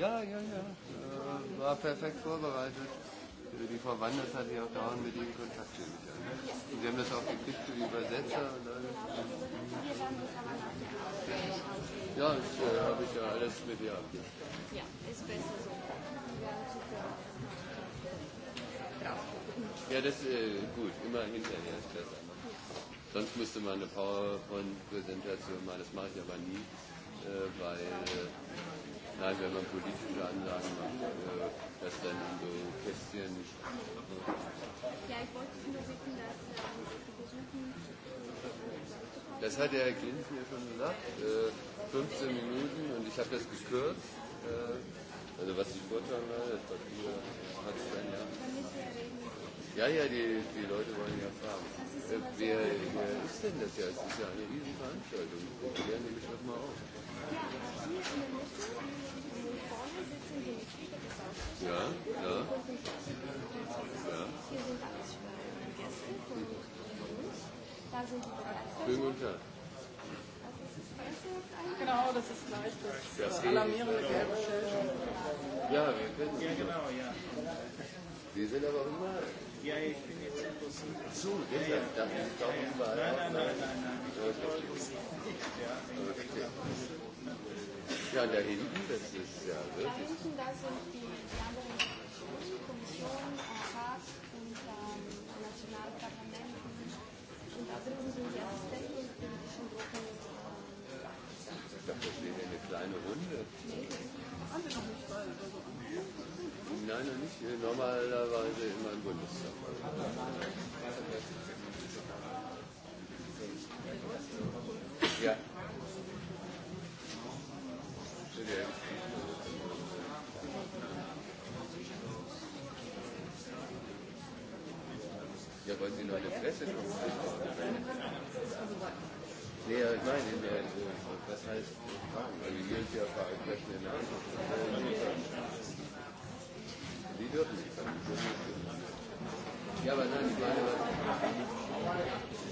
Ja, ja, ja. Äh, war perfekt vorbereitet. Die Frau Wanders hatte ja auch dauernd mit ihm Kontakt nehme ich an. Und Sie haben das auch gekriegt für die Übersetzer und alles. Ja, das äh, habe ich ja alles mit ihr abgegeben. Ja, ist besser so. Ja, das ist äh, gut. Immer hinterher ist besser. Ne? Sonst müsste man eine PowerPoint-Präsentation machen. Das mache ich aber nie, äh, weil. Äh, Nein, wenn man politische Anlagen macht, äh, dass dann so Kästchen nicht. Ja, ich wollte nur bitten, dass ähm, die Das hat der Herr Klint mir schon gesagt, äh, 15 Minuten und ich habe das gekürzt. Äh, also was ich vortragen werde, das Papier hat es dann ja. Ja, ja, die, die Leute wollen ja fragen. Äh, wer, wer ist denn das ja? Es ist ja eine Riesenveranstaltung. Probieren nämlich nochmal auf. Ja, ja. ja. Hier sind alles Gäste von uns. Da sind die Bereitschaft. Schönen guten Tag. Genau, das ist gleich das, das alarmierende gelbe Schild. Ja, wir kennen es. Ja, genau, ja. Wir sind aber überall. Ja, ich bin jetzt im Bus. Ach so, deshalb ja, dachte ich, ich glaube überall. Nein, nein, nein, nein, nein. Ja, okay. Ja, da hinten, das ist ja wirklich. Da hinten, da sind die, die anderen Institutionen, Kommission, Rat und ähm, nationale Parlamenten. Und da drüben sind die Assistenten und die politischen Gruppen. Ich dachte, das wäre eine kleine Runde. Haben wir noch nicht mal so Nein, noch nicht. Normalerweise immer im Bundestag. Ja. Ja, wollen Sie nur Presse Nee, nein, in der, das heißt, weil wir jedes Jahr veranstalten in der Die dürfen nicht. Ja, aber nein, ich meine, was.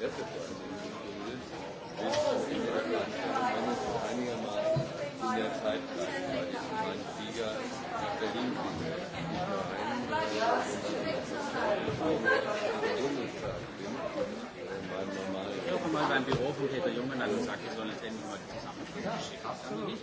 Ich habe mal beim Büro von Peter Jungen dann gesagt, wir sollen jetzt endlich mal die Zusammenstellung schicken. Das haben die nicht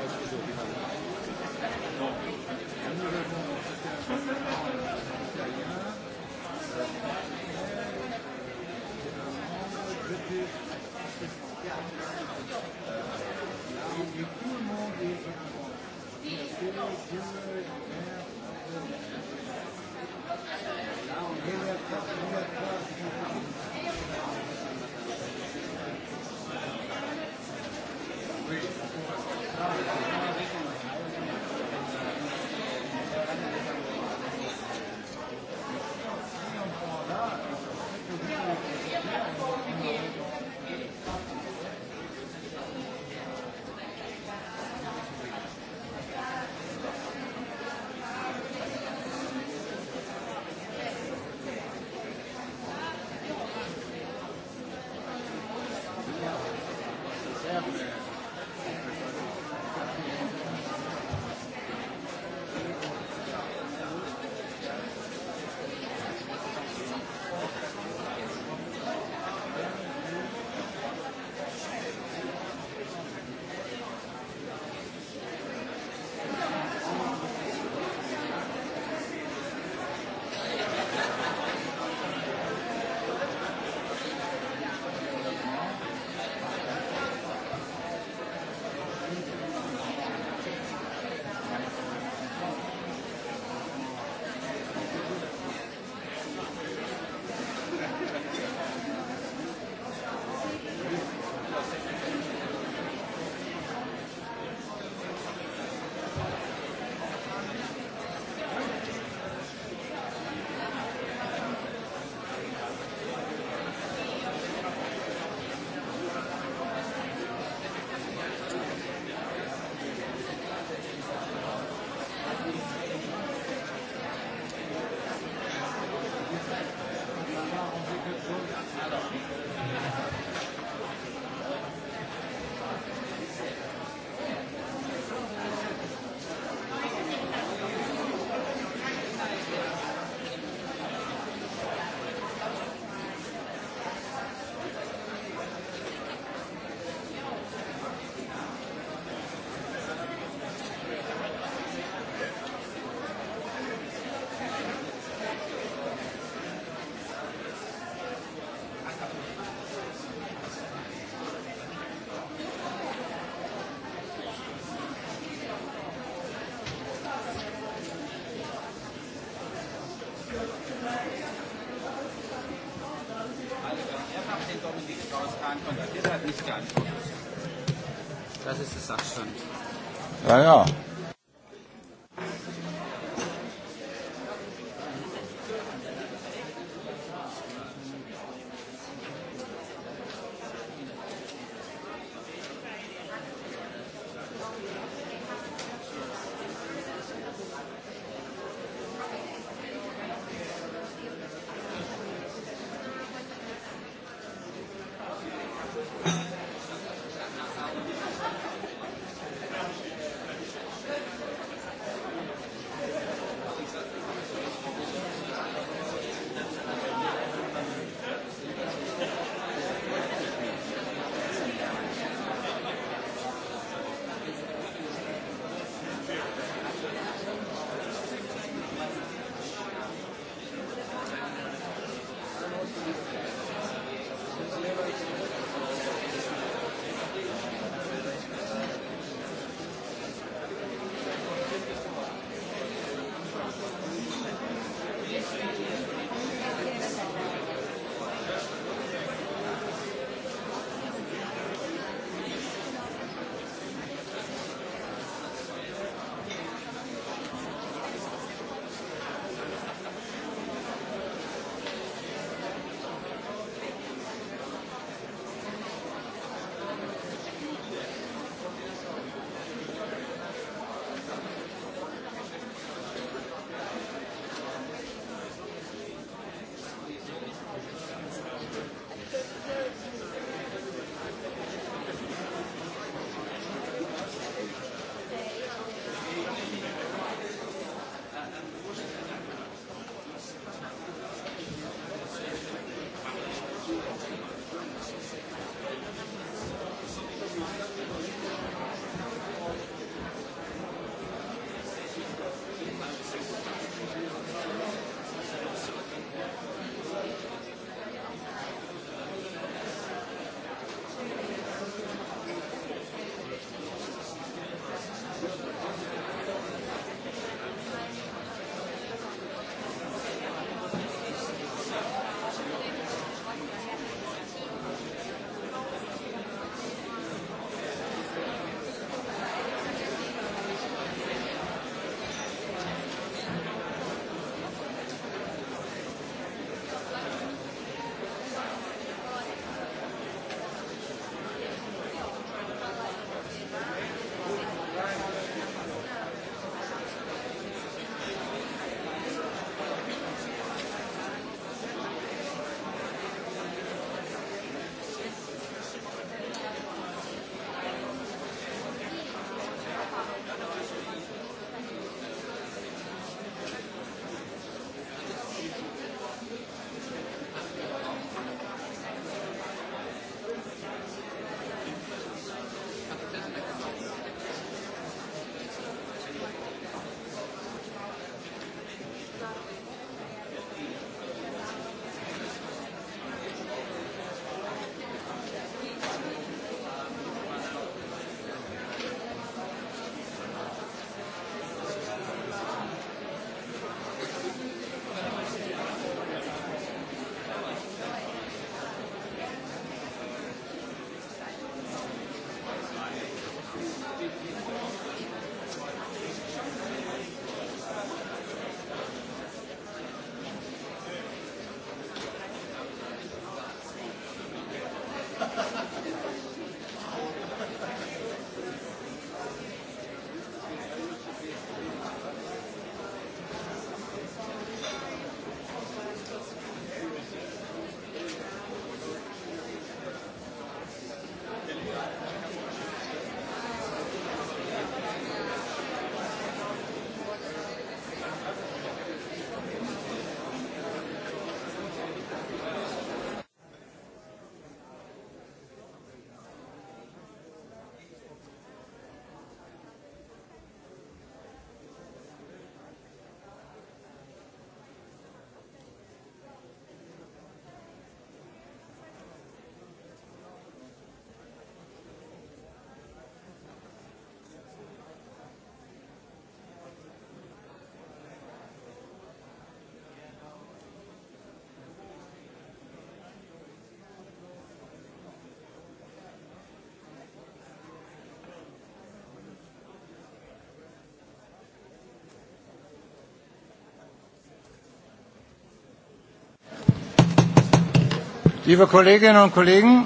Liebe Kolleginnen und Kollegen,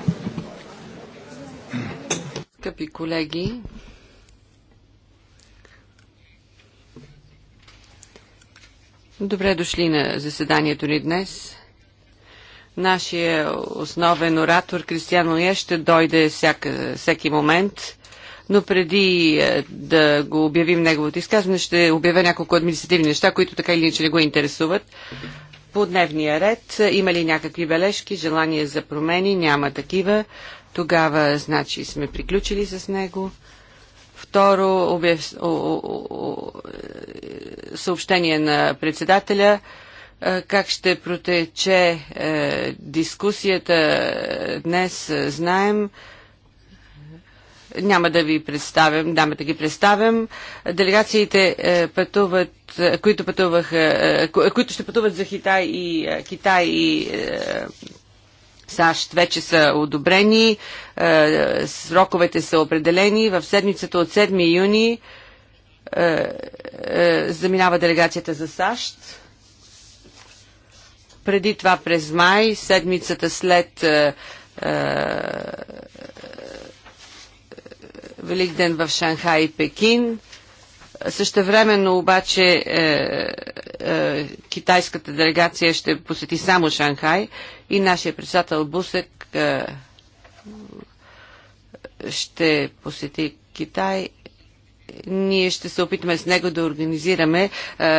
Скъпи колеги, добре дошли на заседанието ни днес. Нашия основен оратор Кристиан Луе ще дойде всяка, всеки момент но преди е, да го обявим неговото изказване, ще обявя няколко административни неща, които така или иначе не го интересуват. По дневния ред е, има ли някакви бележки, желания за промени? Няма такива. Тогава, значи, сме приключили с него. Второ, обяв... о, о, о, е, съобщение на председателя е, как ще протече е, дискусията днес, знаем. Няма да ви представям, дамата да ги представям. Делегациите е, пътуват е, които, пътуваха, е, които ще пътуват за Китай и, Китай и САЩ вече са одобрени, сроковете са определени. В седмицата от 7 юни заминава делегацията за САЩ. Преди това през май, седмицата след Велик ден в Шанхай и Пекин. Същевременно обаче е, е, китайската делегация ще посети само Шанхай и нашия председател Бусек е, ще посети Китай. Ние ще се опитаме с него да организираме, е,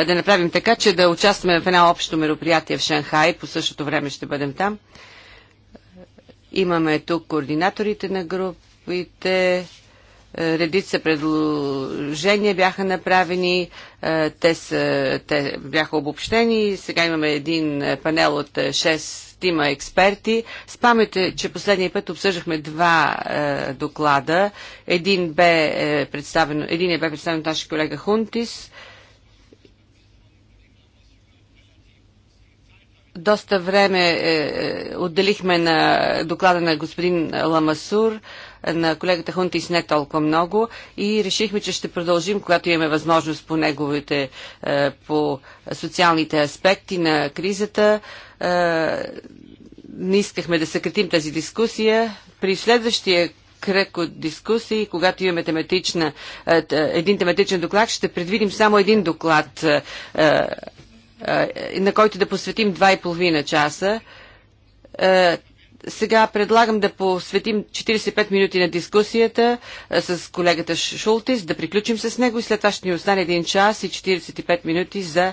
да направим така, че да участваме в едно общо мероприятие в Шанхай. По същото време ще бъдем там. Имаме тук координаторите на групите е, редица предложения бяха направени, е, те, са, те бяха обобщени. Сега имаме един панел от 6 е, тима експерти. Спамете, че последния път обсъждахме два е, доклада. Един бе е, представен, един е бе представен от нашия колега Хунтис. Доста време е, отделихме на доклада на господин Ламасур. Е, на колегата Хунтис не толкова много и решихме, че ще продължим, когато имаме възможност по неговите, е, по социалните аспекти на кризата. Е, не искахме да съкратим тази дискусия. При следващия кръг от дискусии, когато имаме тематична, е, един тематичен доклад, ще предвидим само един доклад, на който да посветим 2,5 часа сега предлагам да посветим 45 минути на дискусията с колегата Шултис, да приключим с него и след това ще ни остане 1 час и 45 минути за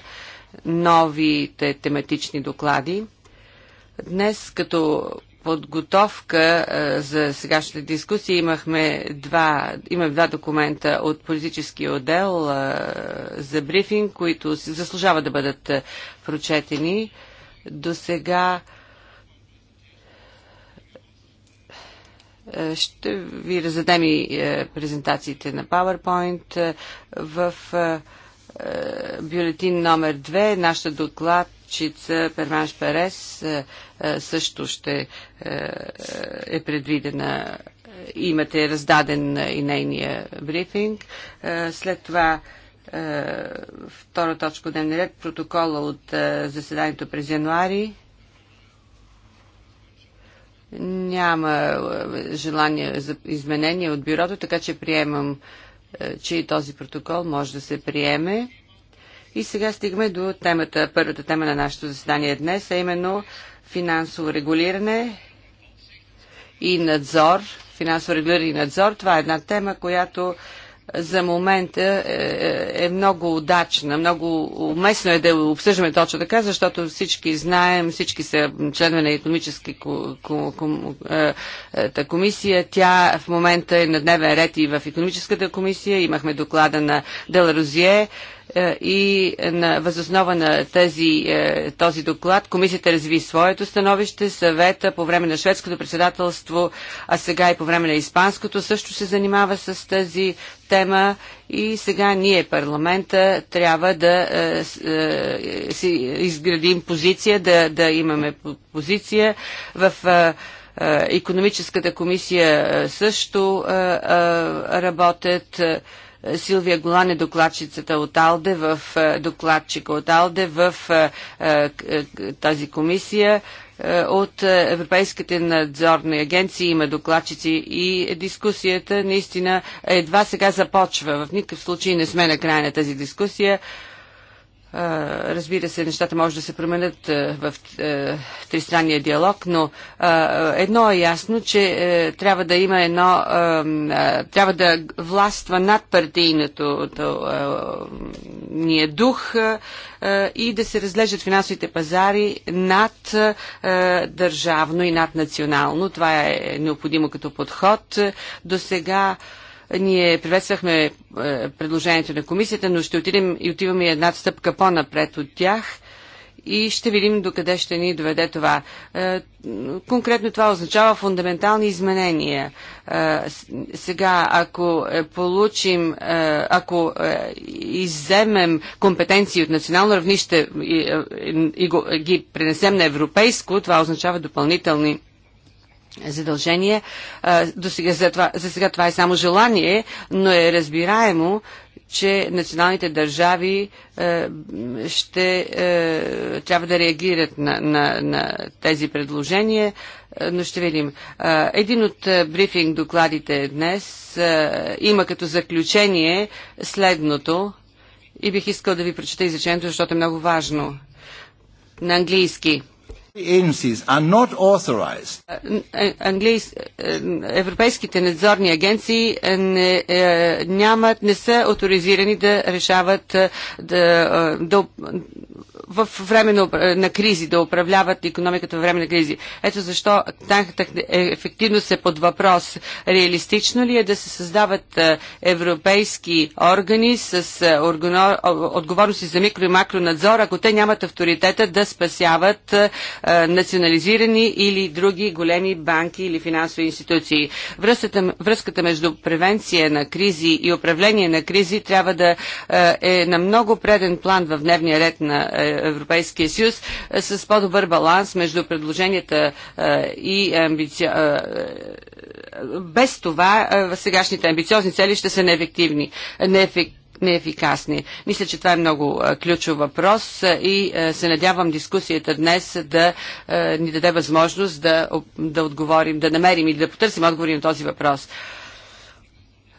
новите тематични доклади. Днес като подготовка за сегашната дискусия имахме два, имаме два документа от политическия отдел за брифинг, които заслужава да бъдат прочетени. До сега Ще ви раздадем и е, презентациите на PowerPoint. Е, в е, бюлетин номер 2 нашата докладчица Перманш Перес също ще е предвидена имате раздаден и нейния брифинг. След това втора точка дневния ред, протокола от заседанието през януари. Няма е, желание за изменение от бюрото, така че приемам, е, че и този протокол може да се приеме. И сега стигаме до темата, първата тема на нашето заседание днес, а именно финансово регулиране и надзор. Финансово регулиране и надзор. Това е една тема, която за момента е, е, е много удачна. Много уместно е да обсъждаме точно така, защото всички знаем, всички са членове на економически е, е, комисия. Тя в момента е на дневен ред и в економическата комисия. Имахме доклада на Деларозие. Розие е, и на, възоснова на тези, е, този доклад комисията разви своето становище, съвета по време на шведското председателство, а сега и по време на испанското също се занимава с тази тема и сега ние парламента трябва да е, е, си изградим позиция, да, да имаме позиция в е, е Економическата комисия също работят. Силвия Голан е докладчицата от Алде, в, е, докладчика от Алде в е, е, тази комисия. От Европейските надзорни агенции има докладчици и дискусията наистина едва сега започва. В никакъв случай не сме на края на тази дискусия. Разбира се, нещата може да се променят в тристранния диалог, но едно е ясно, че е, трябва да има едно, трябва да властва над партийното ние дух и да се разлежат финансовите пазари над държавно и над национално. Това е необходимо като подход. До сега ние приветствахме е, предложението на комисията, но ще отидем и отиваме една стъпка по-напред от тях и ще видим докъде ще ни доведе това. Е, конкретно това означава фундаментални изменения. Е, сега, ако получим, ако изземем компетенции от национално равнище и, и, и ги пренесем на европейско, това означава допълнителни задължение. До сега, за, това, за сега това е само желание, но е разбираемо, че националните държави е, ще е, трябва да реагират на, на, на тези предложения, но ще видим. Един от брифинг докладите днес има като заключение следното и бих искал да ви прочета изречението, защото е много важно. На английски. Е, е, е, европейските надзорни агенции не, нямат, не са авторизирани да решават да, да, в време на, на кризи, да управляват економиката в време на кризи. Ето защо тяхната ефективност е под въпрос. Реалистично ли е да се създават европейски органи с отговорности за микро и макронадзор, ако те нямат авторитета да спасяват е, национализирани или други големи банки или финансови институции. Връзката, връзката между превенция на кризи и управление на кризи трябва да е, е на много преден план в дневния ред на е, Европейския съюз с по-добър баланс между предложенията и амбицио... без това сегашните амбициозни цели ще са неефективни. неефективни неефикасни. Мисля, че това е много ключов въпрос и се надявам дискусията днес да ни даде възможност да, да отговорим, да намерим и да потърсим отговори на този въпрос.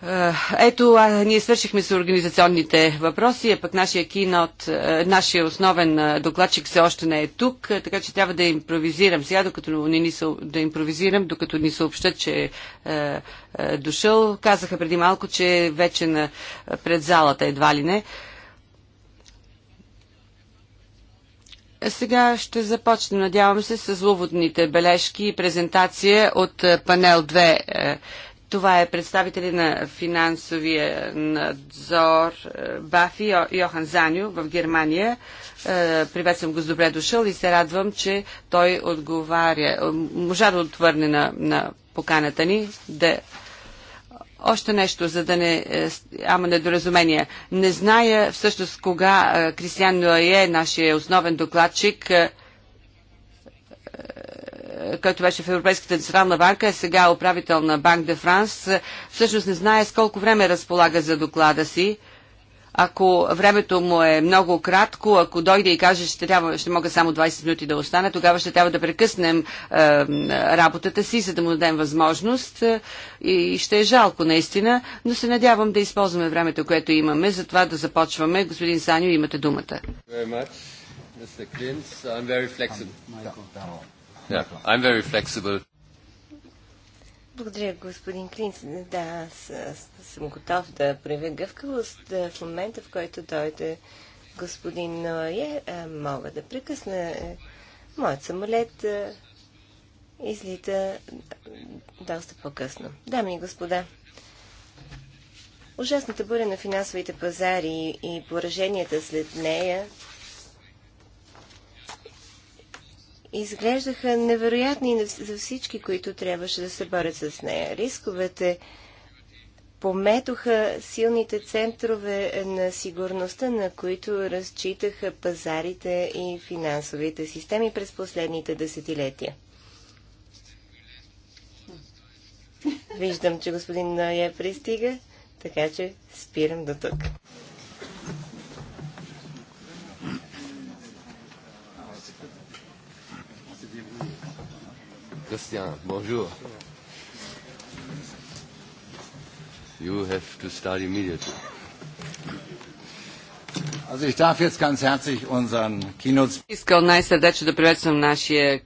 Е, ето, а, ние свършихме с организационните въпроси, а пък нашия кинот, е, нашия основен е, докладчик все още не е тук, така че трябва да импровизирам сега, докато не ни са, да импровизирам, докато ни съобщат, че е, е дошъл. Казаха преди малко, че вече на, пред залата едва ли не. Сега ще започнем, надявам се, с уводните бележки и презентация от панел 2 това е представители на финансовия надзор е, Бафи Йохан Заню в Германия. Е, приветствам го с добре дошъл и се радвам, че той отговаря, е, можа да отвърне на, на поканата ни да още нещо, за да не ама недоразумение. Не зная всъщност кога Кристиан Нуае, нашия основен докладчик, който беше в Европейската централна банка, е сега управител на Банк де Франс, всъщност не знае с колко време разполага за доклада си. Ако времето му е много кратко, ако дойде и каже, ще, трябва, ще мога само 20 минути да остане, тогава ще трябва да прекъснем е, работата си, за да му дадем възможност. Е, и ще е жалко, наистина, но се надявам да използваме времето, което имаме, затова да започваме. Господин Саню, имате думата. Very much. Mr. I'm very flexible. Michael Yeah, I'm very flexible. Благодаря, господин Клинц. Да, аз, аз съм готов да проявя гъвкавост. В момента, в който дойде господин Ноае, мога да прекъсна е, моят самолет. Е, излита е, доста по-късно. Дами и господа, ужасната буря на финансовите пазари и пораженията след нея изглеждаха невероятни за всички, които трябваше да се борят с нея. Рисковете пометоха силните центрове на сигурността, на които разчитаха пазарите и финансовите системи през последните десетилетия. Виждам, че господин Ноя пристига, така че спирам до тук. Christian, bonjour. You have to start immediately. Also ich darf jetzt ganz herzlich unseren Kinos Искал най-сърдечно да приветствам нашия е,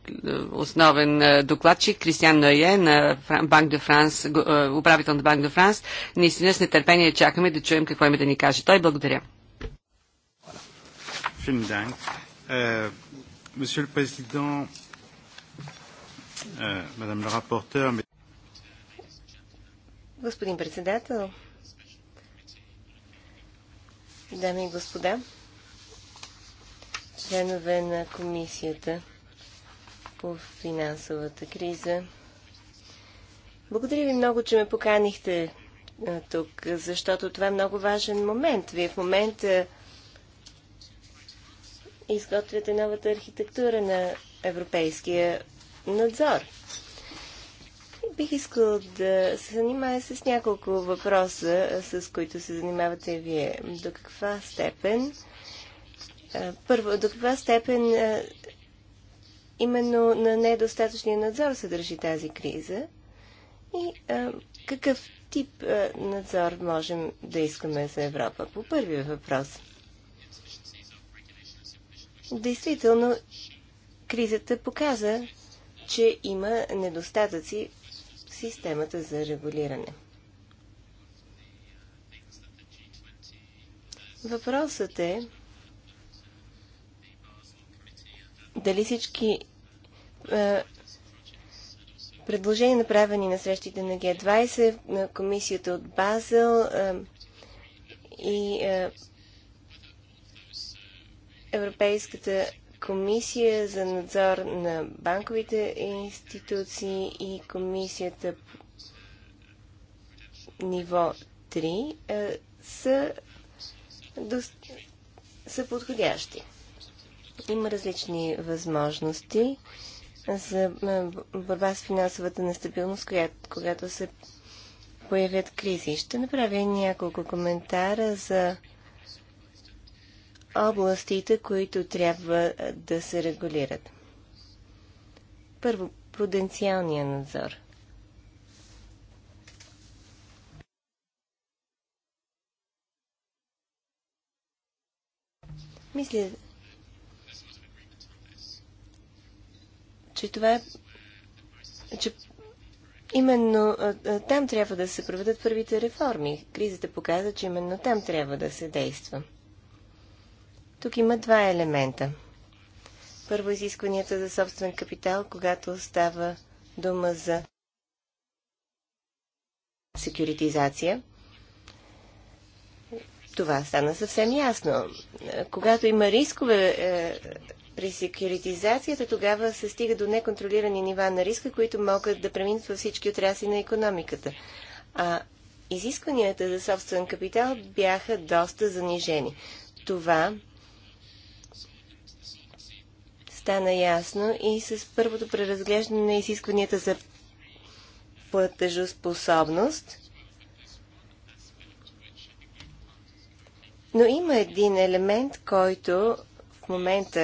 основен е, докладчик Кристиан Ноие на Банк де Франс, е, управител на Банк де Франс. Наистина с нетърпение чакаме да чуем какво има да ни каже. Той благодаря. Vielen Dank. Äh, Monsieur le Président, Мадам ла рапортер. Господин председател, дами и господа, членове на комисията по финансовата криза. Благодаря ви много, че ме поканихте тук, защото това е много важен момент. Вие в момента изготвяте новата архитектура на Европейския надзор. Бих искал да се занимая с няколко въпроса, с които се занимавате вие. До каква степен? Първо, до каква степен именно на недостатъчния надзор се държи тази криза? И какъв тип надзор можем да искаме за Европа? По първия въпрос. Действително, кризата показа, че има недостатъци в системата за регулиране. Въпросът е дали всички е, предложения, направени на срещите на Г20, на комисията от Базел е, и е, Европейската Комисия за надзор на банковите институции и комисията ниво 3 е, са, до, са подходящи. Има различни възможности за е, борба с финансовата нестабилност, когато се появят кризи. Ще направя няколко коментара за областите, които трябва да се регулират. Първо, пруденциалния надзор. Мисля, че това е, че именно там трябва да се проведат първите реформи. Кризата показва, че именно там трябва да се действа. Тук има два елемента. Първо изискванията за собствен капитал, когато става дума за секюритизация. Това стана съвсем ясно. Когато има рискове е, при секюритизацията, тогава се стига до неконтролирани нива на риска, които могат да преминат във всички отрасли на економиката. А изискванията за собствен капитал бяха доста занижени. Това стана ясно и с първото преразглеждане на изискванията за платежоспособност. Но има един елемент, който в момента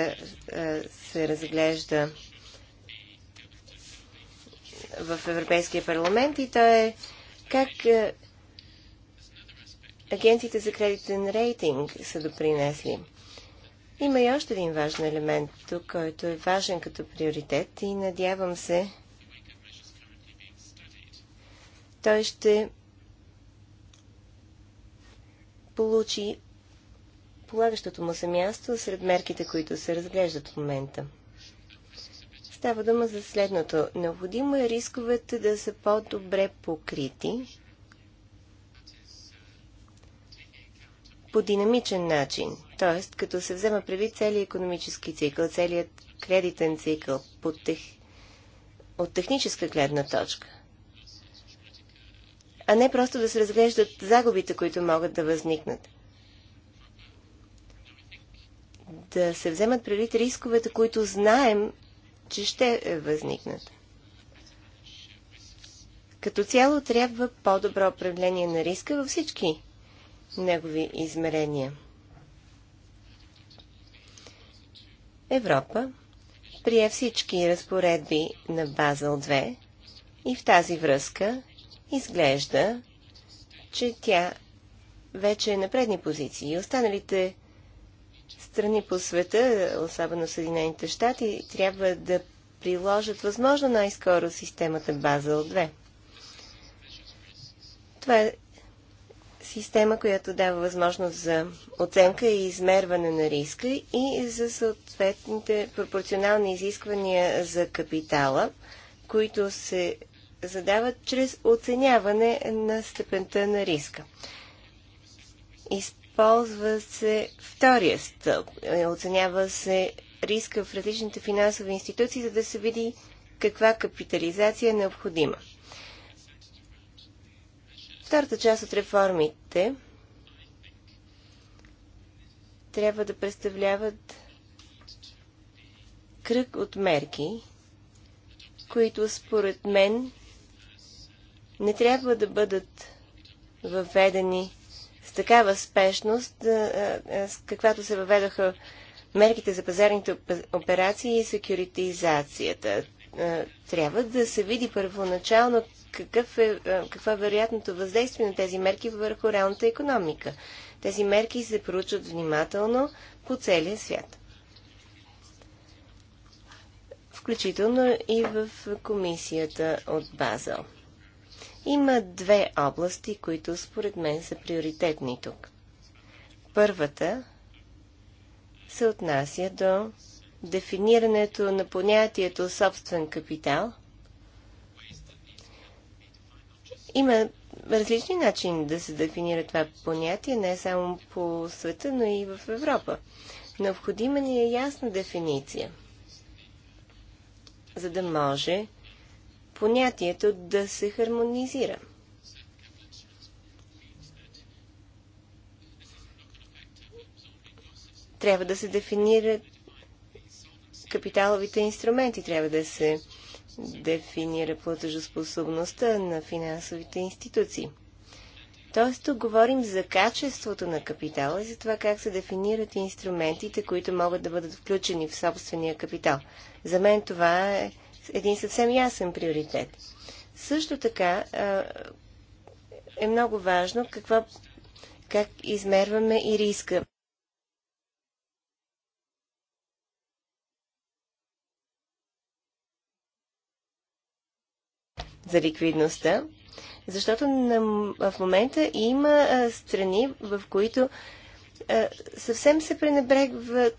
е, се разглежда в Европейския парламент и то е как е, агенциите за кредитен рейтинг са допринесли. Има и още един важен елемент тук, който е важен като приоритет и надявам се той ще получи полагащото му се място сред мерките, които се разглеждат в момента. Става дума за следното. Необходимо е рисковете да са по-добре покрити по динамичен начин, т.е. като се взема предвид целият економически цикъл, целият кредитен цикъл тех... от техническа гледна точка. А не просто да се разглеждат загубите, които могат да възникнат. Да се вземат предвид рисковете, които знаем, че ще възникнат. Като цяло трябва по-добро управление на риска във всички негови измерения. Европа прие всички разпоредби на Базъл 2 и в тази връзка изглежда, че тя вече е на предни позиции и останалите страни по света, особено Съединените щати, трябва да приложат възможно най-скоро системата Базъл 2. Това е система, която дава възможност за оценка и измерване на риска и за съответните пропорционални изисквания за капитала, които се задават чрез оценяване на степента на риска. Използва се втория стълб. Оценява се риска в различните финансови институции, за да се види каква капитализация е необходима. Втората част от реформите трябва да представляват кръг от мерки, които според мен не трябва да бъдат въведени с такава спешност, с каквато се въведоха мерките за пазарните операции и секюритизацията. Трябва да се види първоначално какъв е, какво е вероятното въздействие на тези мерки върху реалната економика. Тези мерки се проучват внимателно по целия свят. Включително и в комисията от Базел. Има две области, които според мен са приоритетни тук. Първата се отнася до дефинирането на понятието собствен капитал – Има различни начини да се дефинира това понятие, не само по света, но и в Европа. Необходима ни е ясна дефиниция, за да може понятието да се хармонизира. Трябва да се дефинират капиталовите инструменти, трябва да се дефинира платежоспособността на финансовите институции. Тоест, тук говорим за качеството на капитала и за това как се дефинират инструментите, които могат да бъдат включени в собствения капитал. За мен това е един съвсем ясен приоритет. Също така е много важно каква, как измерваме и риска. за ликвидността, защото в момента има страни, в които съвсем се пренебрегват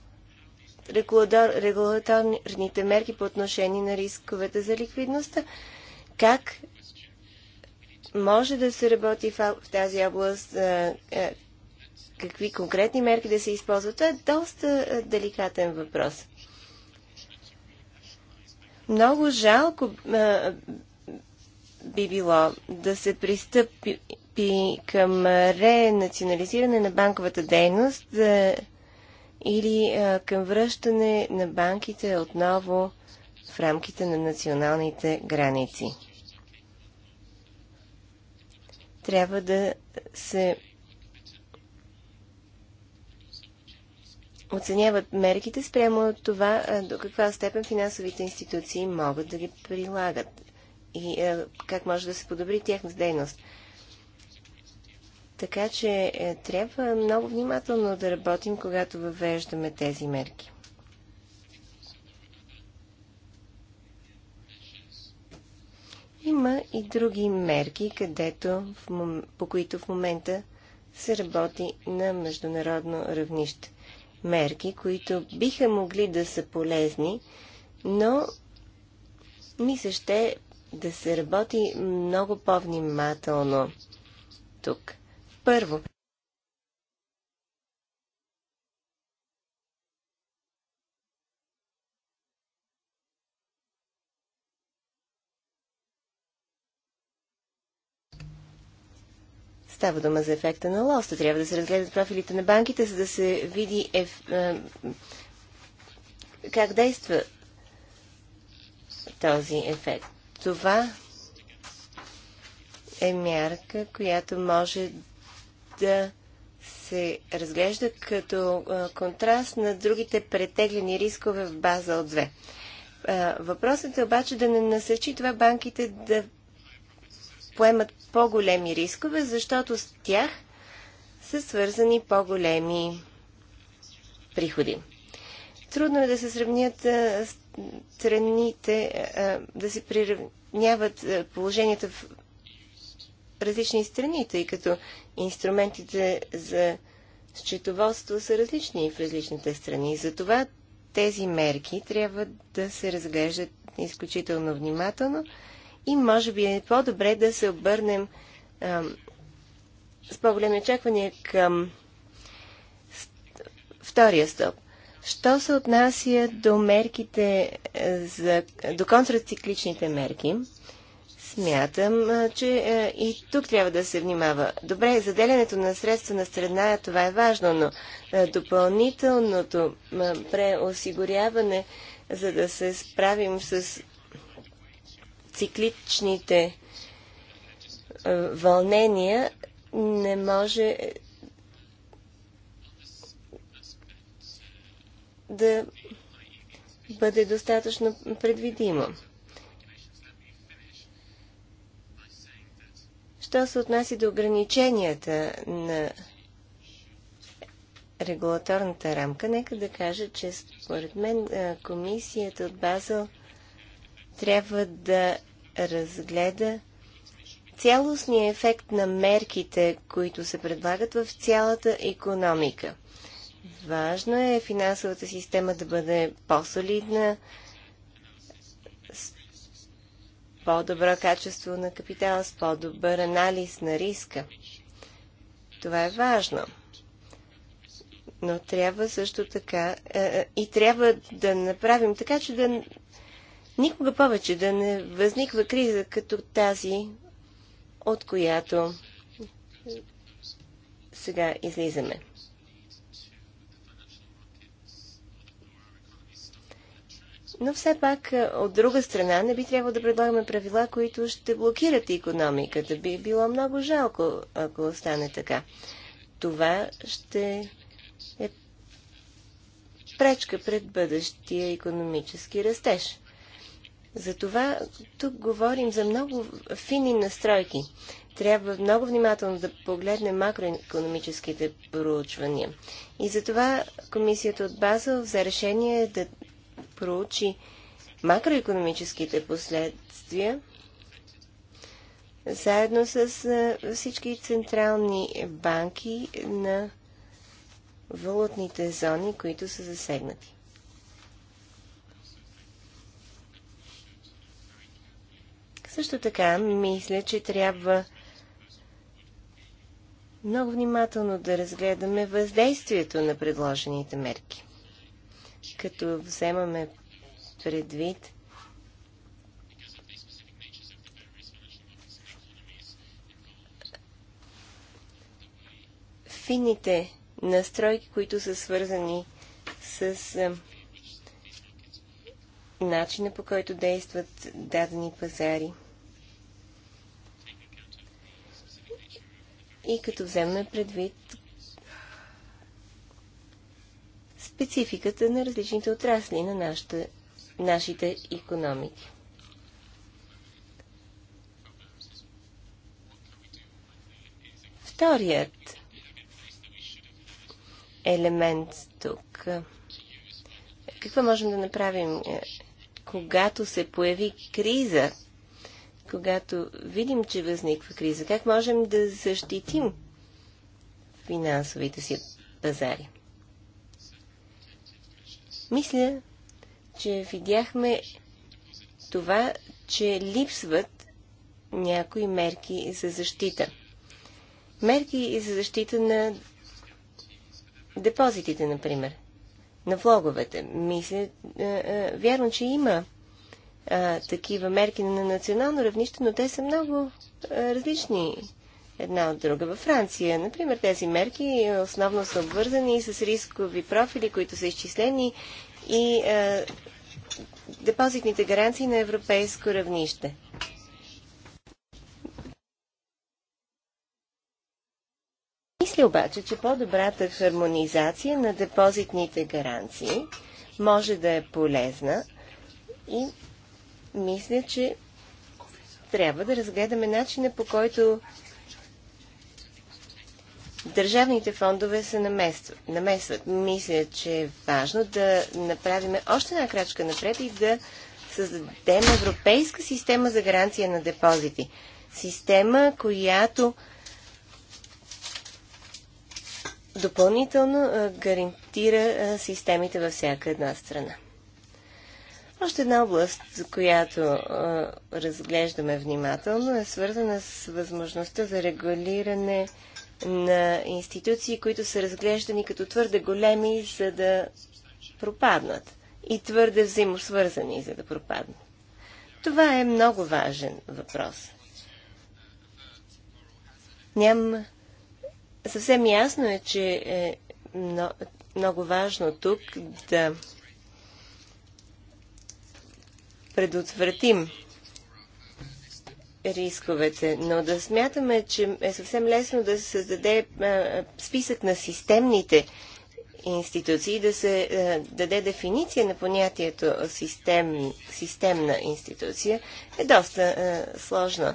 регулаторните мерки по отношение на рисковете за ликвидността. Как може да се работи в тази област, какви конкретни мерки да се използват, това е доста деликатен въпрос. Много жалко би било да се пристъпи към ренационализиране на банковата дейност е, или е, към връщане на банките отново в рамките на националните граници. Трябва да се оценяват мерките спрямо от това е, до каква степен финансовите институции могат да ги прилагат и а, е, как може да се подобри тяхната дейност. Така че е, трябва много внимателно да работим, когато въвеждаме тези мерки. Има и други мерки, където, в мом... по които в момента се работи на международно равнище. Мерки, които биха могли да са полезни, но ми се ще да се работи много по-внимателно тук. Първо, Става дума за ефекта на лоста. Трябва да се разгледат профилите на банките, за да се види еф... Е, как действа този ефект. Това е мярка, която може да се разглежда като контраст на другите претеглени рискове в база от 2. Въпросът е обаче да не насечи това банките да поемат по-големи рискове, защото с тях са свързани по-големи приходи. Трудно е да се сравнят с страните, да се приравняват положенията в различни страни, тъй като инструментите за счетоводство са различни в различните страни. Затова тези мерки трябва да се разглеждат изключително внимателно и може би е по-добре да се обърнем а, с по-големи очаквания към втория стоп. Що се отнася до мерките е, за, до контрацикличните мерки, смятам, е, че е, и тук трябва да се внимава. Добре, заделянето на средства на страна, това е важно, но допълнителното преосигуряване, за да се справим с цикличните вълнения, не може да бъде достатъчно предвидимо. Що се отнася до ограниченията на регулаторната рамка, нека да кажа, че според мен комисията от Базел трябва да разгледа цялостния ефект на мерките, които се предлагат в цялата економика. Важно е финансовата система да бъде по-солидна, с по-добро качество на капитала, с по-добър анализ на риска. Това е важно. Но трябва също така е, е, и трябва да направим така, че да никога повече да не възниква криза като тази, от която сега излизаме. Но все пак, е, от друга страна, не би трябвало да предлагаме правила, които ще блокират економиката. Би било много жалко, ако стане така. Това ще е пречка пред бъдещия економически растеж. Затова тук говорим за много фини настройки. Трябва много внимателно да погледнем макроекономическите проучвания. И затова комисията от Базел взе решение да проучи макроекономическите последствия заедно с всички централни банки на валутните зони, които са засегнати. Също така, мисля, че трябва много внимателно да разгледаме въздействието на предложените мерки като вземаме предвид фините настройки, които са свързани с начина по който действат дадени пазари. И като вземем предвид спецификата на различните отрасли на нашата, нашите економики. Вторият елемент тук. Какво можем да направим, е, когато се появи криза, когато видим, че възниква криза? Как можем да защитим финансовите си пазари? Мисля, че видяхме това, че липсват някои мерки за защита. Мерки за защита на депозитите, например, на влоговете. Мисля, вярно, че има а, такива мерки на национално равнище, но те са много а, различни една от друга. Във Франция, например, тези мерки основно са обвързани с рискови профили, които са изчислени и е, депозитните гаранции на европейско равнище. Мисля обаче, че по-добрата хармонизация на депозитните гаранции може да е полезна и мисля, че трябва да разгледаме начина по който държавните фондове се намесват. Мисля, че е важно да направим още една крачка напред и да създадем европейска система за гаранция на депозити. Система, която допълнително гарантира системите във всяка една страна. Още една област, която разглеждаме внимателно, е свързана с възможността за регулиране на институции, които са разглеждани като твърде големи, за да пропаднат и твърде взаимосвързани, за да пропаднат. Това е много важен въпрос. Ням... Съвсем ясно е, че е много важно тук да предотвратим рисковете, но да смятаме, че е съвсем лесно да се създаде е, списък на системните институции, да се е, даде дефиниция на понятието систем, системна институция, е доста е, сложно.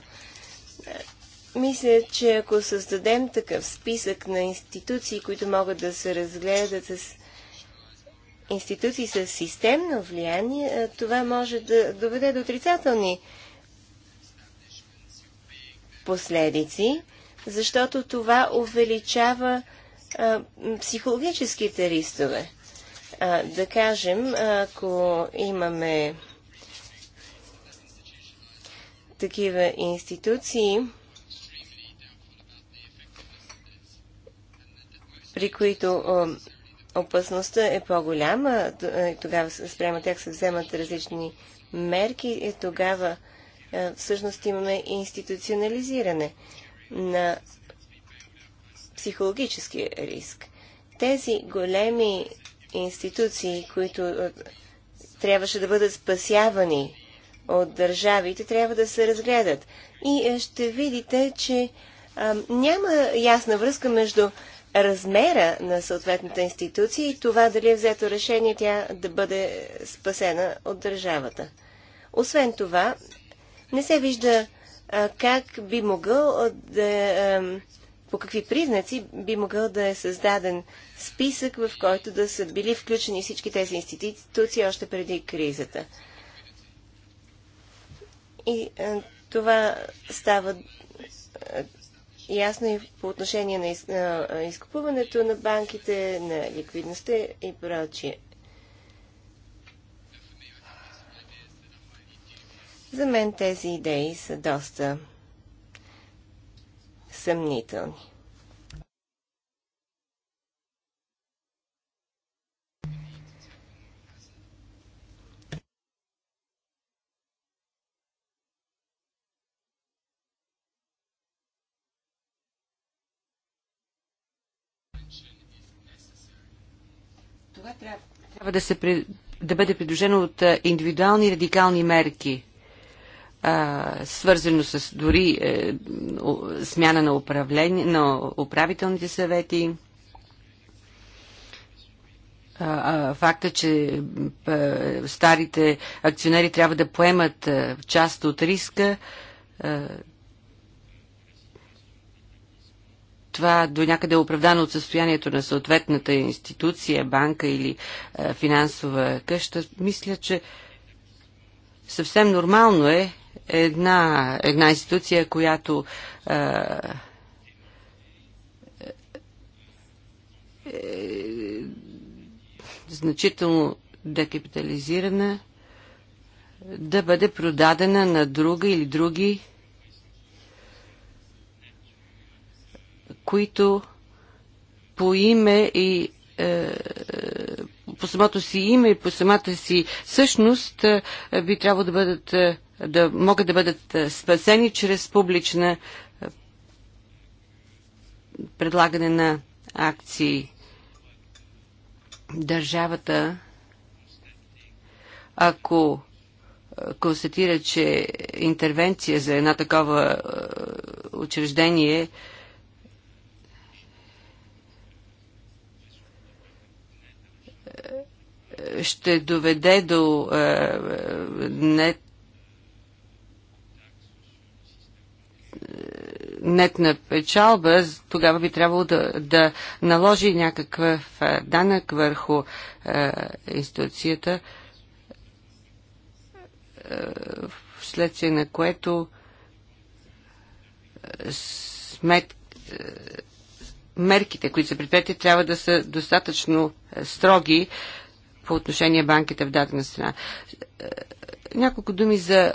Мисля, че ако създадем такъв списък на институции, които могат да се разгледат с институции с системно влияние, това може да доведе до отрицателни последици, защото това увеличава а, психологическите рискове. А, да кажем, ако имаме такива институции, при които опасността е по-голяма, е, тогава спрямо тях се вземат различни мерки, и е, тогава е, всъщност имаме институционализиране на психологическия риск. Тези големи институции, които е, трябваше да бъдат спасявани от държавите, трябва да се разгледат. И е, ще видите, че а, няма ясна връзка между размера на съответната институция и това дали е взето решение тя да бъде спасена от държавата. Освен това, не се вижда а, как би могъл да. А, по какви признаци би могъл да е създаден списък, в който да са били включени всички тези институции още преди кризата. И а, това става а, ясно и по отношение на из, на изкупуването на банките, на ликвидността и прочие. За мен тези идеи са доста съмнителни. Това трябва, да, се, да бъде придружено от индивидуални радикални мерки а, свързано с дори е, смяна на, управление, на управителните съвети. факта, че старите акционери трябва да поемат е, част от риска, е, това до някъде е оправдано от състоянието на съответната институция, банка или е, финансова къща, мисля, че съвсем нормално е една, една институция, която е, е, значително декапитализирана, да бъде продадена на друга или други, които по име и е, по самото си име и по самата си същност е, би трябвало да бъдат е, да могат да бъдат е, спасени чрез публична е, предлагане на акции. Държавата, ако е, констатира, че интервенция за една такова учреждение ще доведе до е, нет нетна печалба, тогава би трябвало да, да наложи някакъв данък върху е, институцията, вследствие на което смет, мерките, които са предприятят, трябва да са достатъчно строги по отношение банките в дадена страна. Няколко думи за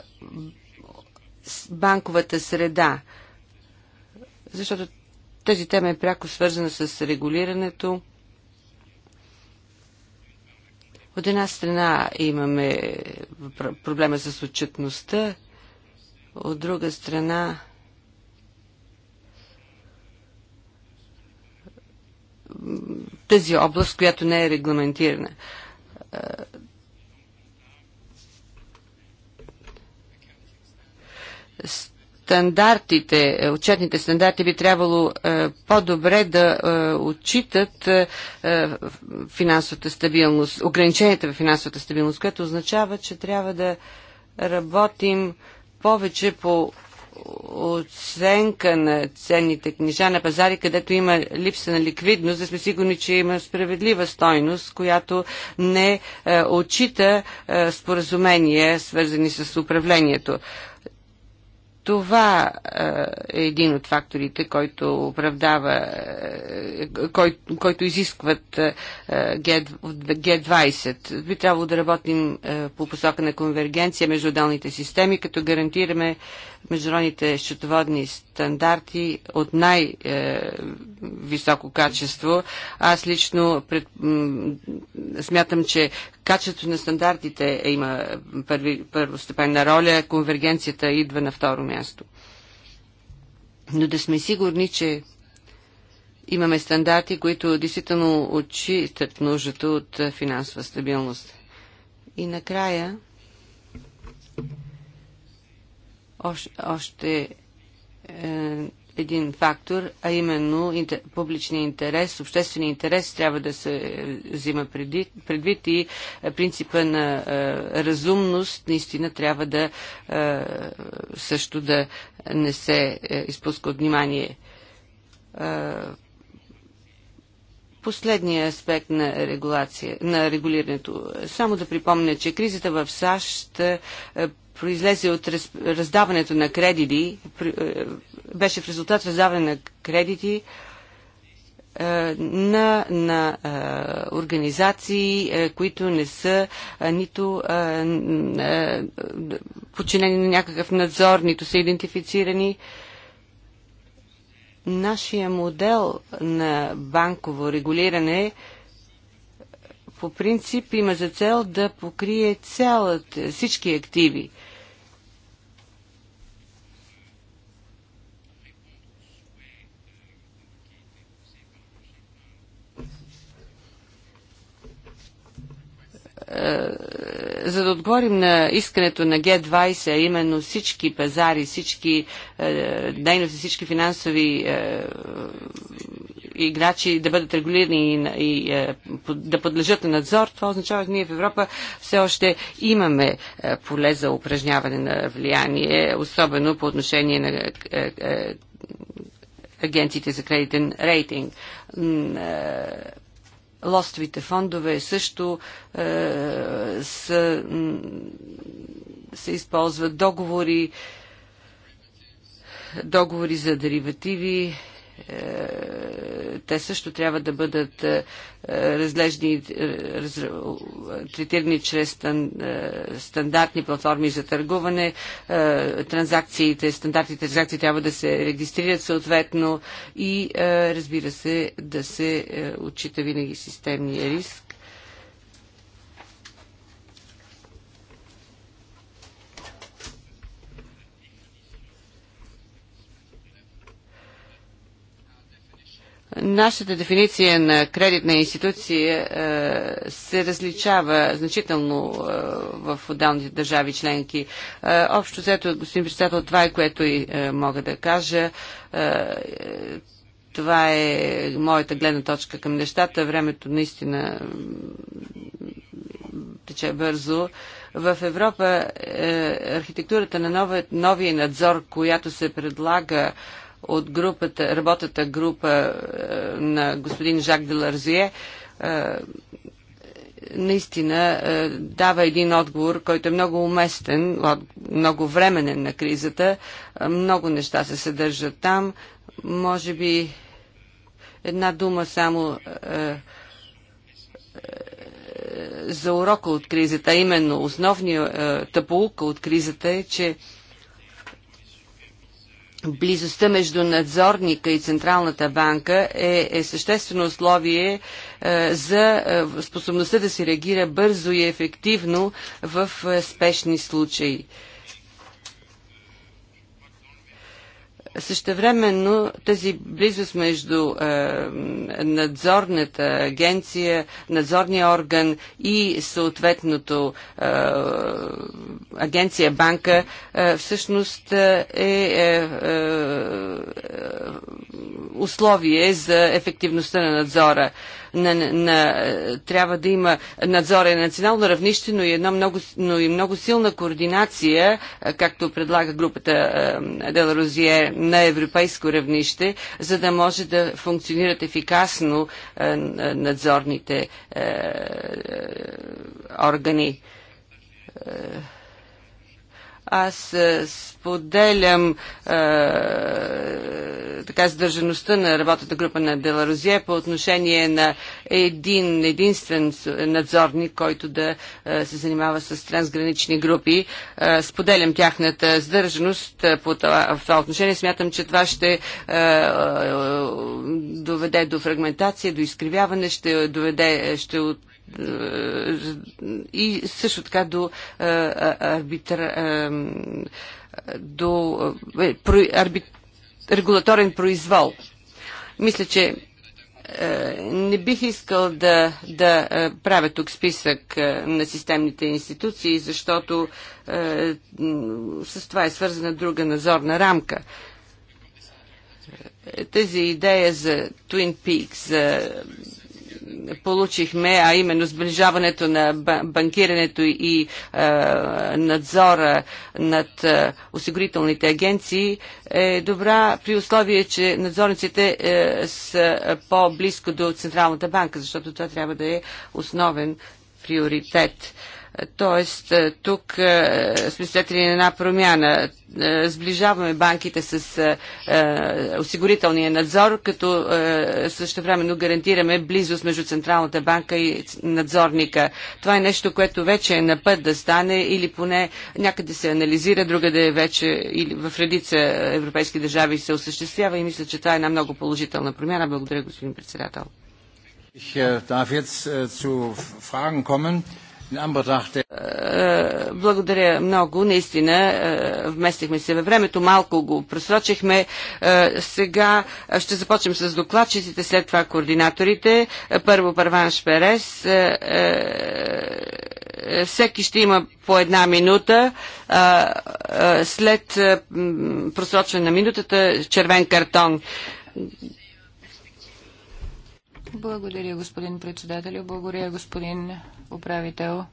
банковата среда, защото тази тема е пряко свързана с регулирането. От една страна имаме проблема с отчетността, от друга страна тази област, която не е регламентирана. Е, стандартите, е, отчетните стандарти би трябвало е, по-добре да е, отчитат е, е, финансовата стабилност, ограниченията в финансовата стабилност, което означава, че трябва да работим повече по оценка на ценните книжа на пазари, където има липса на ликвидност, да сме сигурни, че има справедлива стойност, която не е, отчита е, споразумения, свързани с управлението. Това е, е един от факторите, който оправдава, е, който, който изискват G20. Е, Би трябвало да работим по посока на конвергенция между отделните системи, като гарантираме международните счетоводни стандарти от най-високо качество. Аз лично пред, смятам, че качеството на стандартите е има първи, първостепенна роля, конвергенцията идва на второ място. Но да сме сигурни, че имаме стандарти, които действително отчитат нуждата от финансова стабилност. И накрая още е, един фактор, а именно публичния интерес, обществения интерес трябва да се взима предвид, предвид и е, принципа на е, разумност наистина трябва да също да не се изпуска от внимание. Последния аспект на, регулация, на регулирането. Само да припомня, че кризата в САЩ произлезе от раз, раздаването на кредити, е, беше в резултат раздаване на кредити е, на, на е, организации, които не са нито подчинени на някакъв надзор, нито са идентифицирани. Нашия модел на банково регулиране по принцип има за цел да покрие цялата, всички активи Е, за да отговорим на искането на Г20, а именно всички пазари, всички е, дейности, всички финансови е, играчи да бъдат регулирани и, да подлежат на надзор, това означава, че ние в Европа все още имаме поле за упражняване на влияние, особено по отношение на агенциите за кредитен рейтинг лостовите фондове също е, са, се използват договори, договори за деривативи, е, те също трябва да бъдат е, разглеждани, е, раз, третирани чрез стандартни платформи за търгуване. Транзакциите, стандартните транзакции трябва да се регистрират съответно и разбира се да се отчита винаги системния риск Нашата дефиниция на кредитна институция е, се различава значително е, в отдалните държави членки. Е, общо взето, господин председател, това е което и мога да кажа. Това е моята гледна точка към нещата. Времето наистина тече бързо. В Европа архитектурата на новия надзор, която се предлага от групата, работата група е, на господин Жак Деларзие е, наистина е, дава един отговор, който е много уместен, много временен на кризата. Много неща се съдържат там. Може би една дума само за урока от кризата, именно основния тъпоука от кризата е, че Близостта между надзорника и Централната банка е, е съществено условие е, за е, способността да се реагира бързо и ефективно в е, спешни случаи. Същевременно тази близост между е, надзорната агенция, надзорния орган и съответното е, агенция банка е, всъщност е, е, е условие за ефективността на надзора. Е, на, на, трябва да има надзорен национално равнище, но и, едно много, но и много силна координация, както предлага групата Деларозие на европейско равнище, за да може да функционират ефикасно надзорните органи аз е, споделям е, така задържаността на работата група на Беларусия по отношение на един единствен надзорник, който да е, се занимава с трансгранични групи. Е, споделям тяхната задържаност е, по това, в това отношение. Смятам, че това ще е, е, е доведе до фрагментация, до изкривяване, ще доведе, ще от и също така до арбитра, до е, регулаторен произвол. Мисля, че не бих искал да, да правя тук списък на системните институции, защото с това е свързана друга назорна рамка. Е, тази идея за Twin Peaks, за получихме, а именно сближаването на банкирането и е, надзора над е, осигурителните агенции е добра при условие, че надзорниците е, са по-близко до Централната банка, защото това трябва да е основен приоритет. Е, Тоест, е, тук е, сме свидетели на една промяна. Е, сближаваме банките с осигурителния надзор, като също времено гарантираме близост между Централната банка и надзорника. Това е нещо, което вече е на път да стане или поне някъде се анализира, другаде вече или в редица европейски държави се осъществява и мисля, че това е една много положителна промяна. Благодаря, господин председател. Ich darf jetzt zu Fragen kommen. Е, благодаря много. Наистина, е, вместихме се във времето, малко го просрочихме. Е, сега ще започнем с докладчиците, след това координаторите. Първо Парван шперес. Всеки ще има по една минута. След просрочване на минутата, червен картон. Благодаря, господин председател. Благодаря, господин управител.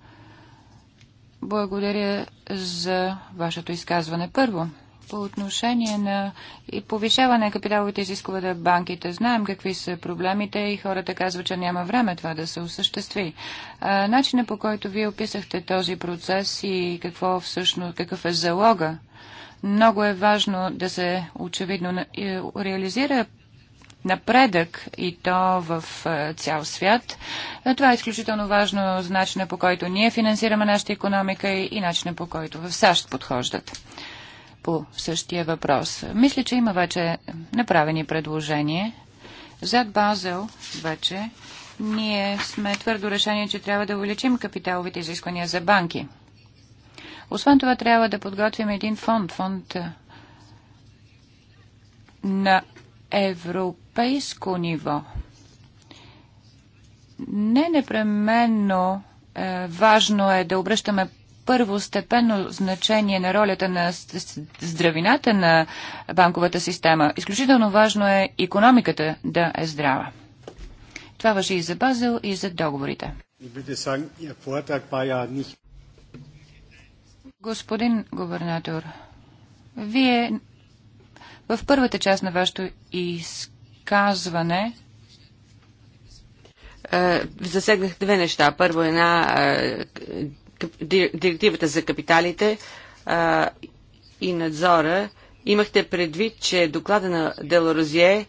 Благодаря за вашето изказване. Първо, по отношение на и повишаване на капиталовите изисква да банките. Знаем какви са проблемите и хората казват, че няма време това да се осъществи. начинът по който вие описахте този процес и какво всъщност, какъв е залога, много е важно да се очевидно реализира напредък и то в е, цял свят. Е, това е изключително важно за начина по който ние финансираме нашата економика и начина по който в САЩ подхождат по същия въпрос. Мисля, че има вече направени предложения. Зад Базел вече ние сме твърдо решени, че трябва да увеличим капиталовите изисквания за банки. Освен това трябва да подготвим един фонд, фонд е, на европейско ниво. Не непременно е, важно е да обръщаме първостепенно значение на ролята на здравината на банковата система. Изключително важно е економиката да е здрава. Това въжи и за Базел, и за договорите. Господин губернатор, вие в първата част на вашето изказване е, засегнах две неща. Първо една е, директивата за капиталите е, и надзора. Имахте предвид, че доклада на Делорозие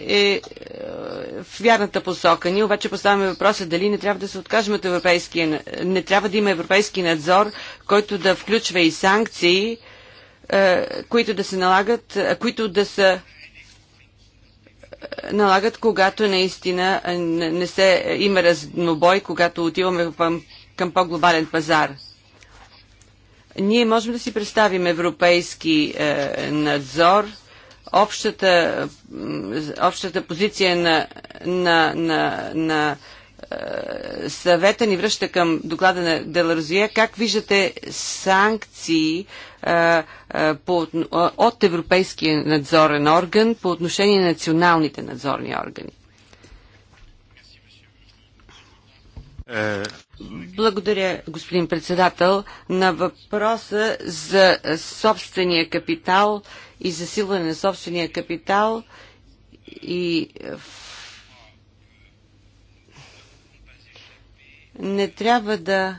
е в вярната посока. Ние обаче поставяме въпроса дали не трябва да се откажем от европейския, не трябва да има европейски надзор, който да включва и санкции, е, които да се налагат, е, които да са е, налагат, когато наистина не се има разнобой, когато отиваме към по-глобален пазар. Ние можем да си представим европейски надзор, общата, общата позиция на, на, на, на е, съвета ни връща към доклада на Деларзия. Как виждате санкции а, е, а, е, по, от Европейския надзорен орган по отношение на националните надзорни органи? Благодаря, господин председател. На въпроса за собствения капитал и засилване на собствения капитал и не трябва да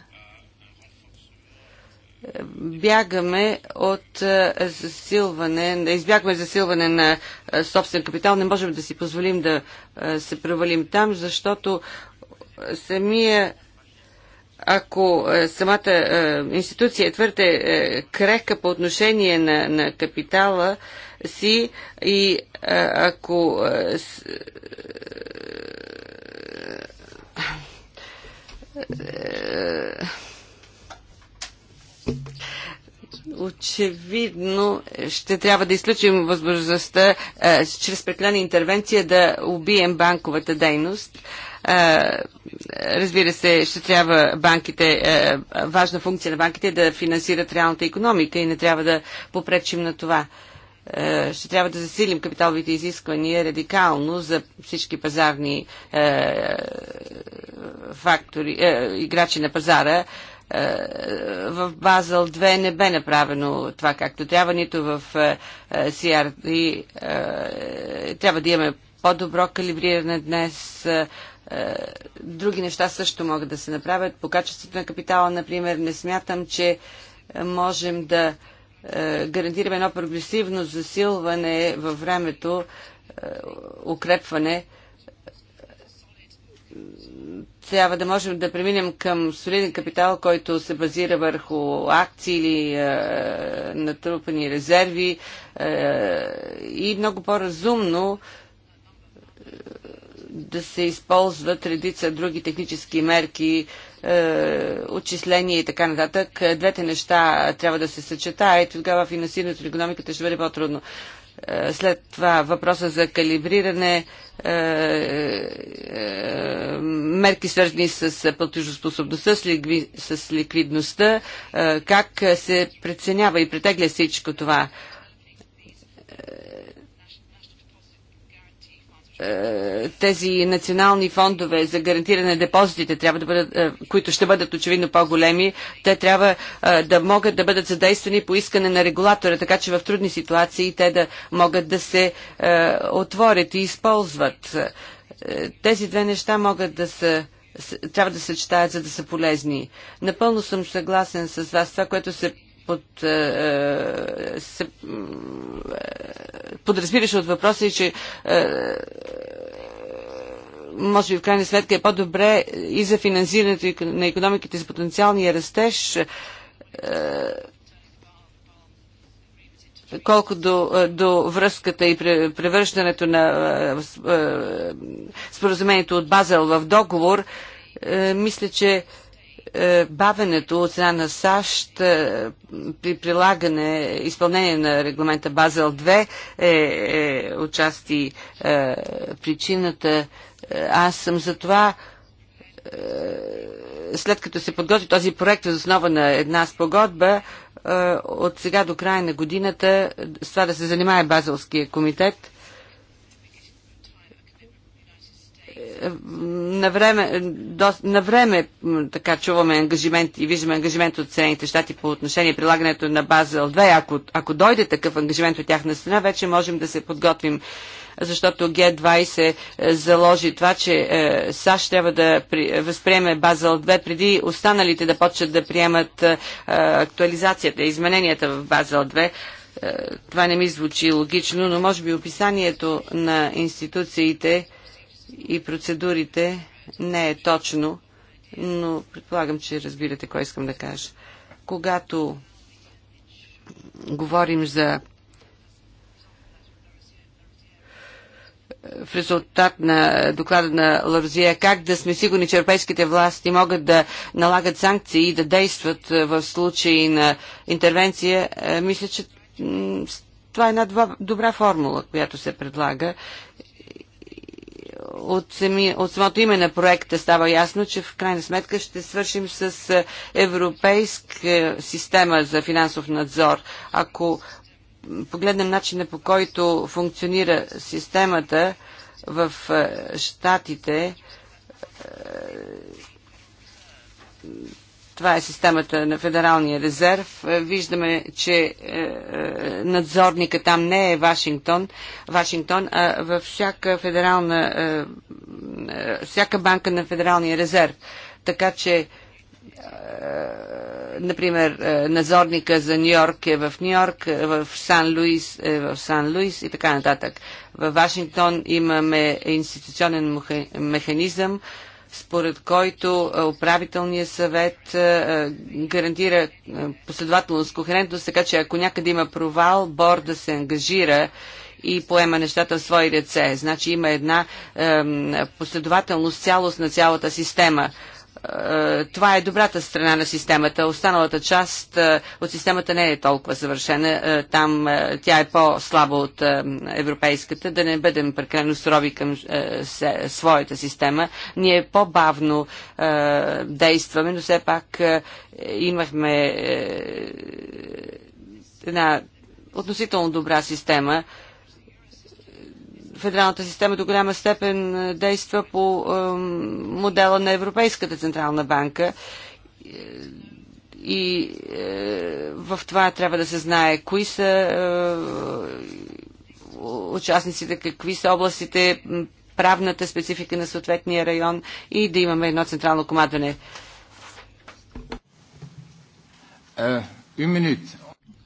е, бягаме от е, засилване, да избягваме засилване на е, собствен капитал. Не можем да си позволим да се провалим там, защото самия ако самата институция е твърде крека по отношение на, на капитала си и ако Е, очевидно ще трябва да изключим възможността е, чрез преклена интервенция да убием банковата дейност. Е, разбира се, ще трябва банките, е, важна функция на банките е да финансират реалната економика и не трябва да попречим на това. Е, ще трябва да засилим капиталовите изисквания радикално за всички пазарни е, фактори, е, играчи на пазара, в Базъл 2 не бе направено това както трябва, нито в CRD. Трябва да имаме по-добро калибриране днес. Други неща също могат да се направят. По качеството на капитала, например, не смятам, че можем да е, гарантираме едно прогресивно засилване във времето, е, укрепване. Трябва да можем да преминем към солиден капитал, който се базира върху акции или е, натрупани резерви е, и много по-разумно е, да се използват редица други технически мерки, е, е, отчисления и така нататък. Двете неща трябва да се съчетаят и тогава финансирането на економиката ще бъде по-трудно. Е, след това въпроса за калибриране, е, мерки свързани с платежоспособността, с ликвидността, как се преценява и претегля всичко това тези национални фондове за гарантиране на депозитите, трябва да бъдат, е, които ще бъдат очевидно по-големи, те трябва е, да могат да бъдат задействани по искане на регулатора, така че в трудни ситуации те да могат да се е, отворят и използват. Тези две неща могат да са трябва да съчетаят, за да са полезни. Напълно съм съгласен с вас. Това, което се под, е, е се, е, подразбираше от въпроса и че е, може би в крайна сметка е по-добре и за финансирането на економиките с потенциалния растеж, е, колко до, е, до връзката и превръщането на е, споразумението от Базел в договор, е, мисля, че е, е, бавенето от страна на САЩ е, при прилагане, изпълнение на регламента Базел 2 е, е отчасти е, причината. Е, аз съм за това е, след като се подготви този проект за основа на една спогодба, от сега до края на годината с това да се занимае Базелския комитет на време, до, на време така чуваме ангажимент и виждаме ангажимент от Съединените щати по отношение прилагането на база л 2. Ако, ако дойде такъв ангажимент от тяхна страна, вече можем да се подготвим защото Г-20 е, заложи това, че е, САЩ трябва да при, възприеме Базел 2 преди останалите да почват да приемат е, актуализацията, измененията в Базел 2 е, това не ми звучи логично, но може би описанието на институциите и процедурите не е точно, но предполагам, че разбирате кой искам да кажа. Когато говорим за е, в резултат на доклада на Ларзия, как да сме сигурни, че европейските власти могат да налагат санкции и да действат е, в случай на интервенция, е, мисля, че това е една добра формула, която се предлага от, сами, от самото име на проекта става ясно, че в крайна сметка ще свършим с е, европейска е, система за финансов надзор. Ако погледнем начина по който функционира системата в е, Штатите, това е системата на Федералния резерв. Е, виждаме, че е, е, надзорника там не е Вашингтон, Вашингтон а във всяка федерална, всяка банка на Федералния резерв. Така че например, надзорника за Нью Йорк е в Нью Йорк, в Сан Луис е в Сан Луис и така нататък. В Вашингтон имаме институционен механизъм, според който управителният съвет гарантира последователност, кохерентност, така че ако някъде има провал, борда се ангажира и поема нещата в свои ръце. Значи има една последователност, цялост на цялата система. Е, това е добрата страна на системата. Останалата част е, от системата не е толкова съвършена. Е, там тя е по-слаба от европейската. Да не бъдем прекалено сурови към своята система. Ние по-бавно действаме, но все пак имахме една относително добра система, федералната система до голяма степен е, действа по модела на Европейската централна банка е, и е, в това трябва да се знае кои са участниците, какви са областите, правната специфика на съответния район и да имаме едно централно командване.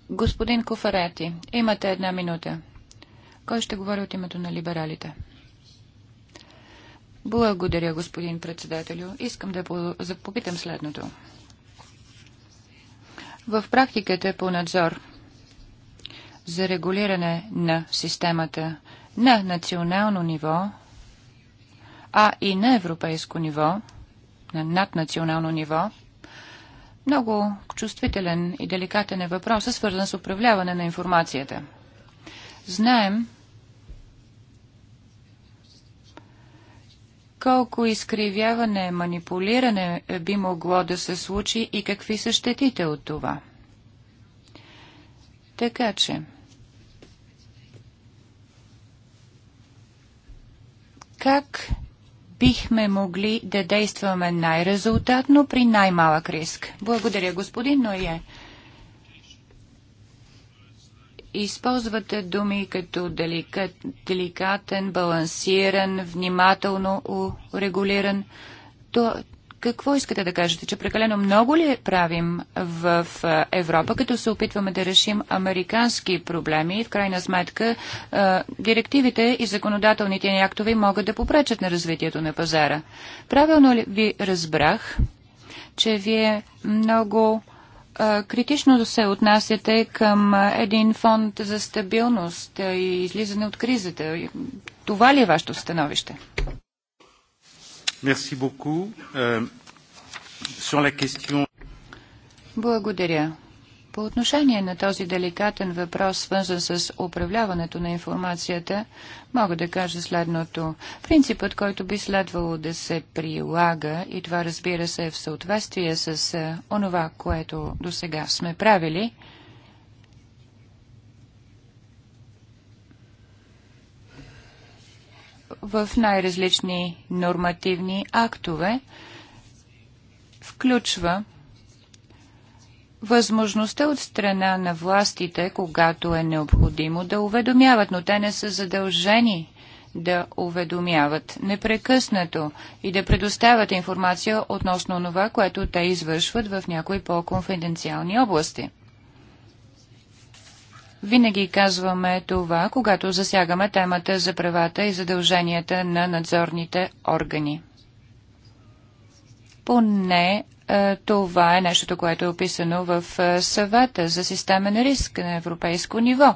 Господин Куфарети, имате една минута. Кой ще говори от името на либералите? Благодаря, господин председателю. Искам да попитам следното. В практиката по надзор за регулиране на системата на национално ниво, а и на европейско ниво, на наднационално ниво, много чувствителен и деликатен е въпрос, свързан с управляване на информацията – Знаем колко изкривяване, манипулиране е, би могло да се случи и какви са щетите от това. Така че, как бихме могли да действаме най-резултатно при най-малък риск? Благодаря, господин Ное използвате думи като деликат, деликатен, балансиран, внимателно урегулиран. То, какво искате да кажете? Че прекалено много ли правим в Европа, като се опитваме да решим американски проблеми? В крайна сметка, директивите и законодателните ни актови могат да попречат на развитието на пазара. Правилно ли ви разбрах, че вие много критично се отнасяте към един фонд за стабилност и излизане от кризата. Това ли е вашето становище? Merci beaucoup. Euh, sur la question... Благодаря. По отношение на този деликатен въпрос, свързан с управляването на информацията, мога да кажа следното. Принципът, който би следвало да се прилага, и това разбира се е в съответствие с е, онова, което до сега сме правили, в най-различни нормативни актове, включва възможността от страна на властите, когато е необходимо да уведомяват, но те не са задължени да уведомяват непрекъснато и да предоставят информация относно това, което те извършват в някои по-конфиденциални области. Винаги казваме това, когато засягаме темата за правата и задълженията на надзорните органи. Поне е, това е нещото, което е описано в е, съвета за системен риск на европейско ниво.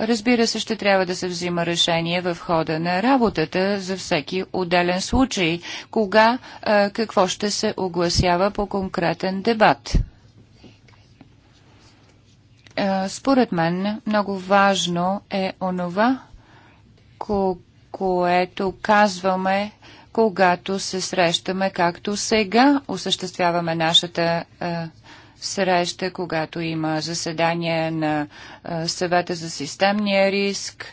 Разбира се, ще трябва да се взима решение в хода на работата за всеки отделен случай, кога е, какво ще се огласява по конкретен дебат според мен много важно е онова, което казваме когато се срещаме, както сега осъществяваме нашата а, е, среща, когато има заседание на а, е, съвета за системния риск,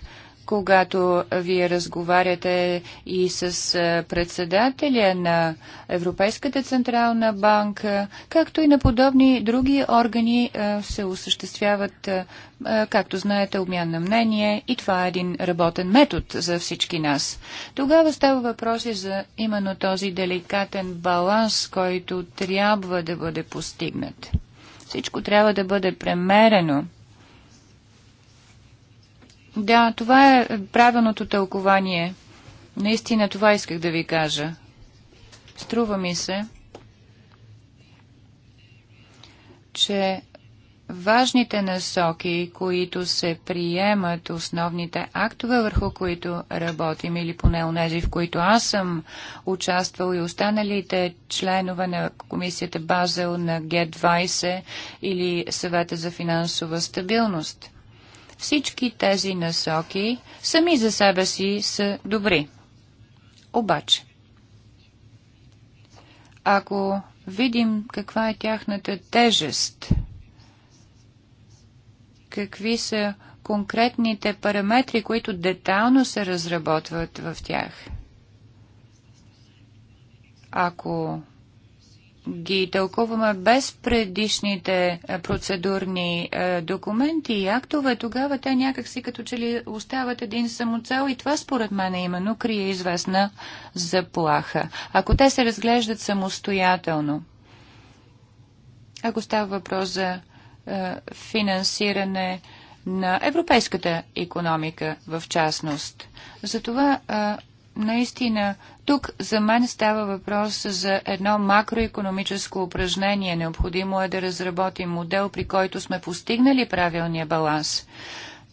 когато вие разговаряте и с е, председателя на Европейската централна банка, както и на подобни други органи е, се осъществяват, е, както знаете, обмян на мнение и това е един работен метод за всички нас. Тогава става въпроси за именно този деликатен баланс, който трябва да бъде постигнат. Всичко трябва да бъде премерено да, това е правилното тълкование. Наистина това исках да ви кажа. Струва ми се, че важните насоки, които се приемат, основните актове, върху които работим, или поне онези, в които аз съм участвал и останалите членове на комисията Базел на Г-20 или съвета за финансова стабилност – всички тези насоки сами за себе си са добри. Обаче, ако видим каква е тяхната тежест, какви са конкретните параметри, които детално се разработват в тях. Ако ги тълкуваме без предишните е, процедурни е, документи и актове, тогава те някакси като че ли остават един самоцел и това според мен именно крие известна заплаха. Ако те се разглеждат самостоятелно, ако става въпрос за е, финансиране на европейската економика в частност. Затова наистина тук за мен става въпрос за едно макроекономическо упражнение. Необходимо е да разработим модел, при който сме постигнали правилния баланс.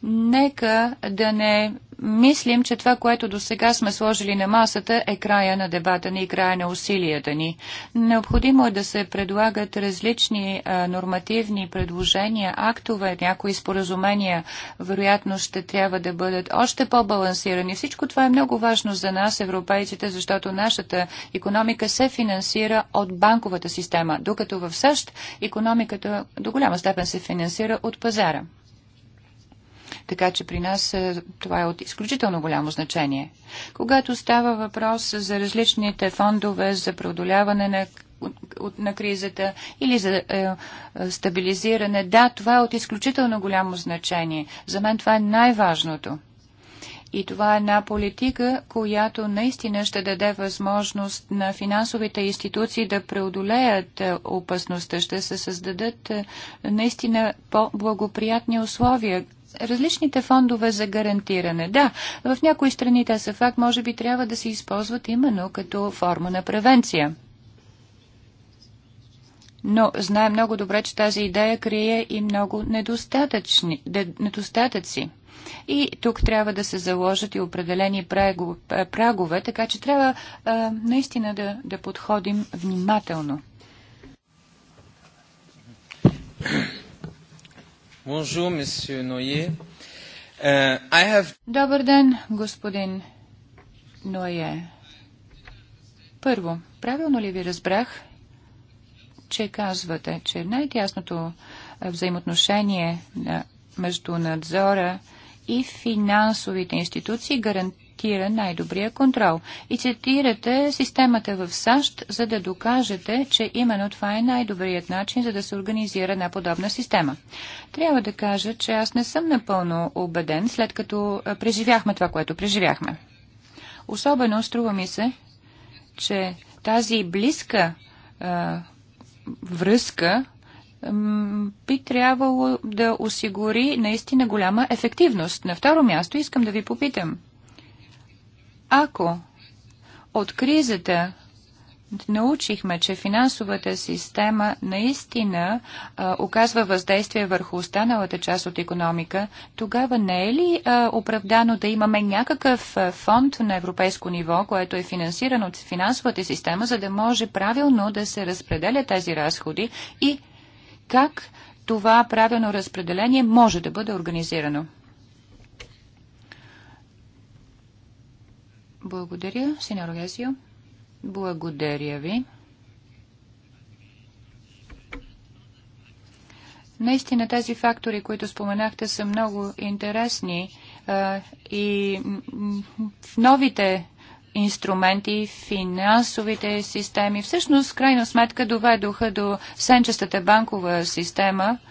Нека да не мислим, че това, което до сега сме сложили на масата, е края на дебата ни и края на усилията ни. Необходимо е да се предлагат различни а, нормативни предложения, актове, някои споразумения, вероятно ще трябва да бъдат още по-балансирани. Всичко това е много важно за нас, европейците, защото нашата економика се финансира от банковата система, докато в САЩ економиката до голяма степен се финансира от пазара. Така че при нас е, това е от изключително голямо значение. Когато става въпрос за различните фондове за преодоляване на на кризата или за е, е, стабилизиране. Да, това е от изключително голямо значение. За мен това е най-важното. И това е една политика, която наистина ще даде възможност на финансовите институции да преодолеят е, опасността, ще се създадат наистина по-благоприятни условия различните фондове за гарантиране. Да, в някои страни те са факт, може би трябва да се използват именно като форма на превенция. Но знае много добре, че тази идея крие и много недостатъци. И тук трябва да се заложат и определени прагове, така че трябва а, наистина да, да подходим внимателно. Bonjour, monsieur Noyer. Uh, I have... Добър ден, господин Ное. Първо, правилно ли ви разбрах, че казвате, че най-тясното взаимоотношение между надзора и финансовите институции гарантира гарантира най-добрия контрол. И цитирате системата в САЩ, за да докажете, че именно това е най-добрият начин, за да се организира една подобна система. Трябва да кажа, че аз не съм напълно убеден, след като преживяхме това, което преживяхме. Особено струва ми се, че тази близка а, връзка би трябвало да осигури наистина голяма ефективност. На второ място искам да ви попитам. Ако от кризата научихме, че финансовата система наистина а, оказва въздействие върху останалата част от економика, тогава не е ли а, оправдано да имаме някакъв фонд на европейско ниво, което е финансиран от финансовата система, за да може правилно да се разпределя тези разходи и как това правилно разпределение може да бъде организирано? Благодаря, сеньор Гесио. Благодаря ви. Наистина тези фактори, които споменахте, са много интересни И в новите инструменти, финансовите системи, всъщност, крайна сметка, доведоха до сенчестата банкова система –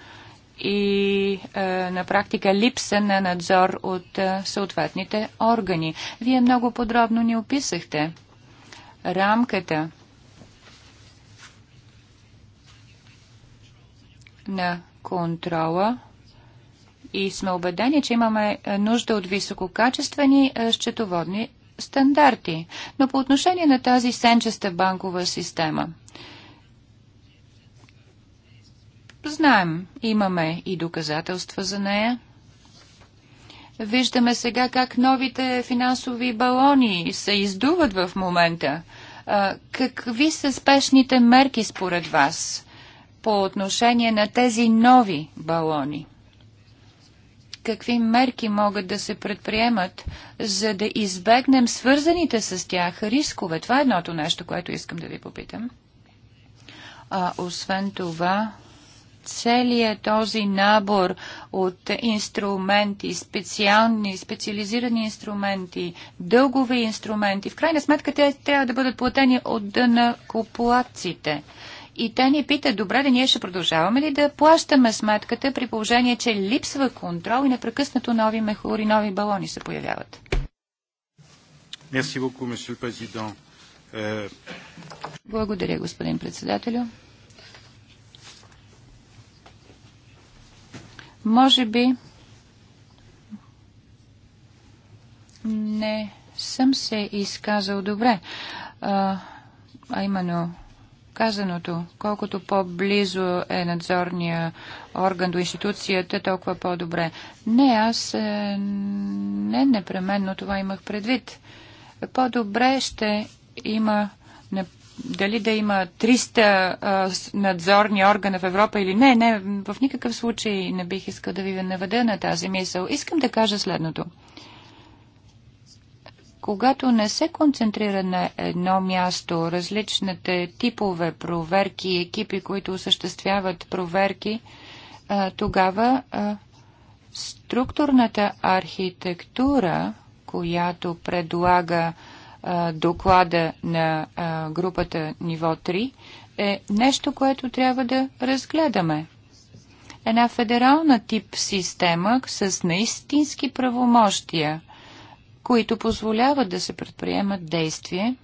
и е, на практика липса на надзор от е, съответните органи. Вие много подробно ни описахте рамката на контрола и сме убедени, че имаме е, нужда от висококачествени е, счетоводни стандарти. Но по отношение на тази сенчеста банкова система – Знаем, имаме и доказателства за нея. Виждаме сега как новите финансови балони се издуват в момента. Какви са спешните мерки според вас по отношение на тези нови балони? Какви мерки могат да се предприемат, за да избегнем свързаните с тях рискове? Това е едното нещо, което искам да ви попитам. А освен това, целият този набор от инструменти, специални, специализирани инструменти, дългови инструменти, в крайна сметка те трябва да бъдат платени от копулаците. И те ни питат, добре, да ние ще продължаваме ли да плащаме сметката при положение, че липсва контрол и непрекъснато нови мехури, нови балони се появяват. Euh, Благодаря, господин председателю. Може би не съм се изказал добре, а, а именно казаното, колкото по-близо е надзорния орган до институцията, толкова по-добре. Не, аз е, не непременно това имах предвид. По-добре ще има дали да има 300 надзорни органа в Европа или не, не, в никакъв случай не бих искал да ви наведа на тази мисъл. Искам да кажа следното. Когато не се концентрира на едно място различните типове проверки, екипи, които осъществяват проверки, тогава структурната архитектура, която предлага доклада на групата ниво 3 е нещо, което трябва да разгледаме. Една федерална тип система с наистински правомощия, които позволяват да се предприемат действия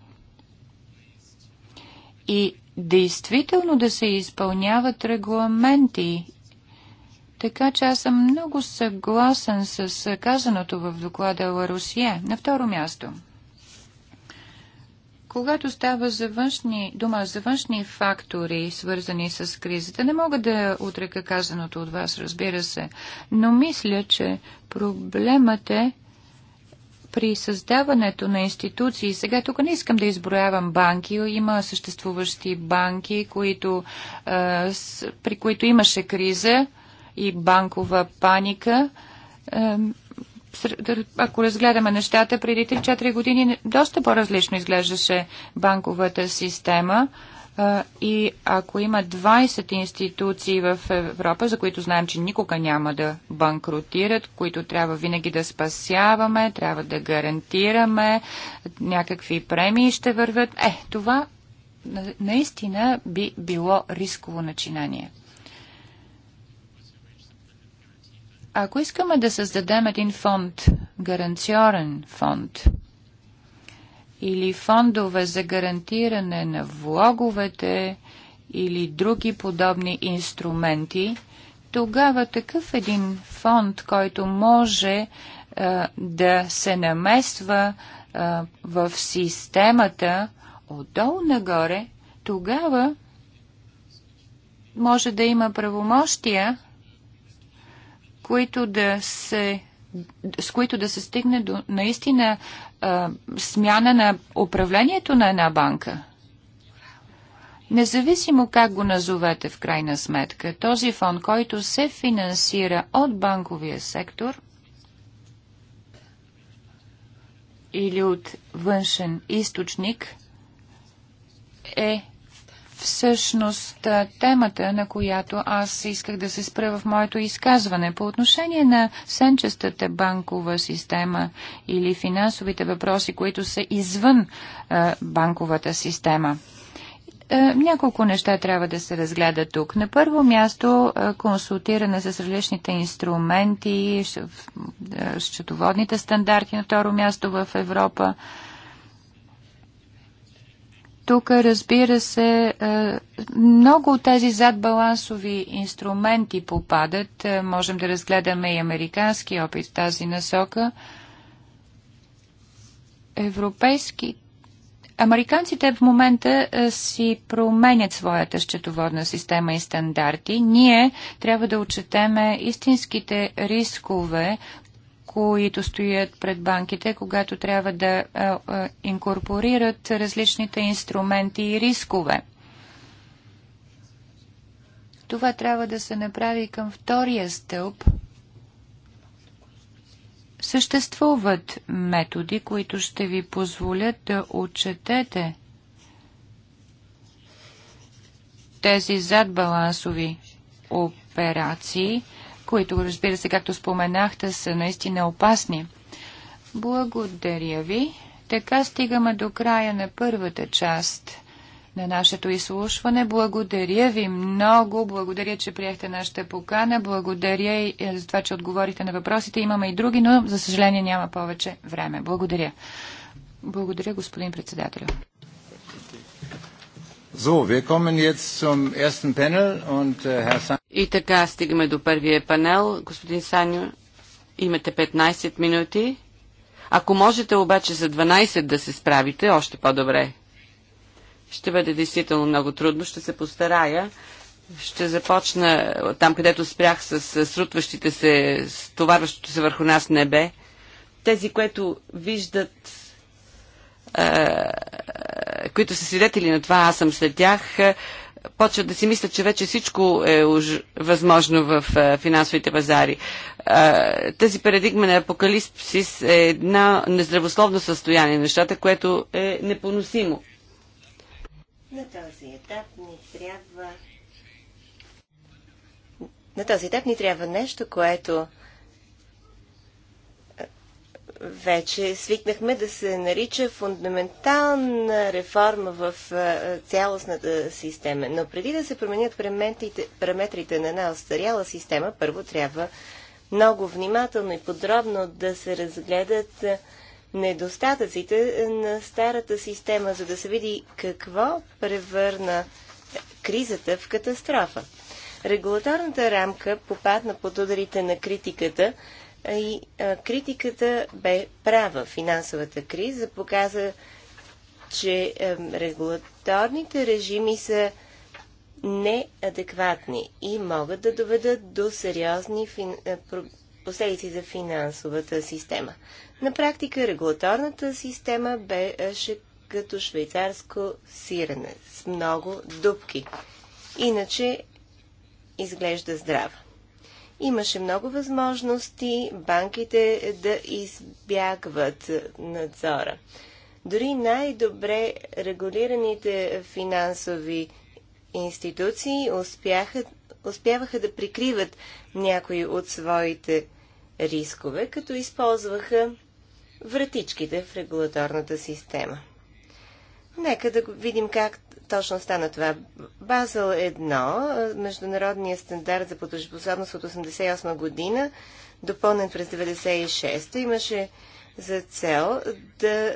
и действително да се изпълняват регламенти. Така че аз съм много съгласен с казаното в доклада Ларусия На второ място – когато става за външни, дума за външни фактори, свързани с кризата, не мога да отрека казаното от вас, разбира се, но мисля, че проблемът е при създаването на институции, сега тук не искам да изброявам банки, има съществуващи банки, които, при които имаше криза и банкова паника ако разгледаме нещата, преди 3-4 години доста по-различно изглеждаше банковата система. И ако има 20 институции в Европа, за които знаем, че никога няма да банкротират, които трябва винаги да спасяваме, трябва да гарантираме, някакви премии ще вървят, е, това наистина би било рисково начинание. Ако искаме да създадем един фонд, гаранционен фонд, или фондове за гарантиране на влоговете или други подобни инструменти, тогава такъв един фонд, който може а, е, да се намества а, е, в системата отдолу нагоре, тогава може да има правомощия които да се с които да се стигне до наистина а, смяна на управлението на една банка. Независимо как го назовете в крайна сметка, този фонд, който се финансира от банковия сектор или от външен източник, е всъщност темата, на която аз исках да се спра в моето изказване. По отношение на сенчестата банкова система или финансовите въпроси, които са извън е, банковата система. няколко неща трябва да се разгледат тук. На първо място консултиране с различните инструменти, счетоводните стандарти, на второ място в Европа. Тук, разбира се, е, много от тези задбалансови инструменти попадат. Е, можем да разгледаме и американски опит в тази насока. Европейски. Американците в момента е, си променят своята счетоводна система и стандарти. Ние трябва да отчетеме истинските рискове, които стоят пред банките, когато трябва да а, а, инкорпорират различните инструменти и рискове. Това трябва да се направи към втория стълб. Съществуват методи, които ще ви позволят да отчетете тези задбалансови операции – които, разбира се, както споменахте, са наистина опасни. Благодаря ви. Така стигаме до края на първата част на нашето изслушване. Благодаря ви много. Благодаря, че приехте нашата покана. Благодаря и е, за това, че отговорите на въпросите. Имаме и други, но за съжаление няма повече време. Благодаря. Благодаря, господин председател. Äh, И така стигаме до първия панел. Господин Саню, имате 15 минути. Ако можете обаче за 12 да се справите, още по-добре. Ще бъде действително много трудно, ще се постарая. Ще започна там, където спрях с срутващите се, с товарващото се върху нас небе. Тези, които виждат е, които са свидетели на това, аз съм след тях, е, почват да си мислят, че вече всичко е уж възможно в е, финансовите пазари. Тази парадигма на апокалипсис е едно нездравословно състояние на нещата, което е непоносимо. На този етап ни трябва на този етап ни трябва нещо, което вече свикнахме да се нарича фундаментална реформа в цялостната система. Но преди да се променят параметрите, на една остаряла система, първо трябва много внимателно и подробно да се разгледат недостатъците на старата система, за да се види какво превърна кризата в катастрофа. Регулаторната рамка попадна под ударите на критиката и критиката бе права. Финансовата криза показа, че регулаторните режими са неадекватни и могат да доведат до сериозни фин... Е, последици за финансовата система. На практика регулаторната система беше като швейцарско сирене с много дупки. Иначе изглежда здрава. Имаше много възможности банките да избягват надзора. Дори най-добре регулираните финансови институции успяха, успяваха да прикриват някои от своите рискове, като използваха вратичките в регулаторната система. Нека да видим как точно стана това. Базъл 1, е, международният стандарт за платежоспособност от 1988 година, допълнен през 1996, имаше за цел да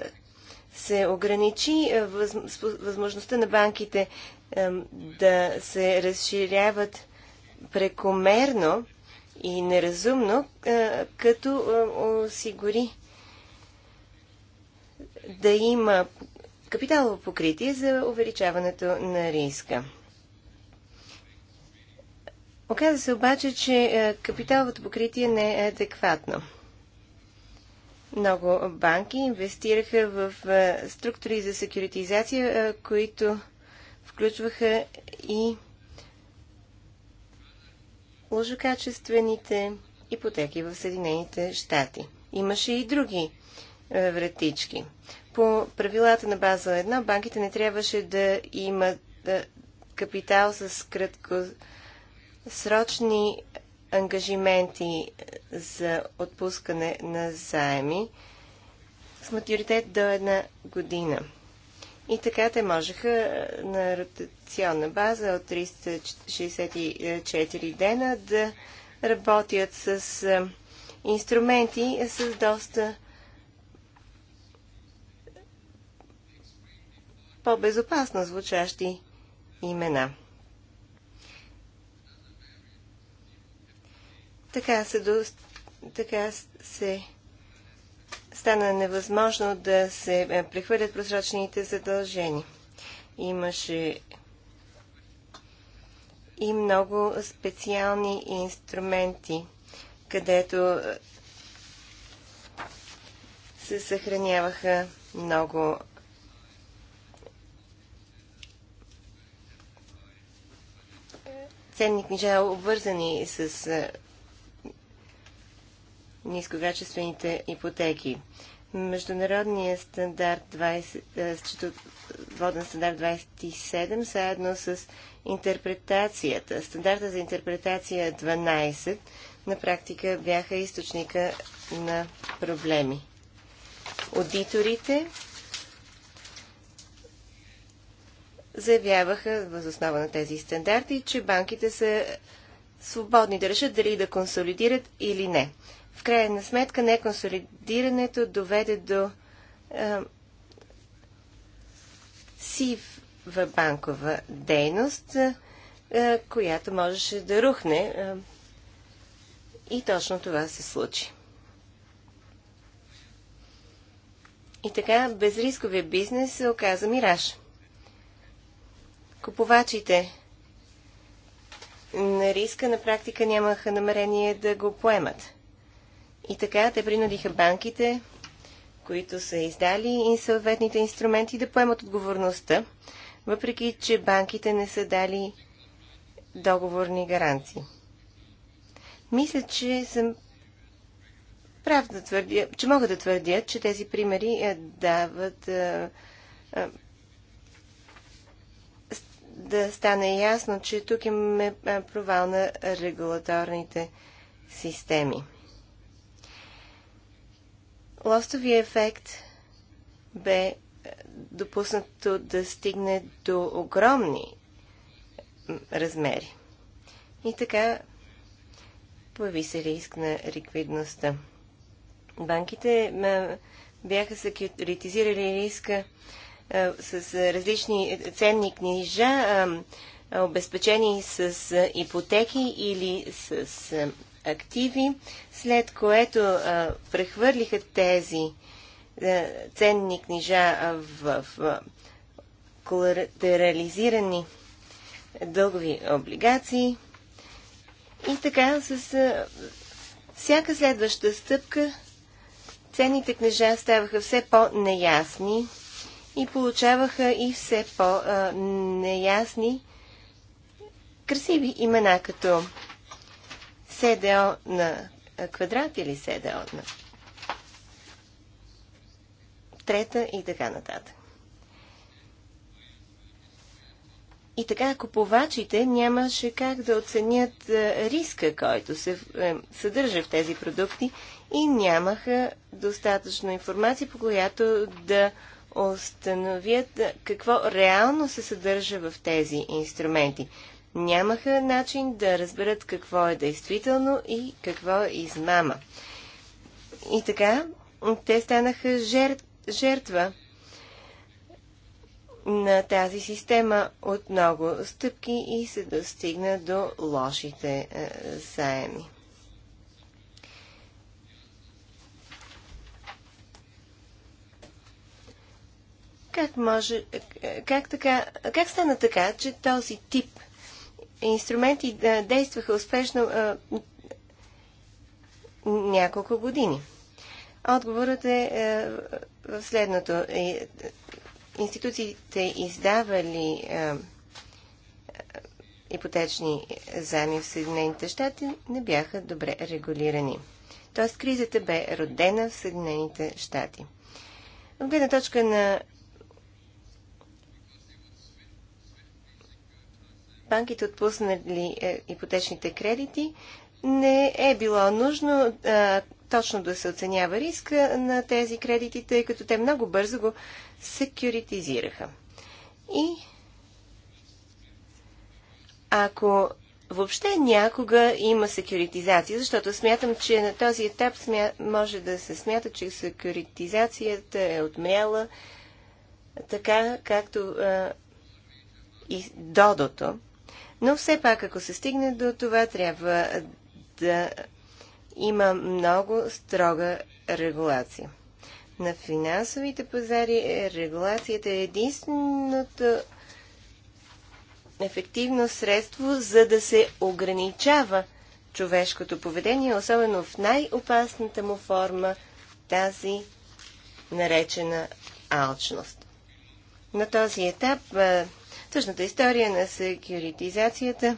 се ограничи е, възможността на банките да се разширяват прекомерно и неразумно, е, като осигури да има капиталово покритие за увеличаването на риска. Оказва се обаче, че е, капиталовото покритие не е адекватно. Много банки инвестираха в е, структури за секюритизация, е, които включваха и лъжокачествените ипотеки в Съединените щати. Имаше и други вратички. По правилата на база 1 банките не трябваше да имат капитал с кратко срочни ангажименти за отпускане на заеми с матюритет до една година. И така те можеха на ротационна база от 364 дена да работят с инструменти с доста по-безопасно звучащи имена. Така се, до... така се стана невъзможно да се е, прехвърлят просрочените задължения. Имаше и много специални инструменти, където е, се съхраняваха много ценни книжа, обвързани с е, нискокачествените ипотеки. Международният стандарт 20, е, воден стандарт 27, заедно с интерпретацията, стандарта за интерпретация 12, е на практика бяха източника на проблеми. Аудиторите заявяваха въз основа на тези стандарти, че банките са свободни да решат дали да консолидират или не. В крайна сметка неконсолидирането доведе до е, сива банкова дейност, е, която можеше да рухне. Е, и точно това се случи. И така безрисковия бизнес се оказа мираж. Купувачите на риска на практика нямаха намерение да го поемат. И така те принудиха банките, които са издали съответните инструменти, да поемат отговорността, въпреки че банките не са дали договорни гаранции. Мисля, че съм прав да твърдя, че мога да твърдя, че тези примери е, дават а, е, а, е, да стане ясно, че тук имаме провал на регулаторните системи лостовия ефект бе е, допуснато да стигне до огромни размери. И така появи се риск на ликвидността. Банките е, бяха секюритизирали риска е, с различни ценни книжа, обезпечени с ипотеки или с активи, след което а, прехвърлиха тези а, ценни книжа в, в колатерализирани дългови облигации. И така с а, всяка следваща стъпка ценните книжа ставаха все по-неясни и получаваха и все по-неясни красиви имена като СДО на квадрат или СДО на трета и така нататък. И така купувачите нямаше как да оценят е, риска, който се е, съдържа в тези продукти и нямаха достатъчно информация, по която да установят е, какво реално се съдържа в тези инструменти нямаха начин да разберат какво е действително и какво е измама. И така, те станаха жер... жертва на тази система от много стъпки и се достигна до лошите е, заеми. Как може, е, е, как, така, как стана така, че този тип инструменти да действаха успешно а, няколко години. Отговорът е, е в следното. Институциите издавали а, е, е, ипотечни заеми в Съединените щати не бяха добре регулирани. Тоест кризата бе родена в Съединените щати. От гледна точка на банките отпуснали е, ипотечните кредити, не е било нужно а, точно да се оценява риска на тези кредити, тъй като те много бързо го секюритизираха. И ако въобще някога има секюритизация, защото смятам, че на този етап смя... може да се смята, че секюритизацията е отмяла така, както а, и Додото. Но все пак, ако се стигне до това, трябва да има много строга регулация. На финансовите пазари е регулацията е единственото ефективно средство, за да се ограничава човешкото поведение, особено в най-опасната му форма, тази наречена алчност. На този етап Тъжната история на секюритизацията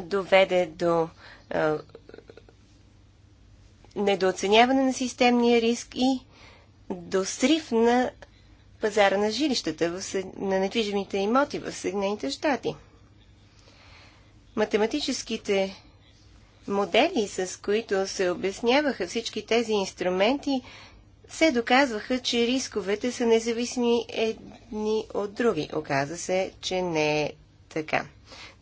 доведе до а, недооценяване на системния риск и до срив на пазара на жилищата, на недвижимите имоти в Съединените щати. Математическите модели, с които се обясняваха всички тези инструменти, се доказваха, че рисковете са независими едни от други. Оказа се, че не е така.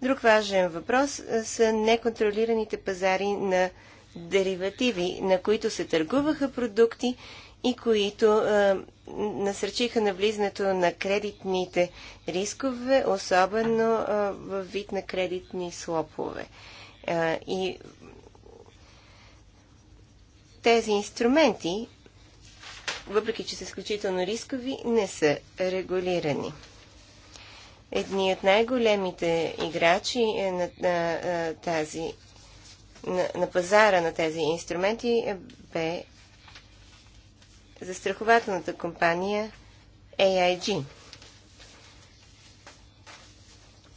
Друг важен въпрос са неконтролираните пазари на деривативи, на които се търгуваха продукти и които е, насърчиха навлизането на кредитните рискове, особено е, в вид на кредитни слопове. Е, и тези инструменти въпреки че са изключително рискови, не са регулирани. Едни от най-големите играчи е на, на, на, тази, на, на пазара на тези инструменти бе застрахователната компания AIG.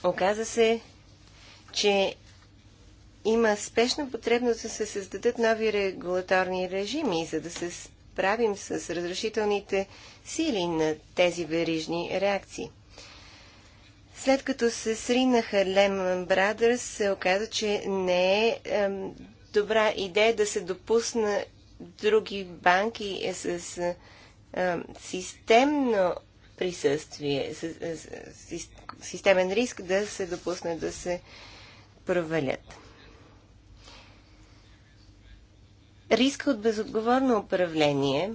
Оказа се, че има спешна потребност да се създадат нови регулаторни режими, за да се справим с разрешителните сили на тези верижни реакции. След като се сринаха Lehman Brothers, се оказа, че не е, е добра идея да се допусна други банки с е, системно присъствие, с, с, системен риск да се допусне да се провалят. Риска от безотговорно управление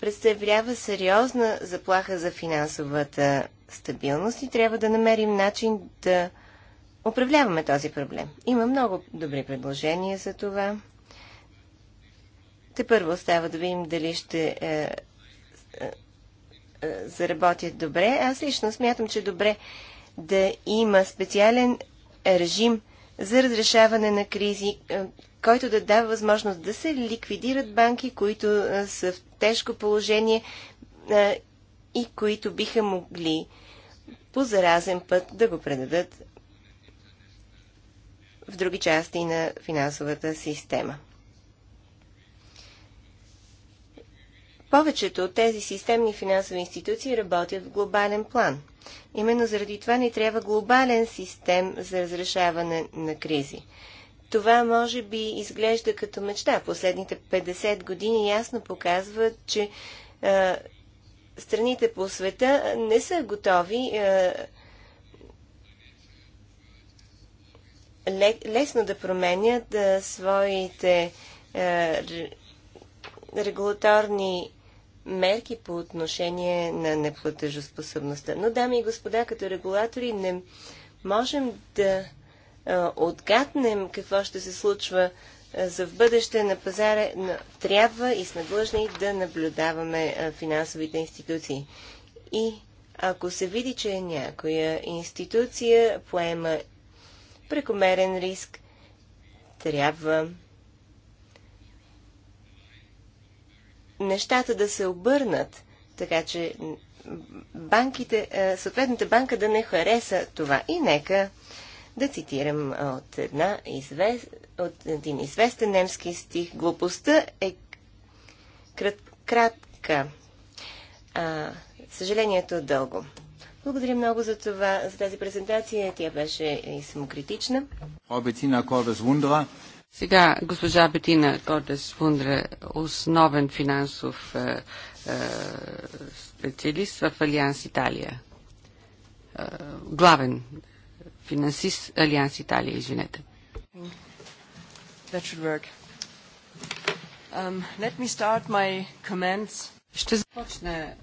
представлява сериозна заплаха за финансовата стабилност и трябва да намерим начин да управляваме този проблем. Има много добри предложения за това. Те първо остава да видим дали ще е, е, е, заработят добре. Аз лично смятам, че добре да има специален режим – за разрешаване на кризи, е, който да дава възможност да се ликвидират банки, които е, са в тежко положение е, и които биха могли по заразен път да го предадат в други части на финансовата система. Повечето от тези системни финансови институции работят в глобален план. Именно заради това ни трябва глобален систем за разрешаване на кризи. Това може би изглежда като мечта. Последните 50 години ясно показват, че е, страните по света не са готови е, лесно да променят е, своите е, регулаторни мерки по отношение на неплатежоспособността. Но, дами и господа, като регулатори не можем да а, отгаднем какво ще се случва а, за в бъдеще на пазара. Но трябва и сме длъжни да наблюдаваме а, финансовите институции. И ако се види, че някоя институция поема прекомерен риск, трябва нещата да се обърнат, така че банките, е, съответната банка да не хареса това. И нека да цитирам от, една извест, от един известен немски стих. Глупостта е крат, кратка, а съжалението е дълго. Благодаря много за това, за тази презентация. Тя беше и самокритична. Сега госпожа Бетина Кордес Фундра, основен финансов е, е, специалист в Алианс Италия. Е, главен финансист Алианс Италия, извинете. That should work. Um, let me start my comments. Ще започна.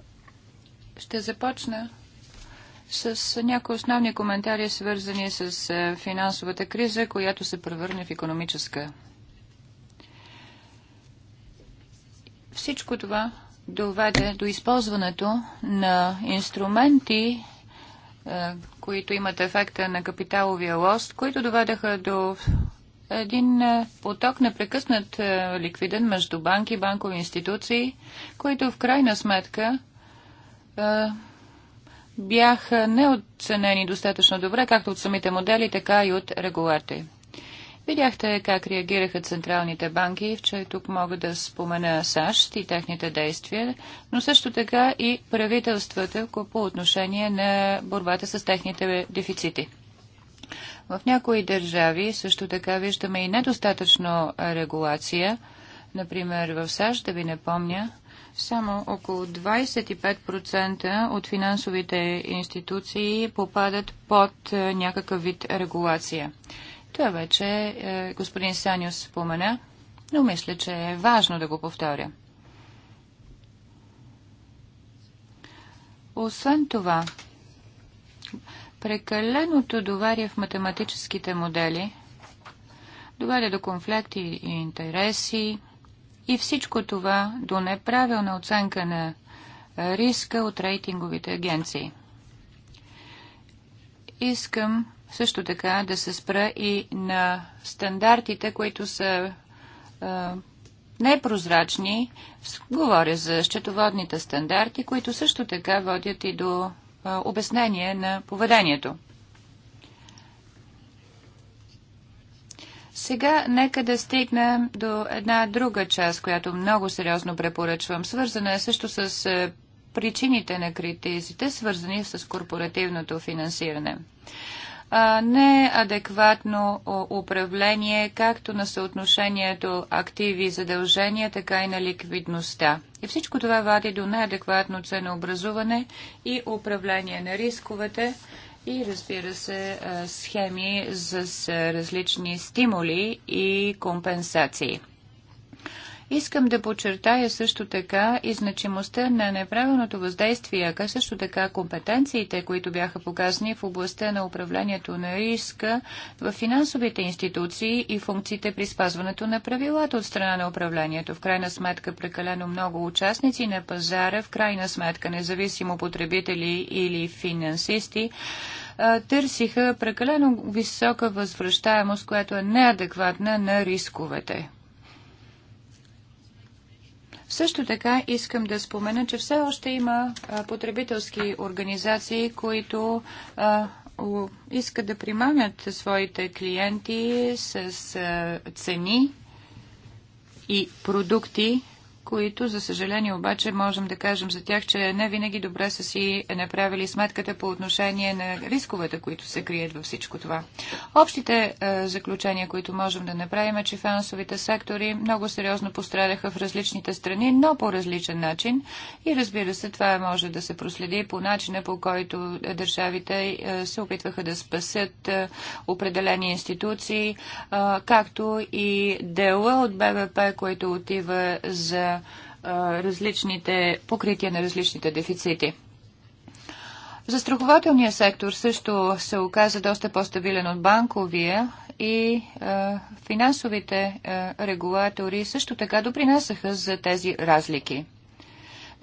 Ще започна с някои основни коментари, свързани с е, финансовата криза, която се превърне в економическа. Всичко това доведе до използването на инструменти, е, които имат ефекта на капиталовия лост, които доведаха до един е, поток непрекъснат ликвиден между банки, банкови институции, които в крайна сметка бяха неоценени достатъчно добре, както от самите модели, така и от регулатори. Видяхте как реагираха централните банки, че тук мога да спомена САЩ и техните действия, но също така и правителствата по отношение на борбата с техните дефицити. В някои държави също така виждаме и недостатъчно регулация. Например, в САЩ, да ви напомня, само около 25% от финансовите институции попадат под е, някакъв вид регулация. Това вече е, господин Саниус спомена, но мисля, че е важно да го повторя. Освен това, прекаленото доверие в математическите модели доведе до конфликти и интереси, и всичко това до неправилна оценка на риска от рейтинговите агенции. Искам също така да се спра и на стандартите, които са а, непрозрачни. Говоря за счетоводните стандарти, които също така водят и до а, обяснение на поведението. Сега нека да стигнем до една друга част, която много сериозно препоръчвам. Свързана е също с е, причините на критизите, свързани с корпоративното финансиране. Неадекватно управление, както на съотношението активи-задължения, и така и на ликвидността. И всичко това води до неадекватно ценообразуване и управление на рисковете и разбира се схеми с различни стимули и компенсации. Искам да подчертая също така и значимостта на неправилното въздействие, а също така компетенциите, които бяха показани в областта на управлението на риска в финансовите институции и функциите при спазването на правилата от страна на управлението. В крайна сметка прекалено много участници на пазара, в крайна сметка независимо потребители или финансисти, търсиха прекалено висока възвръщаемост, която е неадекватна на рисковете. Също така искам да спомена, че все още има потребителски организации, които искат да примамят своите клиенти с цени и продукти, които, за съжаление обаче, можем да кажем за тях, че не винаги добре са си направили сметката по отношение на рисковете, които се крият във всичко това. Общите е, заключения, които можем да направим е, че финансовите сектори много сериозно пострадаха в различните страни, но по различен начин. И разбира се, това може да се проследи по начина, по който е, държавите е, се опитваха да спасят е, определени институции, е, както и дела от БВП, който отива за различните покрития на различните дефицити. Застрахователният сектор също се оказа доста по-стабилен от банковия и е, финансовите е, регулатори също така допринасяха за тези разлики.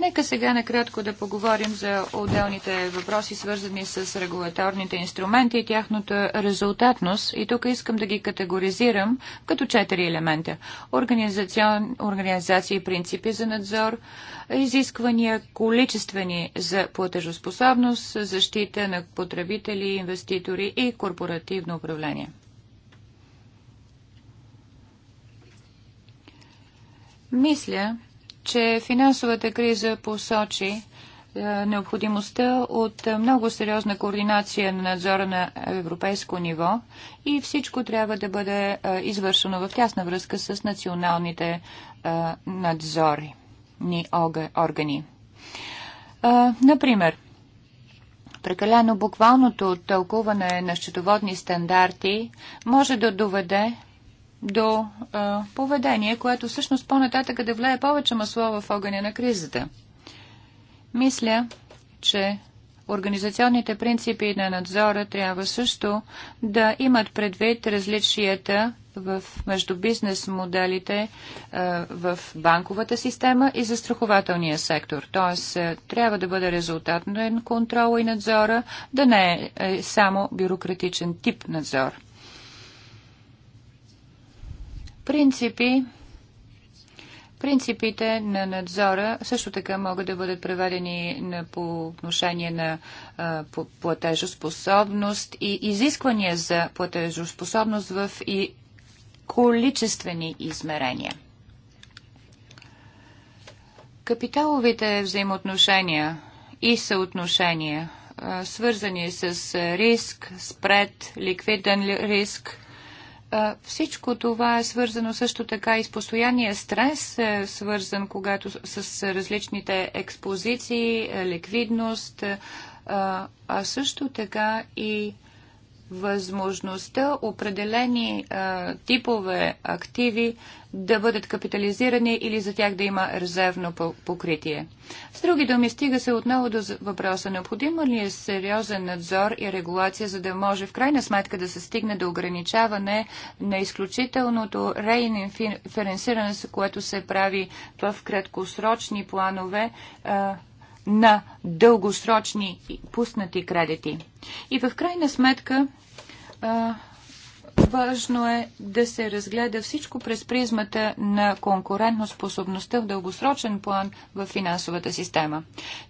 Нека сега накратко да поговорим за отделните въпроси, свързани с регулаторните инструменти и тяхната резултатност. И тук искам да ги категоризирам като четири елемента. Организацион, организация и принципи за надзор, изисквания количествени за платежоспособност, защита на потребители, инвеститори и корпоративно управление. Мисля, че финансовата криза посочи е, необходимостта от много сериозна координация на надзора на европейско ниво и всичко трябва да бъде е, извършено в тясна връзка с националните е, надзори ни органи. Например, прекалено буквалното тълкуване на счетоводни стандарти може да доведе до а, поведение, което всъщност по-нататък е да влее повече масло в огъня на кризата. Мисля, че организационните принципи на надзора трябва също да имат предвид различията в, между бизнес моделите в банковата система и застрахователния сектор. Тоест, трябва да бъде резултатен контрол и надзора, да не е, е само бюрократичен тип надзор. Принципи Принципите на надзора също така могат да бъдат преведени на, по отношение на платежоспособност и изисквания за платежоспособност в и количествени измерения. Капиталовите взаимоотношения и съотношения, свързани с риск, спред, ликвиден риск, всичко това е свързано също така и с постоянния стрес, е, свързан когато с различните експозиции, ликвидност, е, а също така и възможността определени а, типове активи да бъдат капитализирани или за тях да има резервно покритие. С други думи, стига се отново до въпроса, необходимо ли е сериозен надзор и регулация, за да може в крайна сметка да се стигне до ограничаване на изключителното реинференсиране, което се прави в краткосрочни планове а, на дългосрочни пуснати кредити. И в крайна сметка а, важно е да се разгледа всичко през призмата на конкурентоспособността в дългосрочен план в финансовата система.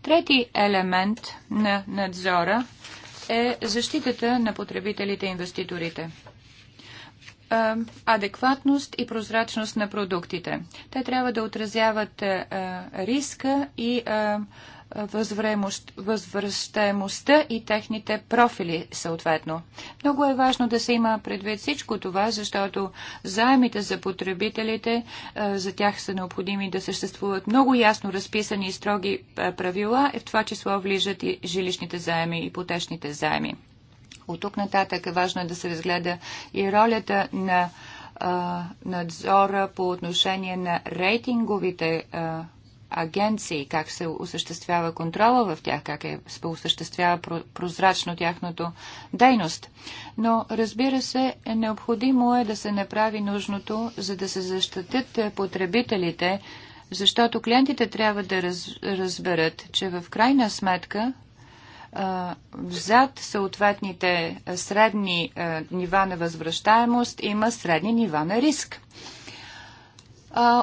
Трети елемент на надзора е защитата на потребителите и инвеститорите адекватност и прозрачност на продуктите. Те трябва да отразяват риска и възвръщаемостта и техните профили съответно. Много е важно да се има предвид всичко това, защото заемите за потребителите, е, за тях са необходими да съществуват много ясно разписани и строги е, правила, е в това число влижат и жилищните заеми и потешните заеми. От тук нататък е важно да се разгледа и ролята на надзора по отношение на рейтинговите а, агенции, как се осъществява контрола в тях, как е, се осъществява прозрачно тяхното дейност. Но, разбира се, необходимо е да се направи нужното, за да се защитят е, потребителите, защото клиентите трябва да раз, разберат, че в крайна сметка зад съответните средни нива на възвръщаемост има средни нива на риск.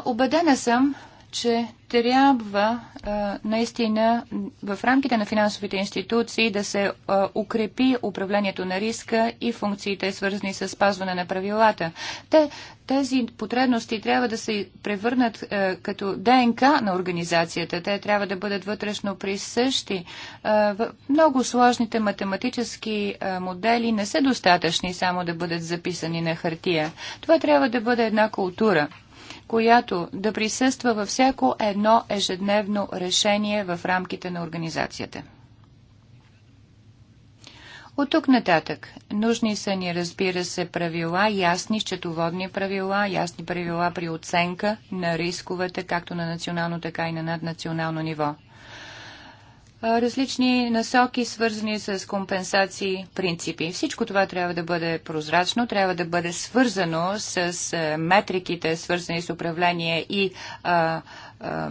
Обедена съм, че трябва а, наистина в рамките на финансовите институции да се а, укрепи управлението на риска и функциите, свързани с спазване на правилата. Те, тези потребности трябва да се превърнат а, като ДНК на организацията. Те трябва да бъдат вътрешно присъщи. А, в много сложните математически а, модели не са достатъчни само да бъдат записани на хартия. Това трябва да бъде една култура която да присъства във всяко едно ежедневно решение в рамките на организацията. От тук нататък нужни са ни, разбира се, правила, ясни счетоводни правила, ясни правила при оценка на рисковете, както на национално, така и на наднационално ниво различни насоки, свързани с компенсации, принципи. Всичко това трябва да бъде прозрачно, трябва да бъде свързано с метриките, свързани с управление и а, а,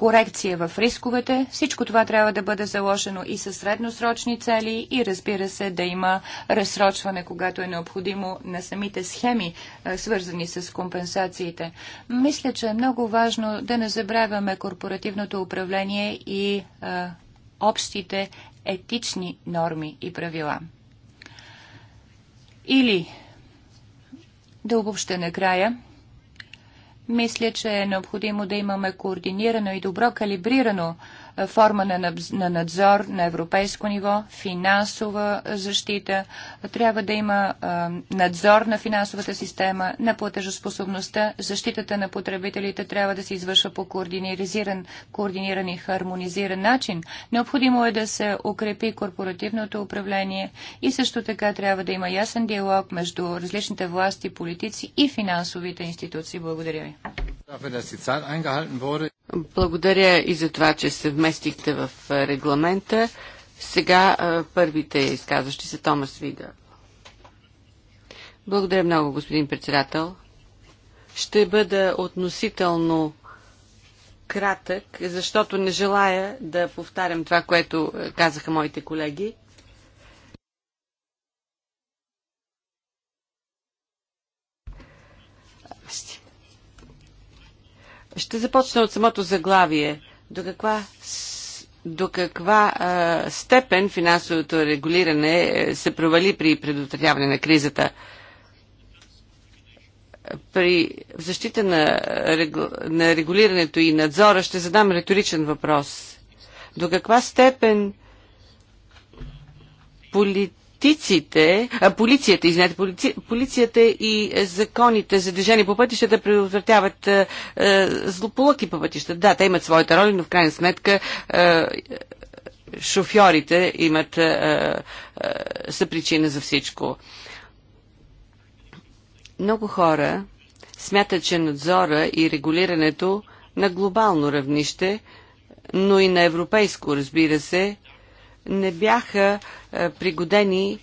корекция в рисковете. Всичко това трябва да бъде заложено и със средносрочни цели и разбира се да има разсрочване, когато е необходимо на самите схеми, е, свързани с компенсациите. Мисля, че е много важно да не забравяме корпоративното управление и а, е, общите етични норми и правила. Или, да обобща накрая, мисля, че е необходимо да имаме координирано и добро калибрирано е, форма на надзор на европейско ниво, финансова защита, трябва да има е, надзор на финансовата система, на платежоспособността, защитата на потребителите трябва да се извършва по координиран, координиран и хармонизиран начин. Необходимо е да се укрепи корпоративното управление и също така трябва да има ясен диалог между различните власти, политици и финансовите институции. Благодаря ви. Благодаря и за това, че се вместихте в е, регламента. Сега е, първите изказващи са Томас Вига. Благодаря много, господин председател. Ще бъда относително кратък, защото не желая да повтарям това, което е, казаха моите колеги. Ще започна от самото заглавие. До каква до каква а, степен финансовото регулиране е, се провали при предотвратяване на кризата? При защита на, регу... на регулирането и надзора ще задам риторичен въпрос. До каква степен полит политиците, а, полицията, извинете, полици, полицията и е, законите за движение по пътищата предотвратяват е, е, злополуки по пътищата. Да, те имат своята роля, но в крайна сметка а, шофьорите имат а, а, са причина за всичко. Много хора смятат, че надзора и регулирането на глобално равнище, но и на европейско, разбира се, не бяха е, пригодени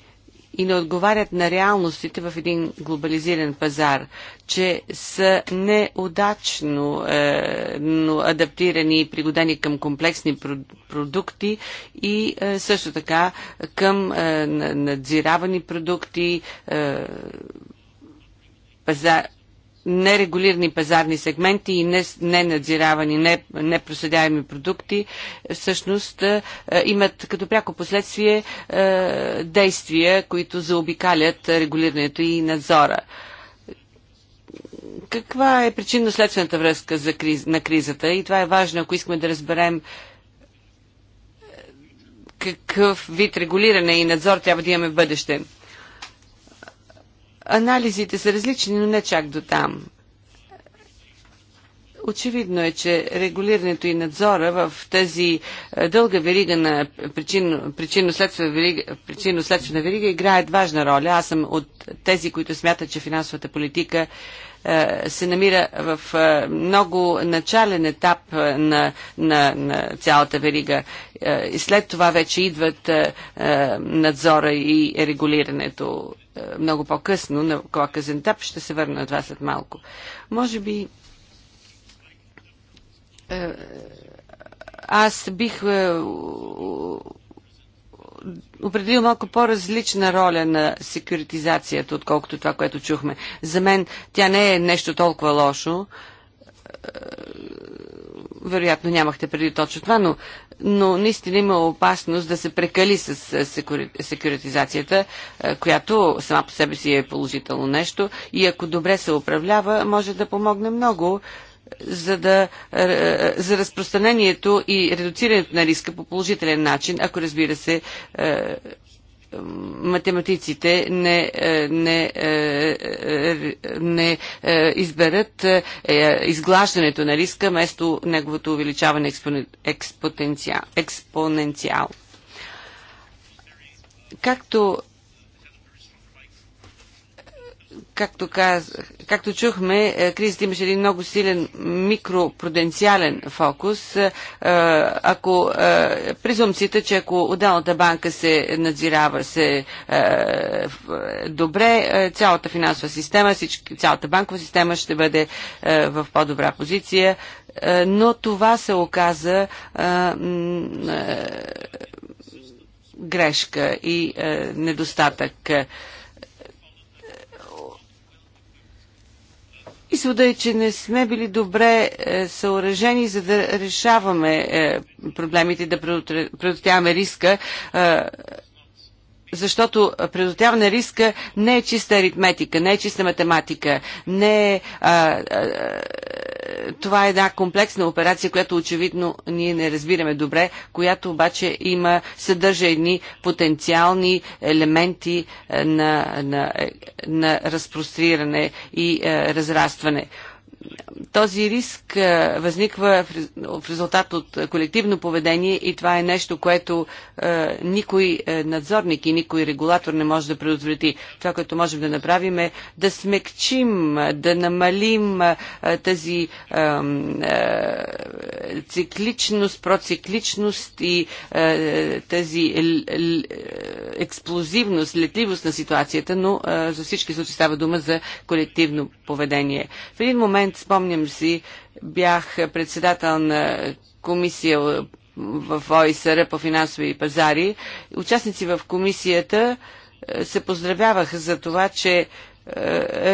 и не отговарят на реалностите в един глобализиран пазар, че са неудачно е, адаптирани и пригодени към комплексни продукти и е, също така към е, надзиравани продукти, е, пазар, нерегулирани пазарни сегменти и ненадзиравани, непроследяеми продукти, всъщност е, имат като пряко последствие е, действия, които заобикалят регулирането и надзора. Каква е причинно-следствената връзка за криз, на кризата? И това е важно, ако искаме да разберем е, какъв вид регулиране и надзор трябва да имаме в бъдеще. Анализите са различни, но не чак до там. Очевидно е, че регулирането и надзора в тази е, дълга верига на причинно-следствена причинно верига, причинно верига играят важна роля. Аз съм от тези, които смятат, че финансовата политика е, се намира в е, много начален етап е, на, на, на цялата верига. И след това вече идват надзора и регулирането много по-късно, на по-късен етап. Ще се върна на това след малко. Може би аз бих определил малко по-различна роля на секюритизацията, отколкото това, което чухме. За мен тя не е нещо толкова лошо. Е, вероятно нямахте преди точно това, но, но наистина има опасност да се прекали с секюритизацията, е, която сама по себе си е положително нещо и ако добре се управлява, може да помогне много за, да, е, е, за разпространението и редуцирането на риска по положителен начин, ако разбира се е, математиците не, не, не изберат изглаждането на риска вместо неговото увеличаване експоненциал. експоненциал. Както Както, каз... Както чухме, е, кризата имаше един много силен микропруденциален фокус. Е, е, ако презумцията, че ако отделната банка се надзирава се добре, цялата финансова система, цялата банкова система ще бъде в по-добра позиция. Но това се оказа грешка и недостатък. Извода е, че не сме били добре е, съоръжени, за да решаваме е, проблемите, да предотвяваме риска. Е, защото предотвяване риска не е чиста аритметика, не е чиста математика, не е а, а, това е една комплексна операция, която очевидно ние не разбираме добре, която обаче има, съдържа едни потенциални елементи е, на, на, е, на разпростриране и е, разрастване този риск възниква в резултат от колективно поведение и това е нещо, което никой надзорник и никой регулатор не може да предотврати. Това, което можем да направим е да смекчим, да намалим тази цикличност, процикличност и тази експлозивност, летливост на ситуацията, но за всички случаи става дума за колективно поведение. В един момент Спомням си, бях председател на комисия в ОИСР по финансови пазари. Участници в комисията е, се поздравяваха за това, че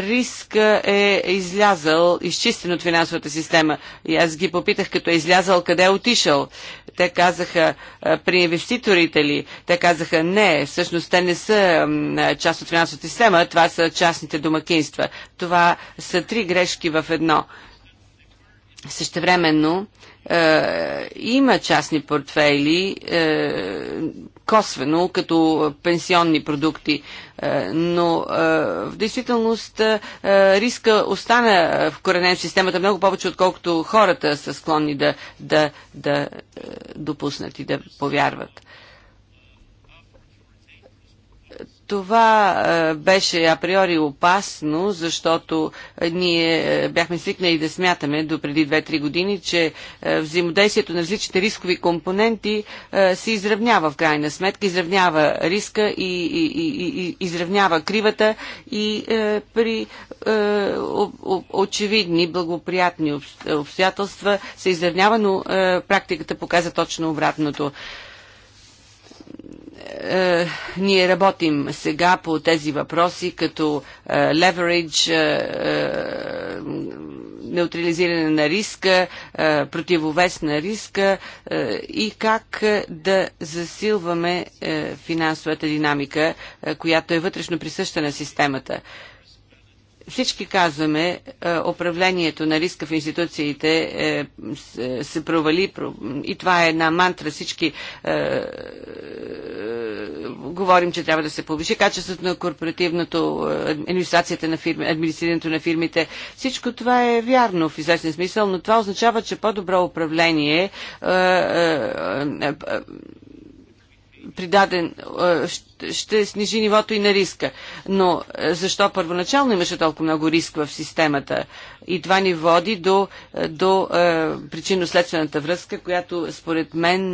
риска е излязъл, изчистен от финансовата система. И аз ги попитах, като е излязъл, къде е отишъл. Те казаха, при инвеститорите ли? Те казаха, не, всъщност те не са част от финансовата система, това са частните домакинства. Това са три грешки в едно. Същевременно, е, има частни портфейли, е, косвено, като пенсионни продукти, е, но е, в действителност е, риска остана в коренен в системата много повече, отколкото хората са склонни да, да, да е, допуснат и да повярват. Това е, беше априори опасно, защото ние е, бяхме свикнали да смятаме до преди 2-3 години, че е, взаимодействието на различните рискови компоненти се изравнява в крайна сметка, изравнява риска и, и, и, и изравнява кривата и при очевидни благоприятни обстоятелства се изравнява, но практиката показа точно обратното. Е, ние работим сега по тези въпроси, като е, leverage, е, неутрализиране на риска, противовес на риска и как да засилваме финансовата динамика, която е вътрешно присъща на системата. Всички казваме, е, управлението на риска в институциите е, се провали и това е една мантра. Всички е, говорим, че трябва да се повиши качеството на корпоративното, администрацията на фирми, администрирането на фирмите. Всичко това е вярно в известен смисъл, но това означава, че по-добро управление придаден, ще снижи нивото и на риска. Но защо първоначално имаше толкова много риск в системата? И това ни води до, до причинно-следствената връзка, която според мен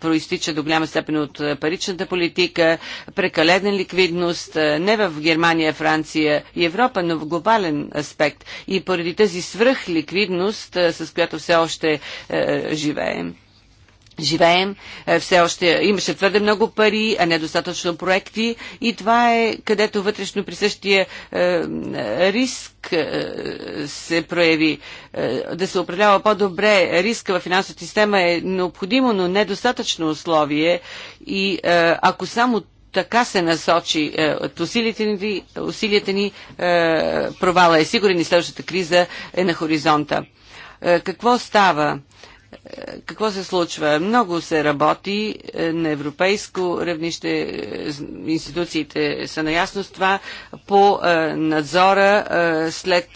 проистича до голяма степен от паричната политика, прекалена ликвидност, не в Германия, Франция и Европа, но в глобален аспект. И поради тази свръхликвидност, с която все още живеем живеем. Е, все още имаше твърде много пари, а недостатъчно проекти и това е където вътрешно присъщия е, риск е, се прояви. Е, да се управлява по-добре риска в финансовата система е необходимо, но недостатъчно условие и е, ако само така се насочи е, от усилията ни, усилията ни е, провала е сигурен и следващата криза е на хоризонта. Е, какво става? какво се случва? Много се работи е, на европейско равнище, е, институциите са наясно с това, по е, надзора след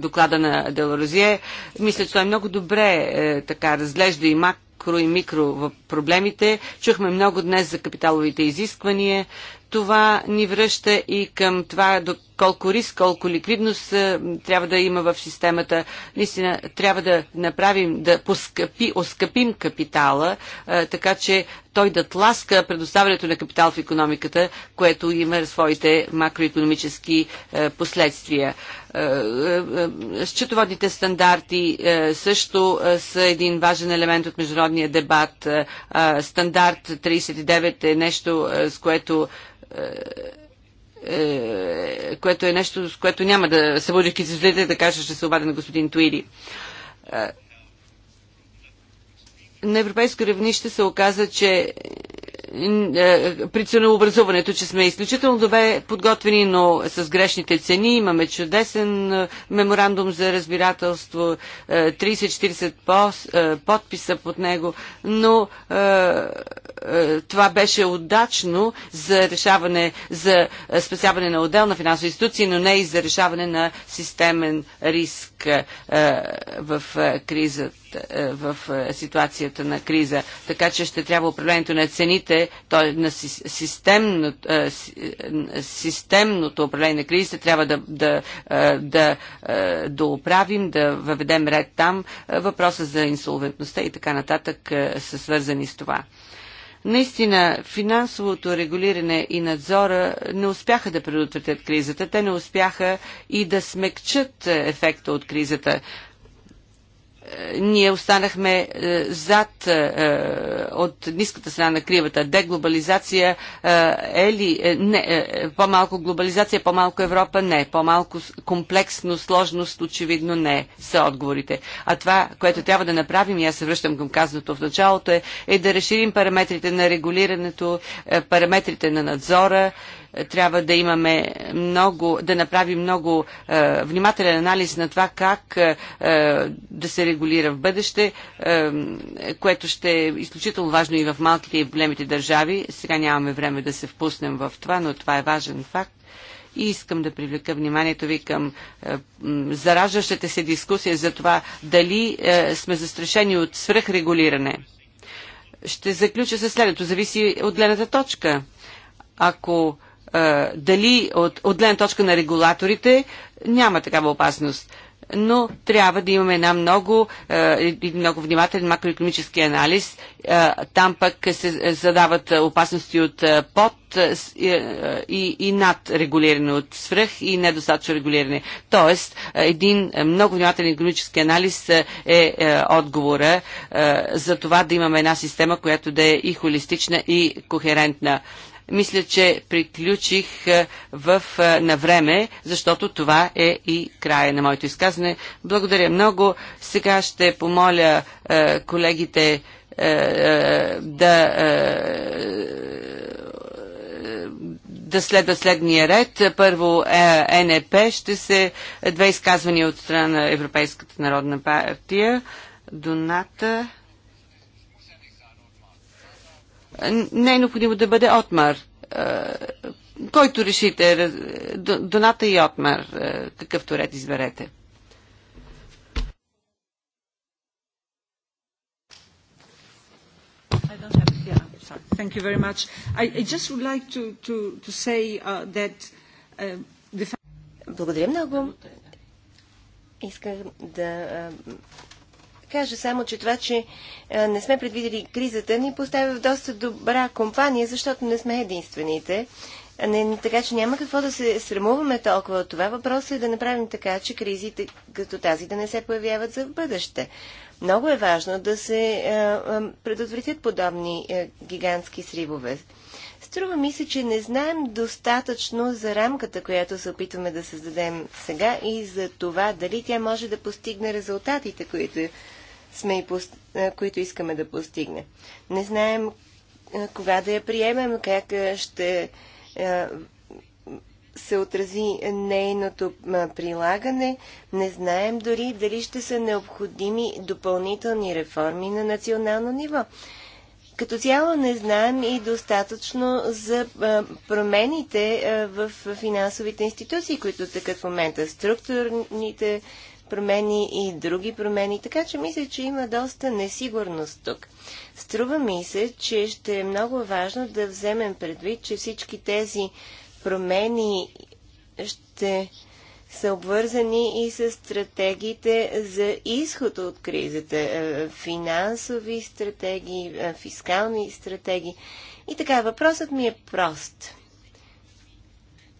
доклада на Делорозие. Мисля, че той много добре така разглежда и макро и микро проблемите. Чухме много днес за капиталовите изисквания това ни връща и към това до колко риск, колко ликвидност е, трябва да има в системата. Наистина трябва да направим, да поскъпи, оскъпим капитала, е, така че той да тласка предоставянето на капитал в економиката, което има своите макроекономически е, последствия. Е, е, счетоводните стандарти също са един важен елемент от международния дебат. Стандарт 39 е нещо, с което което е нещо, с което няма да събуди кизизлите, да кажа, ще се обаде на господин Туири на европейско равнище се оказа, че е, при ценообразуването, че сме изключително добре подготвени, но с грешните цени имаме чудесен е, меморандум за разбирателство, 30-40 е, подписа под него, но е, това беше удачно за решаване, за спасяване на на финансови институции, но не и за решаване на системен риск е, в е, кризата в ситуацията на криза. Така че ще трябва управлението на цените, т.е. на системно, системното управление на кризите, трябва да, да, да, да оправим, да въведем ред там. Въпроса за инсолвентността и така нататък са свързани с това. Наистина, финансовото регулиране и надзора не успяха да предотвратят кризата. Те не успяха и да смекчат ефекта от кризата ние останахме е, зад е, от ниската страна на кривата. Деглобализация е, е ли? Не, по-малко глобализация, по-малко Европа? Не. По-малко комплексно, сложност очевидно не са отговорите. А това, което трябва да направим, и аз се връщам към казаното в началото, е, е да разширим параметрите на регулирането, параметрите на надзора трябва да имаме много, да направим много е, внимателен анализ на това как е, е, да се регулира в бъдеще, е, което ще е изключително важно и в малките и в големите държави. Сега нямаме време да се впуснем в това, но това е важен факт. И искам да привлека вниманието ви към е, зараждащата се дискусия за това дали е, сме застрашени от свръхрегулиране. Ще заключа със следното. Зависи от гледната точка. Ако дали от, от гледна точка на регулаторите няма такава опасност. Но трябва да имаме една много, много внимателен макроекономически анализ. там пък се задават опасности от под и, и над регулиране, от свръх и недостатъчно регулиране. Тоест, един много внимателен економически анализ е, е, отговора за това да имаме една система, която да е и холистична, и кохерентна. Мисля, че приключих е, в, е, на време, защото това е и края на моето изказване. Благодаря много. Сега ще помоля е, колегите е, е, да е, да следва следния ред. Първо е, НЕП ще се две изказвания от страна на Европейската народна партия. Доната не е необходимо да бъде Отмар. Е, който решите, е, Доната и Отмар, е, какъвто ред изберете. Thank you very much. I, I just would like to, to, to say uh, that uh, the... Благодаря много. Искам да кажа само, че това, че е, не сме предвидели кризата, ни поставя в доста добра компания, защото не сме единствените. Не, така че няма какво да се срамуваме толкова от това. Въпросът е да направим така, че кризите като тази да не се появяват за в бъдеще. Много е важно да се а, е, е, предотвратят подобни гигантски сривове. Струва ми се, че не знаем достатъчно за рамката, която се опитваме да създадем сега и за това дали тя може да постигне резултатите, които сме и пост... които искаме да постигнем. Не знаем кога да я приемем, как ще се отрази нейното прилагане. Не знаем дори дали ще са необходими допълнителни реформи на национално ниво. Като цяло не знаем и достатъчно за промените в финансовите институции, които тъкат в момента. Структурните промени и други промени, така че мисля, че има доста несигурност тук. Струва ми се, че ще е много важно да вземем предвид, че всички тези промени ще са обвързани и с стратегиите за изход от кризата, е, финансови стратегии, е, фискални стратегии. И така, въпросът ми е прост.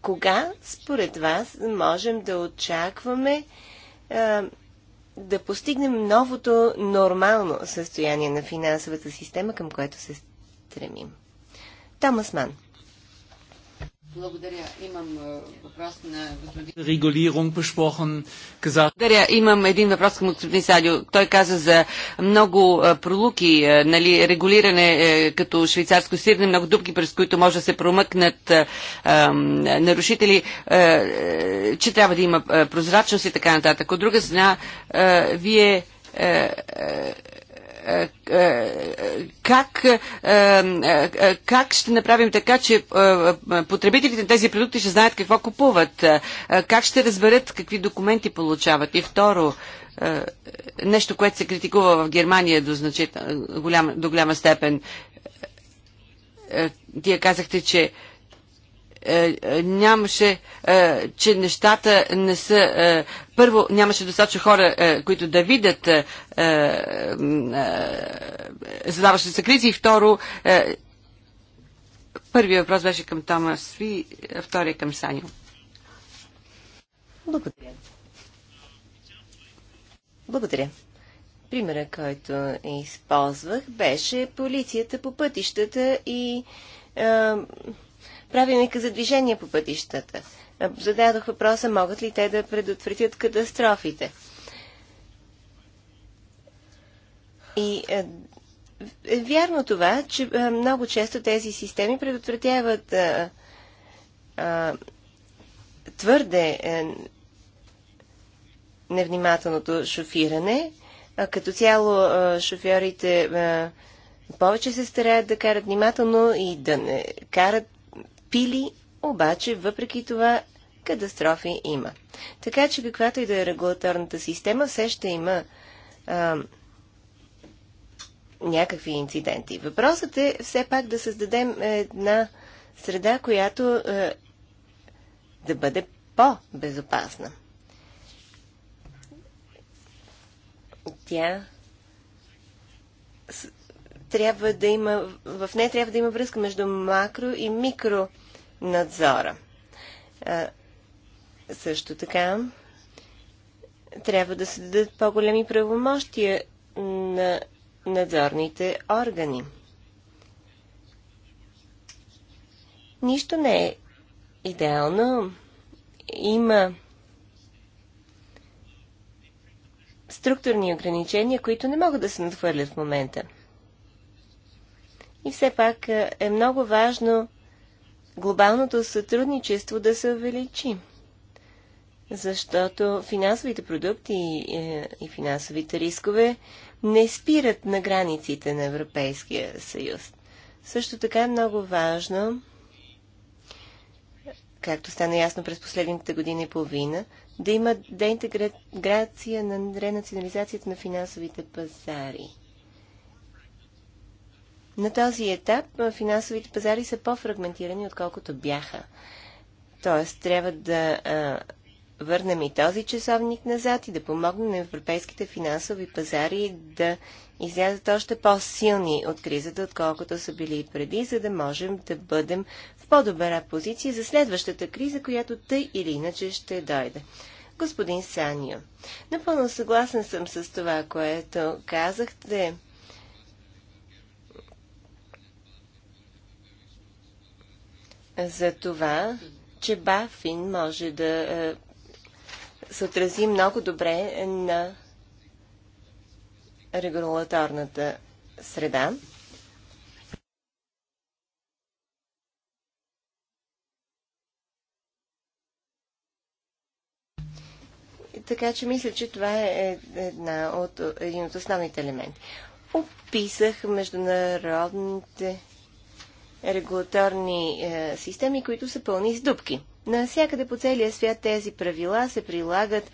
Кога, според вас, можем да очакваме е, да постигнем новото нормално състояние на финансовата система, към което се стремим. Томас Ман. Е, Благодаря. Имам един въпрос към господин Садио. Той каза за много е, пролуки, е, нали, регулиране като швейцарско сирне, много дупки, през които може да се промъкнат нарушители, че трябва да има прозрачност и така нататък. От друга страна, вие е, е, как, е, как ще направим така, че потребителите на тези продукти ще знаят какво купуват? Как ще разберат какви документи получават? И второ, нещо, което се критикува в Германия до, значит, голям, до голяма степен. Тие казахте, че е, е, нямаше, е, че нещата не са... Първо, нямаше достатъчно хора, които да видят задаващи се кризи. И второ, първият въпрос беше към Томас Ви, втория към Саню. Благодаря. Благодаря. Примерът, който използвах, беше полицията по пътищата и е, правилника за движение по пътищата. Зададох въпроса, могат ли те да предотвратят катастрофите. И е, е вярно това, че е, много често тези системи предотвратяват е, е, твърде е, невнимателното шофиране. А като цяло е, шофьорите е, повече се стараят да карат внимателно и да не карат пили, обаче въпреки това катастрофи има. Така че каквато и да е регулаторната система, все ще има а, някакви инциденти. Въпросът е все пак да създадем една среда, която а, е, да бъде по-безопасна. Тя трябва да има, в нея трябва да има връзка между макро и микро надзора. А, също така, трябва да се дадат по-големи правомощия на надзорните органи. Нищо не е идеално. Има структурни ограничения, които не могат да се надхвърлят в момента. И все пак е много важно глобалното сътрудничество да се увеличи. Защото финансовите продукти е, и финансовите рискове не спират на границите на Европейския съюз. Също така е много важно, както стана ясно през последните години и половина, да има деинтеграция на ренационализацията на финансовите пазари – на този етап финансовите пазари са по-фрагментирани, отколкото бяха. Тоест, трябва да а, върнем и този часовник назад и да помогнем на европейските финансови пазари да излязат още по-силни от кризата, отколкото са били и преди, за да можем да бъдем в по-добра позиция за следващата криза, която тъй или иначе ще дойде. Господин Санио, напълно съгласен съм с това, което казахте. за това, че Бафин може да е, се отрази много добре на регулаторната среда. Така че мисля, че това е една от, един от основните елементи. Описах международните регулаторни е, системи, които са пълни с дупки. Навсякъде по целия свят тези правила се прилагат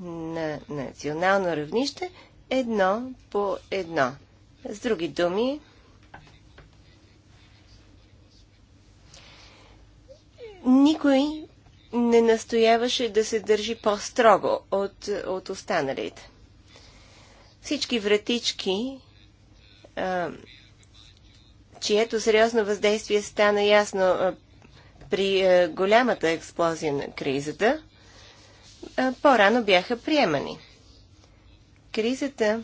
на национално равнище едно по едно. С други думи, никой не настояваше да се държи по-строго от, от останалите. Всички вратички а, чието сериозно въздействие стана ясно при голямата експлозия на кризата, по-рано бяха приемани. Кризата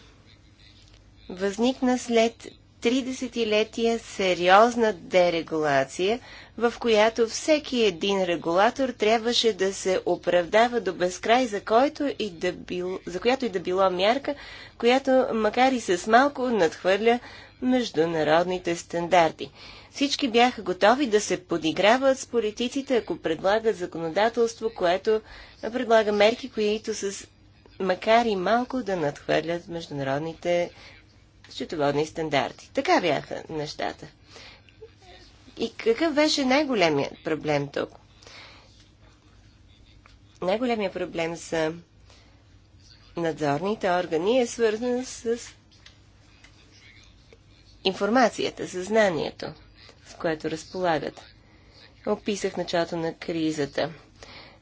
възникна след 30-летия сериозна дерегулация, в която всеки един регулатор трябваше да се оправдава до безкрай за, който и да бил, за която и да било мярка, която макар и с малко надхвърля международните стандарти. Всички бяха готови да се подиграват с политиците, ако предлагат законодателство, което предлага мерки, които с макар и малко да надхвърлят международните счетоводни стандарти. Така бяха нещата. И какъв беше най-големият проблем тук? Най-големият проблем са надзорните органи е свързан с информацията, съзнанието, с което разполагат. Описах началото на кризата.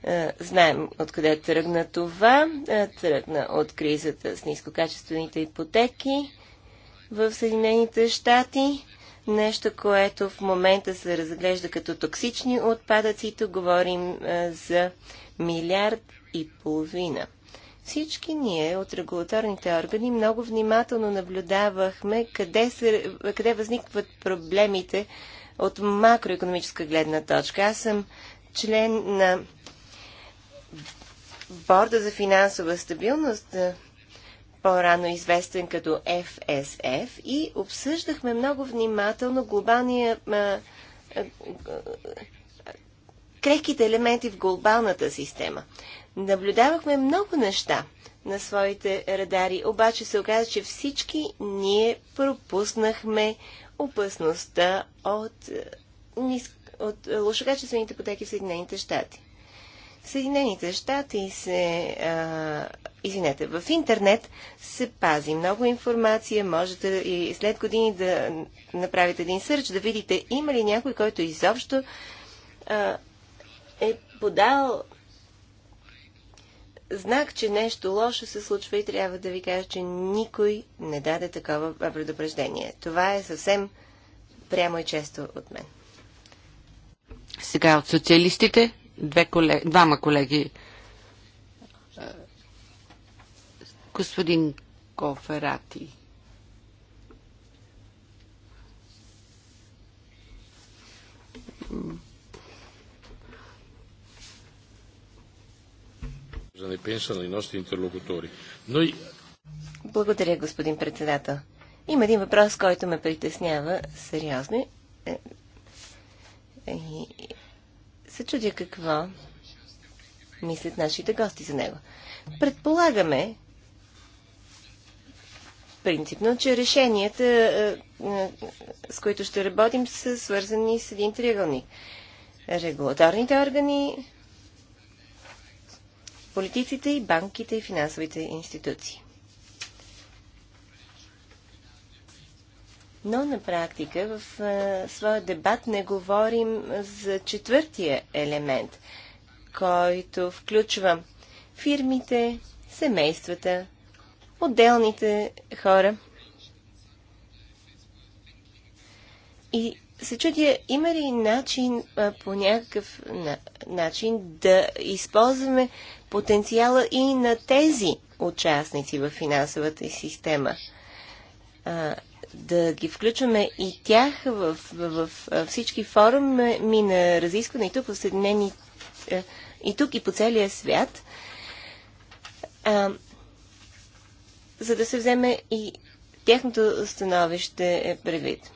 Е, знаем откъде тръгна това. Е, тръгна от кризата с нискокачествените ипотеки в Съединените щати. Нещо, което в момента се разглежда като токсични отпадъци. говорим е, за милиард и половина всички ние от регулаторните органи много внимателно наблюдавахме къде, се, къде възникват проблемите от макроекономическа гледна точка. Аз съм член на Борда за финансова стабилност, по-рано известен като FSF, и обсъждахме много внимателно глобалния а, а, а, крехките елементи в глобалната система. Наблюдавахме много неща на своите радари, обаче се оказа, че всички ние пропуснахме опасността от, е, от е, лошокачествените потеки в Съединените щати. В Съединените щати се... А, извинете, в интернет се пази много информация. Можете и след години да направите един сърч, да видите има ли някой, който изобщо а, е подал знак, че нещо лошо се случва и трябва да ви кажа, че никой не даде такова предупреждение. Това е съвсем прямо и често от мен. Сега от социалистите две колег... двама колеги. Е, господин Коферати. Благодаря, господин председател. Има един въпрос, който ме притеснява сериозно. Е, е, се чудя какво мислят нашите гости за него. Предполагаме, принципно, че решенията, е, с които ще работим, са свързани с един триъгълник. Регулаторните органи, политиците и банките и финансовите институции. Но на практика в своя дебат не говорим за четвъртия елемент, който включва фирмите, семействата, отделните хора. И се чудя, има ли начин по някакъв начин да използваме потенциала и на тези участници в финансовата система. А, да ги включваме и тях в, в, в всички форуми на разискване и тук в Съединени и тук и по целия свят, а, за да се вземе и тяхното становище предвид.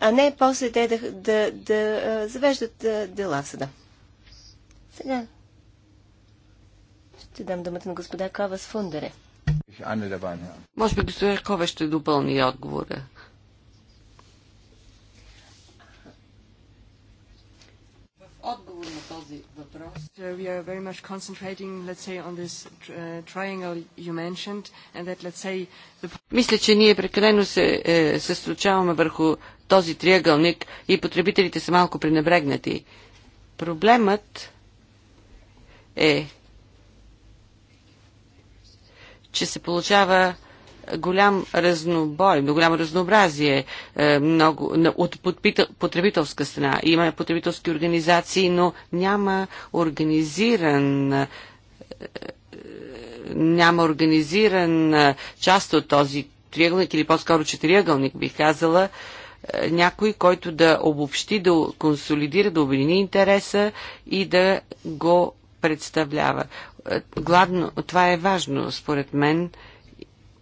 А не после те да, да, да завеждат дела в съда. Сега ще дам думата на господа Ковас Фундере. Може би господин Кове ще допълни отговора. отговор на този въпрос. We are very much concentrating, let's say, on this uh, triangle you mentioned, and that, let's say, the... Мисля, че ние прекалено се е, състочаваме върху този триъгълник и потребителите са малко пренебрегнати. Проблемът е, че се получава голям разнобой, много голямо разнообразие е, много, от потребителска страна. Има потребителски организации, но няма организиран е, няма организиран е, част от този триъгълник или по-скоро четириъгълник, бих казала, някой, който да обобщи, да консолидира, да обедини интереса и да го представлява. Е, гладно, това е важно, според мен.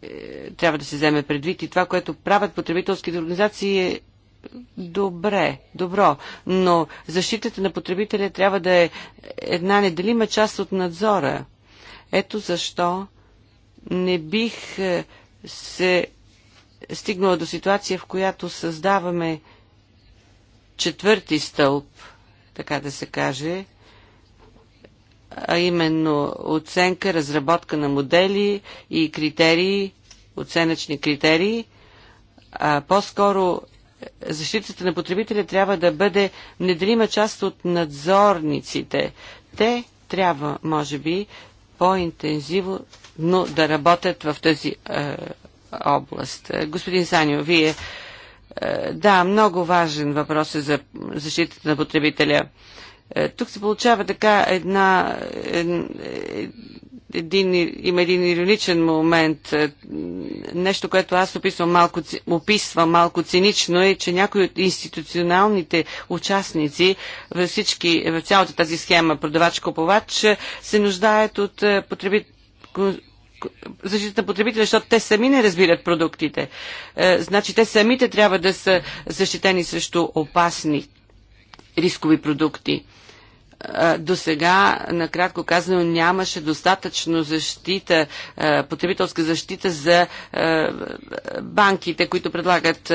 Е, трябва да се вземе предвид и това, което правят потребителските организации е добре, добро, но защитата на потребителя трябва да е една неделима част от надзора. Ето защо не бих е, се стигнала до ситуация, в която създаваме четвърти стълб, така да се каже, а именно оценка, разработка на модели и критерии, оценъчни критерии, а по-скоро защитата на потребителя трябва да бъде недрима част от надзорниците. Те трябва, може би, по-интензивно да работят в тази е, област. Господин Санио, вие. Е, да, много важен въпрос е за защитата на потребителя. Е, тук се получава така една, е, един, има един ироничен момент. Е, нещо, което аз описвам малко, описвам малко цинично е, че някои от институционалните участници във, всички, в цялата тази схема продавач-купувач се нуждаят от потребител защита на потребителя, защото те сами не разбират продуктите. Значи те самите трябва да са защитени срещу опасни рискови продукти до сега, накратко казано, нямаше достатъчно защита, потребителска защита за банките, които предлагат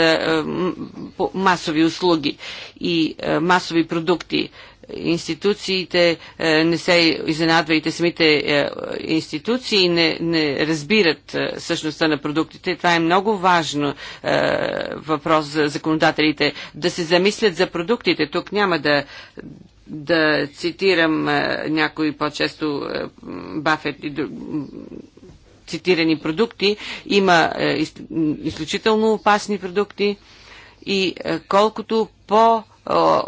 масови услуги и масови продукти институциите, не се изненадвайте, самите институции не, не разбират същността на продуктите. Това е много важно въпрос за законодателите. Да се замислят за продуктите. Тук няма да да цитирам някои по-често Бафет и цитирани продукти. Има изключително опасни продукти и колкото по-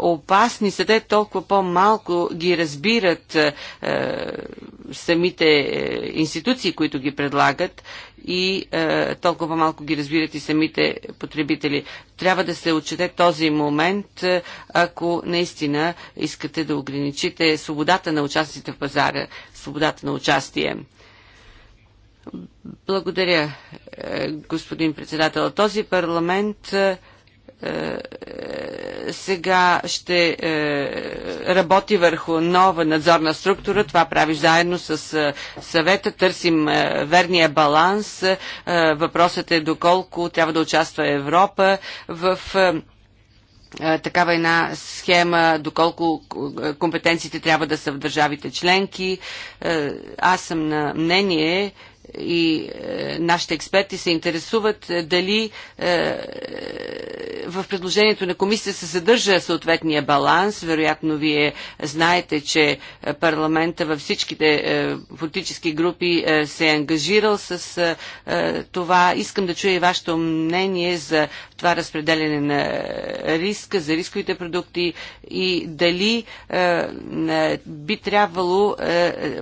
опасни са те, толкова по-малко ги разбират е, самите е, институции, които ги предлагат и е, толкова малко ги разбират и самите потребители. Трябва да се отчете този момент, е, ако наистина искате да ограничите свободата на участниците в пазара, свободата на участие. Благодаря, е, господин председател. Този парламент е, е, е, сега ще е, работи върху нова надзорна структура. Това правиш заедно с съвета. Търсим верния баланс. Въпросът е доколко трябва да участва Европа в такава една схема, доколко компетенциите трябва да са в държавите членки. Аз съм на мнение, и е, нашите експерти се интересуват е, дали е, в предложението на комисия се съдържа съответния баланс. Вероятно вие знаете, че е, парламента във всичките е, политически групи е, се е ангажирал с е, е, това. Искам да чуя и вашето мнение за това разпределение на риска, за рисковите продукти и дали е, е, би трябвало е,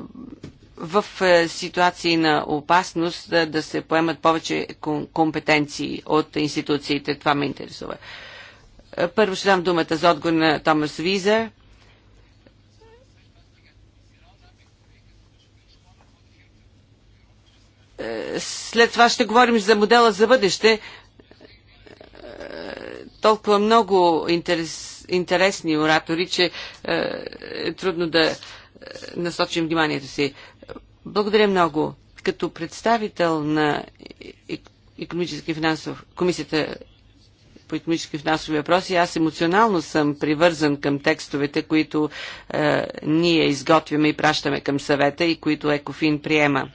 в е, ситуации на опасност да, е, да се поемат повече компетенции от институциите. Това ме интересува. Е, първо ще дам думата за отговор на Томас Виза. След това ще говорим за модела за бъдеще. Толкова много интерес, интересни оратори, че е трудно да насочим вниманието си. Благодаря много. Като представител на е, е, економически финансов, комисията по економически и финансови въпроси, аз емоционално съм привързан към текстовете, които е, ние изготвяме и пращаме към съвета и които Екофин приема.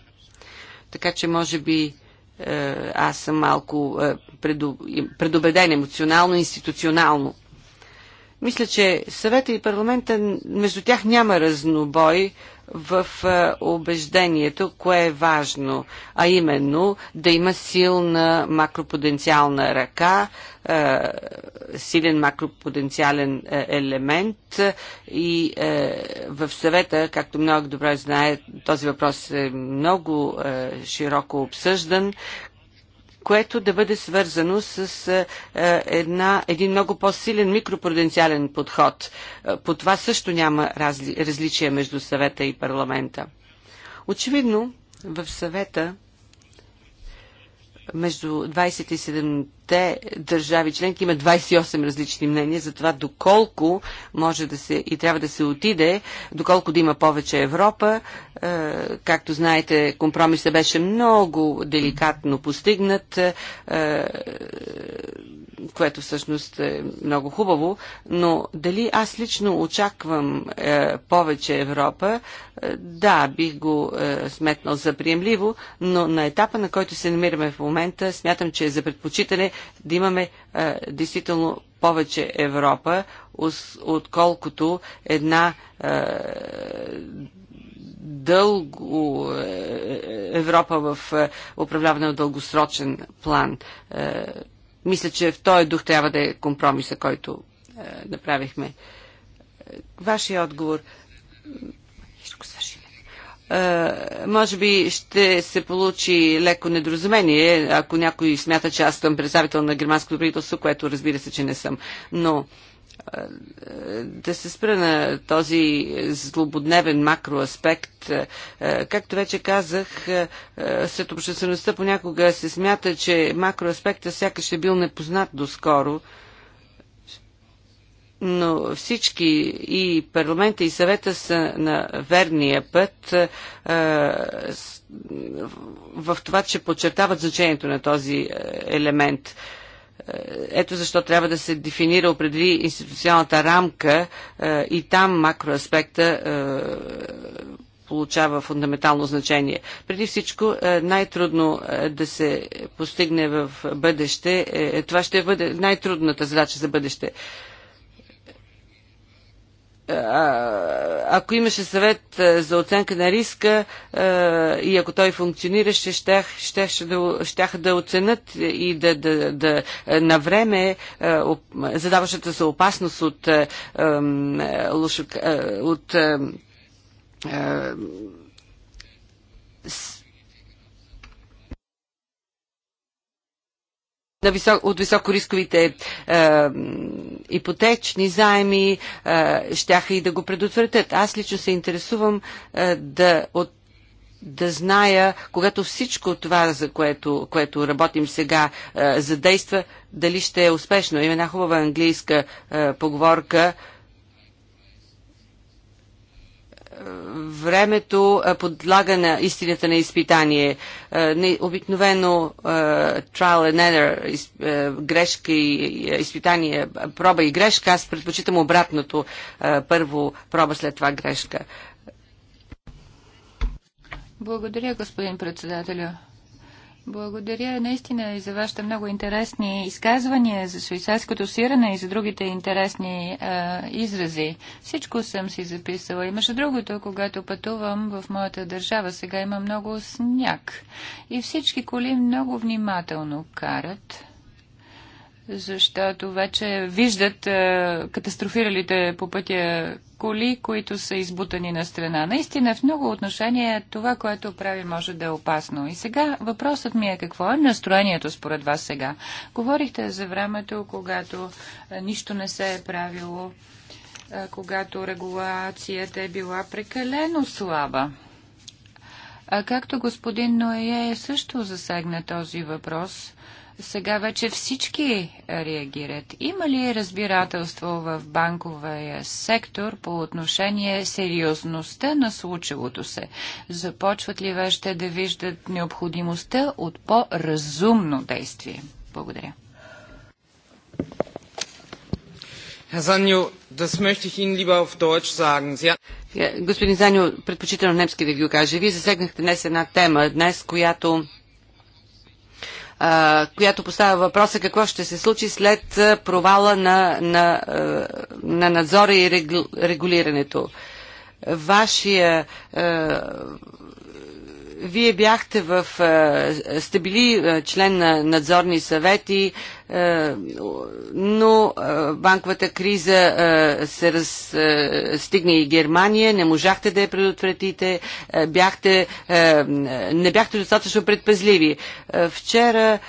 Така че, може би, е, аз съм малко е, предубеден емоционално, институционално. Мисля, че съвета и парламента, между тях няма разнобой в е, убеждението, кое е важно, а именно да има силна макропотенциална ръка, е, силен макропотенциален е, елемент и в съвета, както много добре знае, този въпрос е много широко обсъждан което да бъде свързано с една, един много по-силен микропруденциален подход. По това също няма разли, различия между съвета и парламента. Очевидно, в съвета между 27-те държави членки има 28 различни мнения за това доколко може да се и трябва да се отиде, доколко да има повече Европа. Е, както знаете, компромисът беше много деликатно постигнат е, което всъщност е много хубаво, но дали аз лично очаквам е, повече Европа, е, да, бих го е, сметнал за приемливо, но на етапа, на който се намираме в момента, смятам, че е за предпочитане да имаме е, действително повече Европа, отколкото една е, дълго е, Европа в е, управляване в дългосрочен план. Е, мисля, че в този дух трябва да е компромиса, който е, направихме. Е, вашия отговор. Ще го свършим. Е, може би ще се получи леко недоразумение, ако някой смята, че аз съм представител на германското правителство, което разбира се, че не съм. Но да се спра на този злободневен макроаспект. Е, както вече казах, е, след обществеността понякога се смята, че макроаспекта сякаш е бил непознат доскоро но всички и парламента и съвета са на верния път е, в това, че подчертават значението на този елемент. Е, ето защо трябва да се дефинира, определи институционалната рамка е, и там макроаспекта е, получава фундаментално значение. Преди всичко, най-трудно да се постигне в бъдеще, това ще бъде най-трудната задача за бъдеще ако имаше съвет за оценка на риска и ако той функционираше, ще щях, да оценят и да, да, да на време задаващата се опасност от, от, от на висок, от високорисковите е, ипотечни заеми е, щяха и да го предотвратят. Аз лично се интересувам е, да от да зная, когато всичко това, за което, което работим сега, е, задейства, дали ще е успешно. Има една хубава английска е, поговорка времето подлага на истината на изпитание. Обикновено trial and error, грешка и изпитание, проба и грешка, аз предпочитам обратното, първо проба, след това грешка. Благодаря, господин председателя. Благодаря наистина и за вашите много интересни изказвания за швейцарското сирене и за другите интересни а, изрази. Всичко съм си записала. И между другото, когато пътувам в моята държава, сега има много сняг. И всички коли много внимателно карат защото вече виждат е, катастрофиралите по пътя коли, които са избутани на страна. Наистина, в много отношения това, което прави, може да е опасно. И сега въпросът ми е какво е настроението според вас сега? Говорихте за времето, когато е, нищо не се е правило, е, когато регулацията е била прекалено слаба. А както господин Ноее също засегна този въпрос – сега вече всички реагират. Има ли разбирателство в банковия сектор по отношение сериозността на случилото се? Започват ли вече да виждат необходимостта от по-разумно действие? Благодаря. Е, господин Заню, предпочитано немски да ви го кажа. Вие засегнахте днес една тема, днес, която която поставя въпроса какво ще се случи след провала на, на, на надзора и регулирането. Вашия вие бяхте в, сте били член на надзорни съвети, но банковата криза се раз, и Германия, не можахте да я предотвратите, бяхте, не бяхте достатъчно предпазливи. Вчера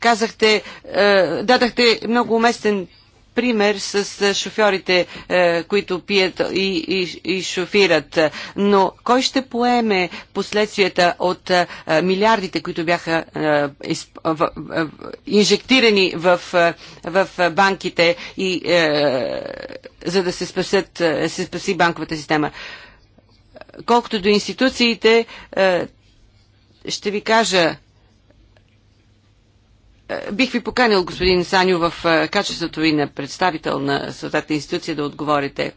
казахте, дадахте много уместен пример с е, шофьорите, е, които пият и, и, и шофират. Но кой ще поеме последствията от е, милиардите, които бяха инжектирани в, в банките и за да се, спасят, се спаси банковата система? Колкото до институциите, ще ви кажа, е, бих ви поканил, господин Саню, в е, качеството ви на представител на съответната институция да отговорите.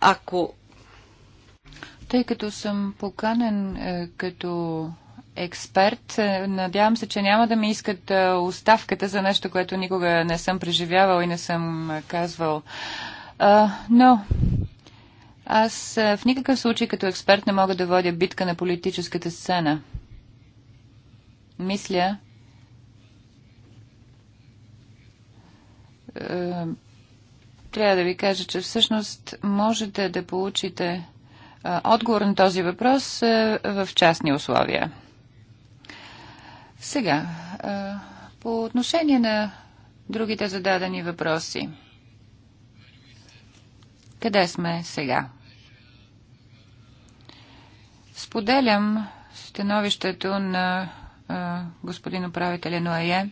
Ако. Тъй като съм поканен е, като експерт. Надявам се, че няма да ми искат оставката за нещо, което никога не съм преживявал и не съм казвал. но аз в никакъв случай като експерт не мога да водя битка на политическата сцена. Мисля, е, трябва да ви кажа, че всъщност можете да получите е, отговор на този въпрос е, в частни условия. Сега, е, по отношение на другите зададени въпроси. Къде сме сега? Споделям становището на господин управителя Ноае.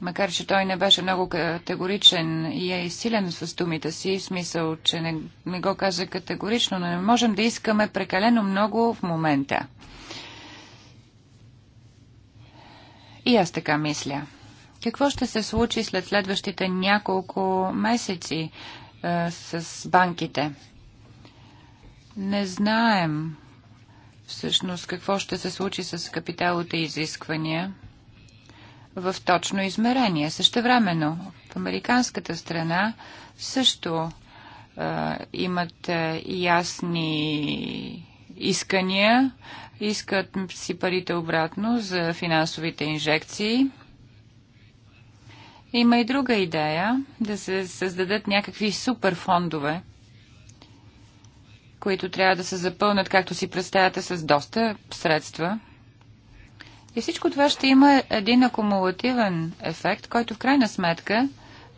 Макар, че той не беше много категоричен и е изсилен с думите си, в смисъл, че не, не го каза категорично, но не можем да искаме прекалено много в момента. И аз така мисля. Какво ще се случи след следващите няколко месеци е, с банките? Не знаем всъщност какво ще се случи с капиталовите изисквания в точно измерение. Същевременно в американската страна също е, имат ясни искания, искат си парите обратно за финансовите инжекции. Има и друга идея да се създадат някакви суперфондове, които трябва да се запълнат, както си представяте, с доста средства. И всичко това ще има един акумулативен ефект, който в крайна сметка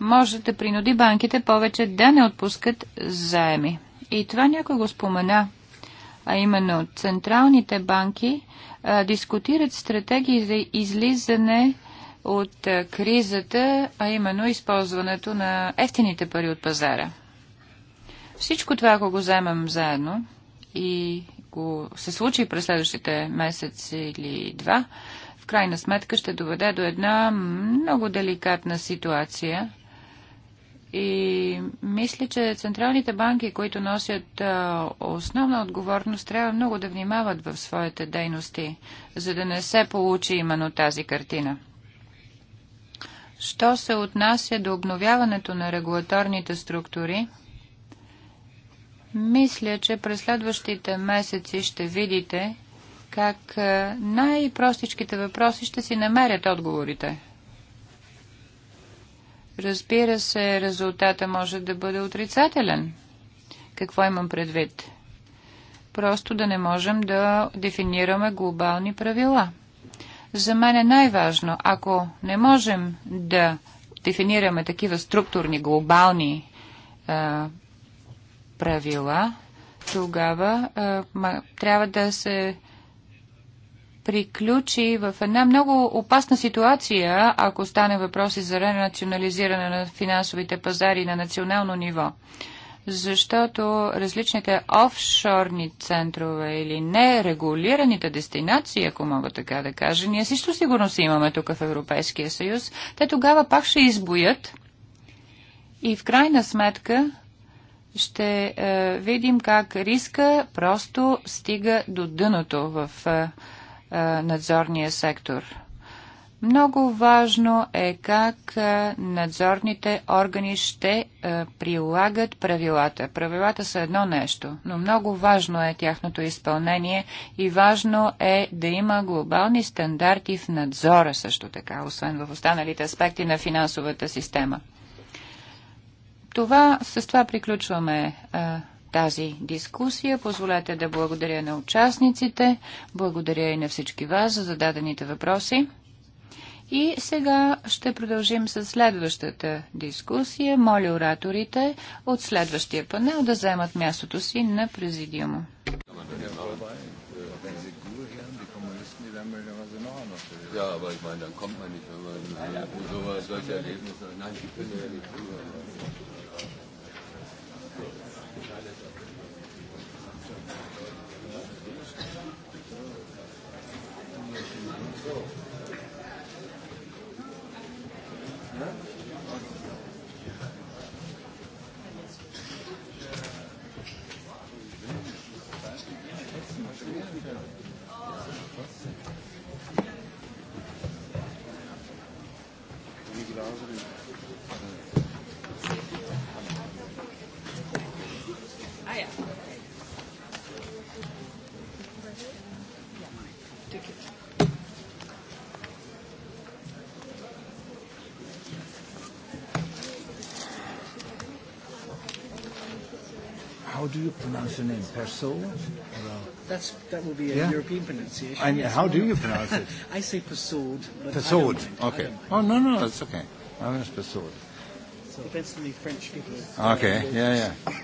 може да принуди банките повече да не отпускат заеми. И това някой го спомена, а именно централните банки а, дискутират стратегии за излизане от а, кризата, а именно използването на ефтините пари от пазара – всичко това, ако го вземем заедно и го се случи през следващите месец или два, в крайна сметка ще доведе до една много деликатна ситуация. И мисля, че централните банки, които носят основна отговорност, трябва много да внимават в своите дейности, за да не се получи именно тази картина. Що се отнася до обновяването на регулаторните структури – мисля, че през следващите месеци ще видите как е, най-простичките въпроси ще си намерят отговорите. Разбира се, резултата може да бъде отрицателен. Какво имам предвид? Просто да не можем да дефинираме глобални правила. За мен е най-важно, ако не можем да дефинираме такива структурни, глобални а, е, правила, тогава а, ма, трябва да се приключи в една много опасна ситуация, ако стане въпроси за ренационализиране на финансовите пазари на национално ниво. Защото различните офшорни центрове или нерегулираните дестинации, ако мога така да кажа, ние също сигурно си имаме тук в Европейския съюз, те тогава пак ще избоят и в крайна сметка ще е, видим как риска просто стига до дъното в е, е, надзорния сектор. Много важно е как е, надзорните органи ще е, прилагат правилата. Правилата са едно нещо, но много важно е тяхното изпълнение и важно е да има глобални стандарти в надзора също така, освен в останалите аспекти на финансовата система това, с това приключваме а, тази дискусия. Позволете да благодаря на участниците, благодаря и на всички вас за зададените въпроси. И сега ще продължим с следващата дискусия. Моля ораторите от следващия панел да вземат мястото си на президиума. Ja, aber ich meine, dann kommt man nicht, wenn man so solche Erlebnisse. Nein, ich bin ja nicht drüber. Thank you. pronounce her name? Persola? That's, that would be a yeah? European pronunciation. And how do you pronounce it? I say Persaud. Persaud, okay. Oh, no, no, it's okay. I was Persaud. Depends on the French people. Okay, yeah, yeah.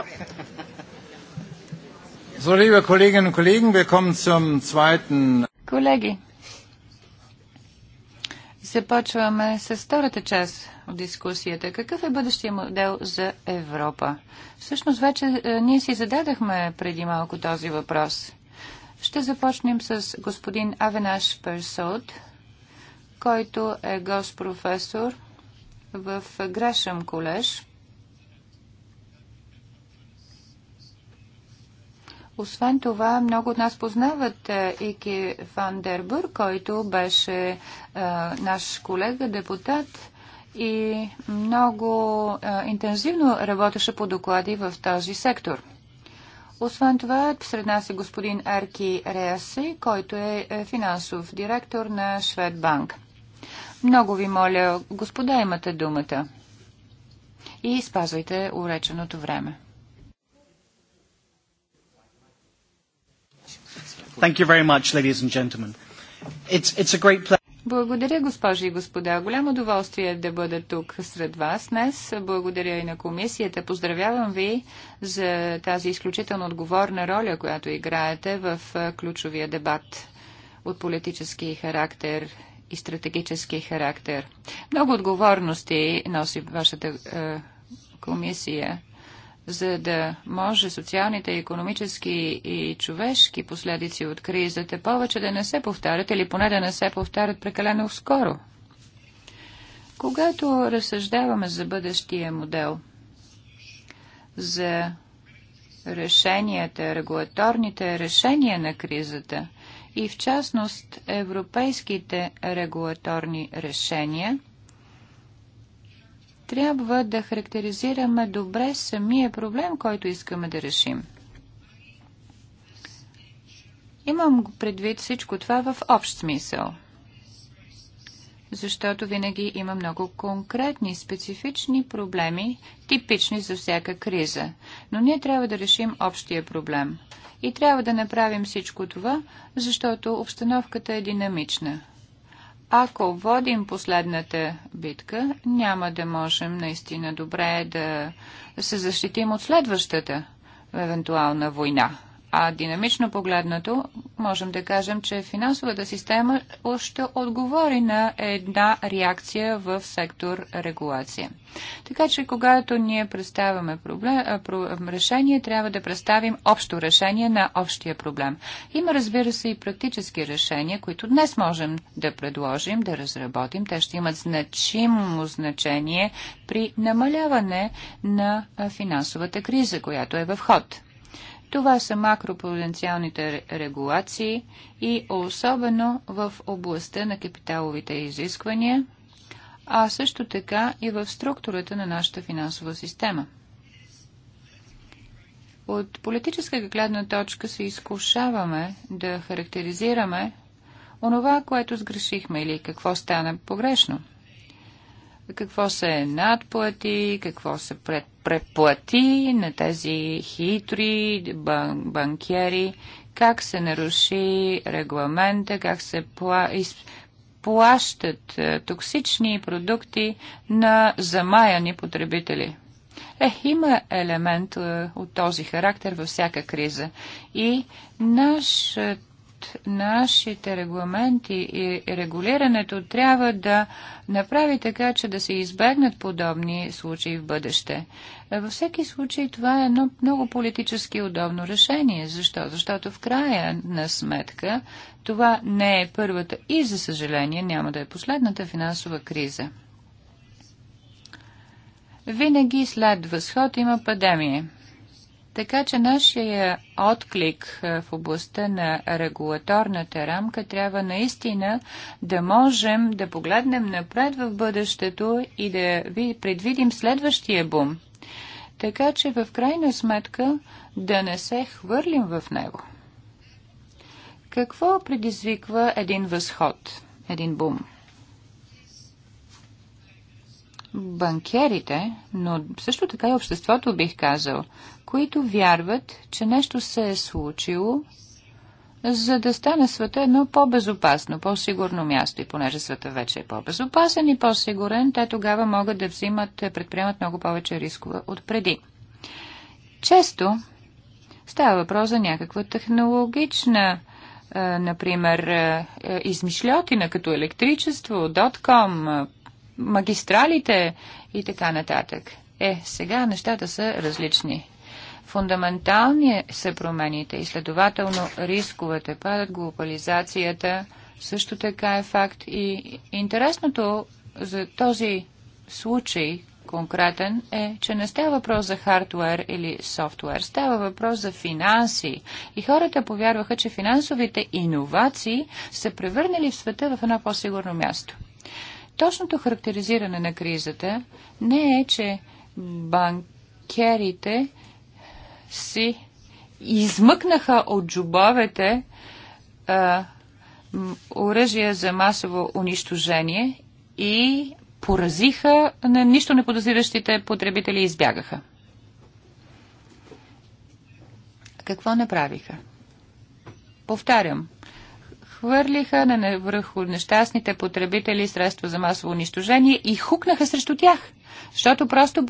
So, liebe Kolleginnen und Kollegen, wir kommen zum zweiten. Колеги, започваме с втората част от дискусията. Какъв е бъдещия модел за Европа? Всъщност вече е, ние си зададахме преди малко този въпрос. Ще започнем с господин Авенаш Персот, който е госпрофесор в Грешъм колеж. Освен това, много от нас познават е, Ики Фандербър, който беше а, е, наш колега, депутат и много а, интензивно работеше по доклади в този сектор. Освен това, сред нас е господин Арки Реаси, който е, е финансов директор на Шведбанк. Много ви моля, господа, имате думата. И спазвайте уреченото време. Thank you very much, ladies and gentlemen. It's, it's a great pleasure. Благодаря, госпожи и господа. Голямо удоволствие е да бъда тук сред вас днес. Благодаря и на комисията. Поздравявам ви за тази изключително отговорна роля, която играете в ключовия дебат от политически характер и стратегически характер. Много отговорности носи вашата е, комисия за да може социалните, економически и човешки последици от кризата повече да не се повтарят или поне да не се повтарят прекалено скоро. Когато разсъждаваме за бъдещия модел, за решенията, регулаторните решения на кризата и в частност европейските регулаторни решения, трябва да характеризираме добре самия проблем, който искаме да решим. Имам предвид всичко това в общ смисъл, защото винаги има много конкретни, специфични проблеми, типични за всяка криза. Но ние трябва да решим общия проблем. И трябва да направим всичко това, защото обстановката е динамична. Ако водим последната битка, няма да можем наистина добре да се защитим от следващата евентуална война. А динамично погледнато, можем да кажем, че финансовата система още отговори на една реакция в сектор регулация. Така че, когато ние представяме проблем, решение, трябва да представим общо решение на общия проблем. Има, разбира се, и практически решения, които днес можем да предложим, да разработим. Те ще имат значимо значение при намаляване на финансовата криза, която е в ход. Това са макропруденциалните регулации и особено в областта на капиталовите изисквания, а също така и в структурата на нашата финансова система. От политическа гледна точка се изкушаваме да характеризираме онова, което сгрешихме или какво стана погрешно – какво се надплати, какво се преплати на тези хитри бан, банкери, как се наруши регламента, как се пла, плащат е, токсични продукти на замаяни потребители. Е, има елемент е, от този характер във всяка криза. И нашата е, нашите регламенти и регулирането трябва да направи така, че да се избегнат подобни случаи в бъдеще. Е, във всеки случай това е едно много политически удобно решение. Защо? Защото в края на сметка това не е първата и, за съжаление, няма да е последната финансова криза. Винаги след възход има падемия. Така че нашия отклик е, в областта на регулаторната рамка трябва наистина да можем да погледнем напред в бъдещето и да ви предвидим следващия бум. Така че в крайна сметка да не се хвърлим в него. Какво предизвиква един възход, един бум? банкерите, но също така и обществото бих казал които вярват, че нещо се е случило, за да стане света едно по-безопасно, по-сигурно място. И понеже света вече е по-безопасен и по-сигурен, те тогава могат да взимат, предприемат много повече рискове от преди. Често става въпрос за някаква технологична е, например, е, е, измишлятина като електричество, дотком, магистралите и така нататък. Е, сега нещата са различни. Фундаментални са промените и следователно рисковете падат глобализацията. Също така е факт и интересното за този случай конкретен е, че не става въпрос за хардвер или софтуер, става въпрос за финанси. И хората повярваха, че финансовите иновации са превърнали в света в едно по-сигурно място. Точното характеризиране на кризата не е, че банкерите си измъкнаха от джубовете а, оръжия за масово унищожение и поразиха на нищо неподозиращите потребители и избягаха. Какво направиха? Повтарям, хвърлиха на върху нещастните потребители средства за масово унищожение и хукнаха срещу тях. Защото просто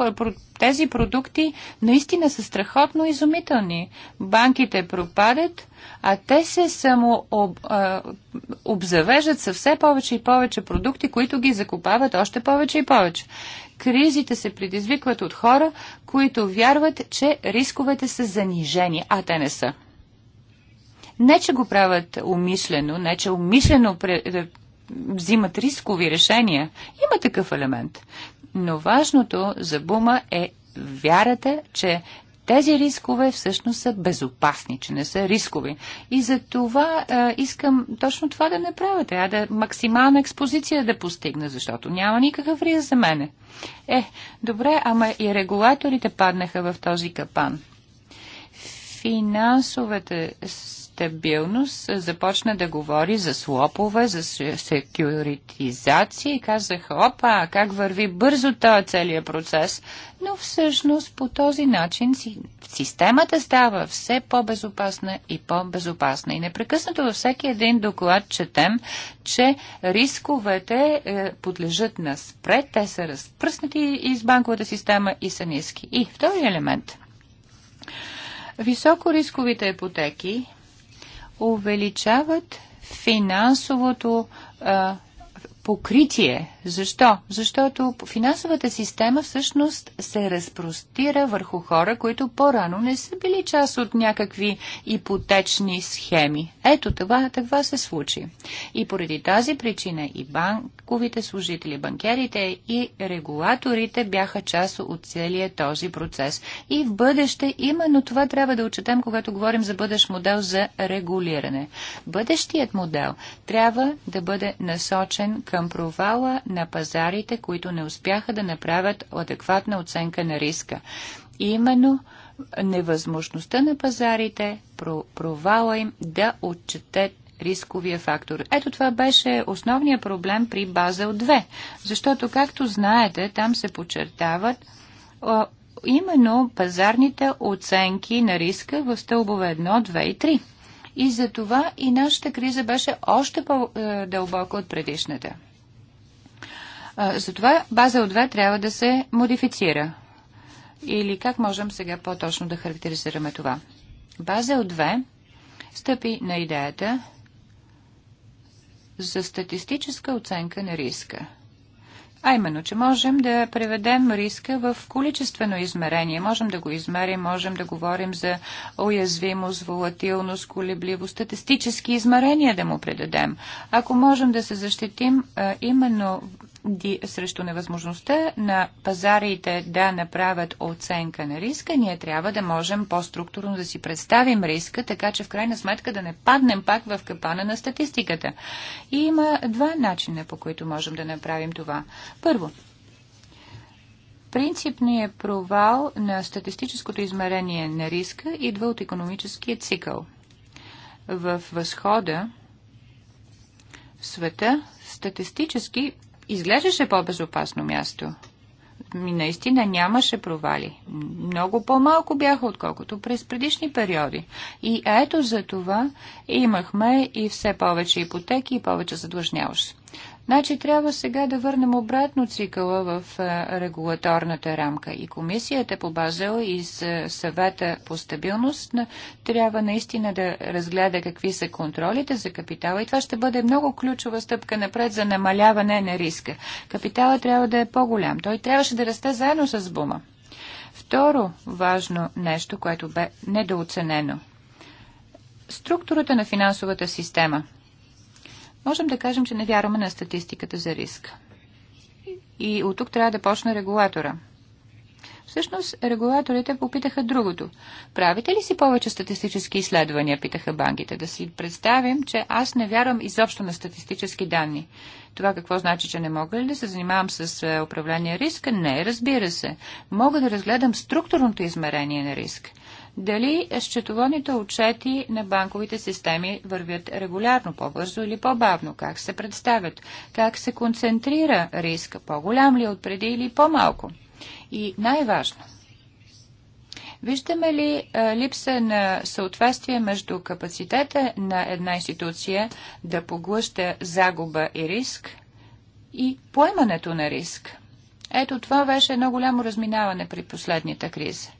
тези продукти наистина са страхотно изумителни. Банките пропадат, а те се само об, а, обзавежат със все повече и повече продукти, които ги закупават още повече и повече. Кризите се предизвикват от хора, които вярват, че рисковете са занижени, а те не са. Не, че го правят умишлено, не, че умишлено взимат рискови решения. Има такъв елемент. Но важното за Бума е вярата, че тези рискове всъщност са безопасни, че не са рискови. И за това е, искам точно това да направя. Трябва да максимална експозиция да постигна, защото няма никакъв риск за мене. Е, добре, ама и регулаторите паднаха в този капан. Финансовете стабилност започна да говори за слопове, за секюритизация и казаха, опа, как върви бързо този целият процес. Но всъщност по този начин системата става все по-безопасна и по-безопасна. И непрекъснато във всеки един доклад четем, че рисковете е, подлежат на спред, те са разпръснати из банковата система и са ниски. И втори елемент – Високорисковите ипотеки увеличават финансовото а, покритие защо? Защото финансовата система всъщност се разпростира върху хора, които по-рано не са били част от някакви ипотечни схеми. Ето това, това се случи. И поради тази причина и банковите служители, банкерите и регулаторите бяха част от целия този процес. И в бъдеще именно това трябва да отчетем, когато говорим за бъдещ модел за регулиране. Бъдещият модел трябва да бъде насочен към провала на на пазарите, които не успяха да направят адекватна оценка на риска. И именно невъзможността на пазарите, провала им да отчетат рисковия фактор. Ето това беше основният проблем при Базел 2, защото, както знаете, там се подчертават именно пазарните оценки на риска в стълбове 1, 2 и 3. И за това и нашата криза беше още по-дълбока е, от предишната. Затова база от 2 трябва да се модифицира. Или как можем сега по-точно да характеризираме това? База от 2 стъпи на идеята за статистическа оценка на риска. А именно, че можем да преведем риска в количествено измерение. Можем да го измерим, можем да говорим за уязвимост, волатилност, колебливост, статистически измерения да му предадем. Ако можем да се защитим а, именно срещу невъзможността на пазарите да направят оценка на риска, ние трябва да можем по-структурно да си представим риска, така че в крайна сметка да не паднем пак в капана на статистиката. И има два начина, по които можем да направим това. Първо, принципният провал на статистическото измерение на риска идва от економическия цикъл. В възхода в света статистически изглеждаше по-безопасно място. И наистина нямаше провали. Много по-малко бяха, отколкото през предишни периоди. И ето за това имахме и все повече ипотеки и повече задлъжняващи. Значи трябва сега да върнем обратно цикъла в регулаторната рамка. И комисията по Базел и съвета по стабилност трябва наистина да разгледа какви са контролите за капитала. И това ще бъде много ключова стъпка напред за намаляване на риска. Капитала трябва да е по-голям. Той трябваше да расте заедно с бума. Второ важно нещо, което бе недооценено. Структурата на финансовата система – можем да кажем, че не вярваме на статистиката за риск. И от тук трябва да почне регулатора. Всъщност, регулаторите попитаха другото. Правите ли си повече статистически изследвания, питаха банките, да си представим, че аз не вярвам изобщо на статистически данни. Това какво значи, че не мога ли да се занимавам с е, управление риска? Не, разбира се. Мога да разгледам структурното измерение на риск дали счетоводните отчети на банковите системи вървят регулярно, по-бързо или по-бавно, как се представят, как се концентрира риск по-голям ли е от преди или по-малко. И най-важно, Виждаме ли липса на съответствие между капацитета на една институция да поглъща загуба и риск и поемането на риск? Ето това беше едно голямо разминаване при последните кризи.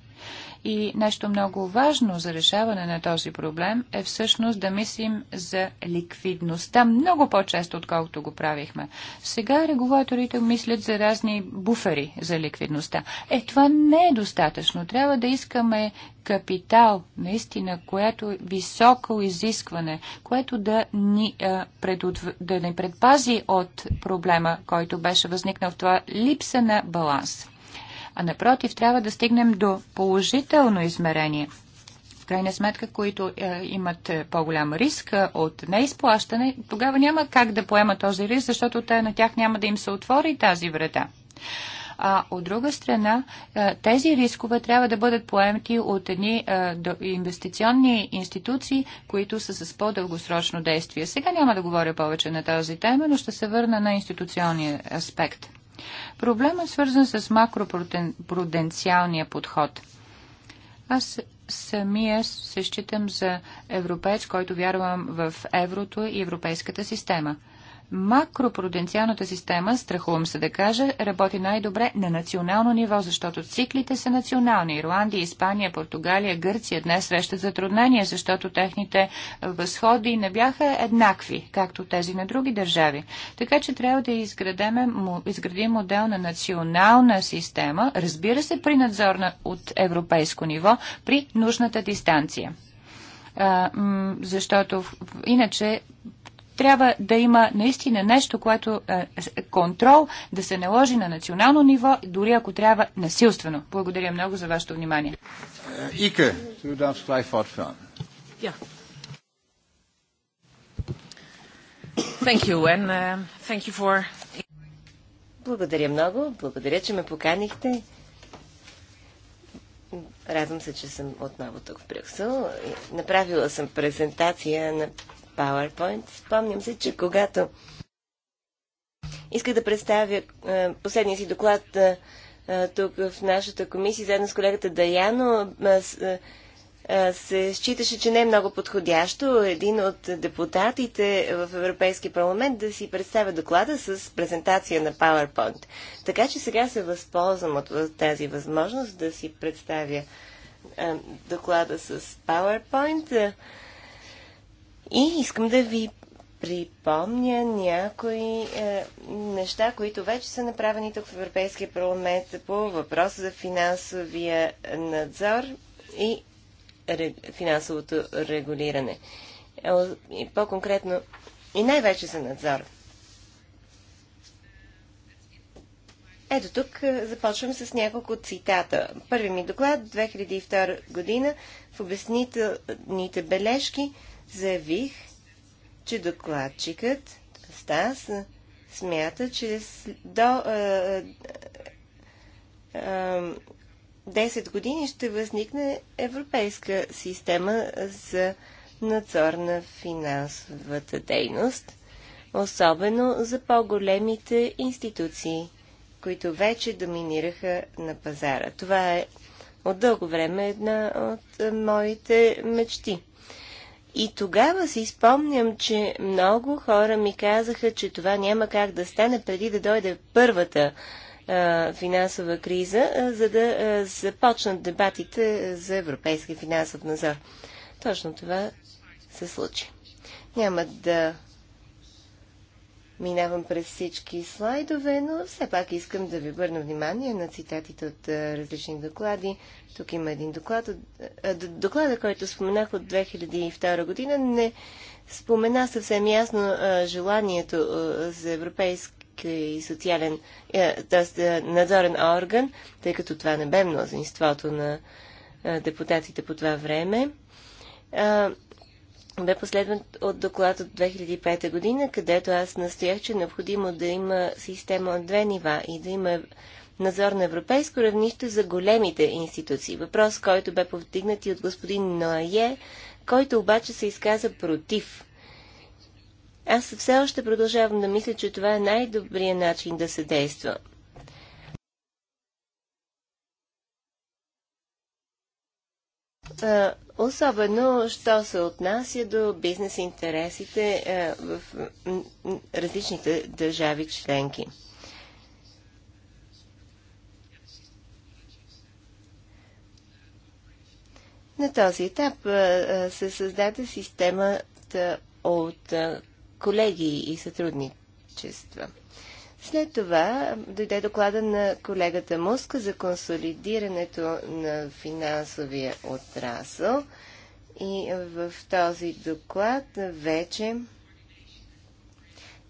И нещо много важно за решаване на този проблем е всъщност да мислим за ликвидността много по-често, отколкото го правихме. Сега регулаторите мислят за разни буфери за ликвидността. Е, това не е достатъчно. Трябва да искаме капитал, наистина, което е високо изискване, което да ни, а, предотв... да ни предпази от проблема, който беше възникнал в това липса на баланс а напротив трябва да стигнем до положително измерение В крайна сметка, които е, имат е, по-голям риск е, от неизплащане, тогава няма как да поема този риск, защото те, на тях няма да им се отвори тази вреда. А от друга страна, е, тези рискове трябва да бъдат поемти от едни инвестиционни институции, които са с по-дългосрочно действие. Сега няма да говоря повече на тази тема, но ще се върна на институционния аспект. Проблема е свързан с макропруденциалния подход. Аз самия се считам за европеец, който вярвам в еврото и европейската система – макропруденциалната система, страхувам се да кажа, работи най-добре на национално ниво, защото циклите са национални. Ирландия, Испания, Португалия, Гърция днес срещат затруднения, защото техните възходи не бяха еднакви, както тези на други държави. Така че трябва да изградим, изградим модел на национална система, разбира се, при надзорна от европейско ниво, при нужната дистанция защото иначе трябва да има наистина нещо, което е, е, контрол да се наложи на национално ниво, дори ако трябва насилствено. Благодаря много за вашето внимание. Е, Ике, uh, благодаря много. Благодаря, че ме поканихте. Радвам се, че съм отново тук в Брюксел. Направила съм презентация на PowerPoint. Спомням се, че когато иска да представя е, последния си доклад е, тук в нашата комисия, заедно с колегата Даяно, се считаше, че не е много подходящо един от депутатите в Европейския парламент да си представя доклада с презентация на PowerPoint. Така че сега се възползвам от тази възможност да си представя доклада с PowerPoint. И искам да ви припомня някои е, неща, които вече са направени тук в Европейския парламент по въпроса за финансовия надзор и рег... финансовото регулиране. Е, и по-конкретно, и най-вече за надзор. Ето тук е, започвам с няколко цитата. Първи ми доклад 2002 година в обяснителните бележки – заявих, че докладчикът Стас смята, че до е, е, 10 години ще възникне европейска система за надзор на финансовата дейност, особено за по-големите институции, които вече доминираха на пазара. Това е от дълго време една от моите мечти. И тогава си спомням, че много хора ми казаха, че това няма как да стане преди да дойде първата а, финансова криза, а, за да а, започнат дебатите за европейски финансов назор. Точно това се случи. Няма да минавам през всички слайдове, но все пак искам да ви върна внимание на цитатите от различни доклади. Тук има един доклад. доклада, който споменах от 2002 година, не спомена съвсем ясно желанието за европейски социален, т.е. надзорен орган, тъй като това не бе мнозинството на депутатите по това време бе последван от доклад от 2005 година, където аз настоях, че е необходимо да има система от две нива и да има надзор на европейско равнище за големите институции. Въпрос, който бе повдигнат и от господин Ноае, който обаче се изказа против. Аз все още продължавам да мисля, че това е най-добрият начин да се действа. Особено, що се отнася до бизнес интересите в различните държави членки. На този етап се създаде системата от колеги и сътрудничества. След това дойде доклада на колегата Муска за консолидирането на финансовия отрасъл и в този доклад вече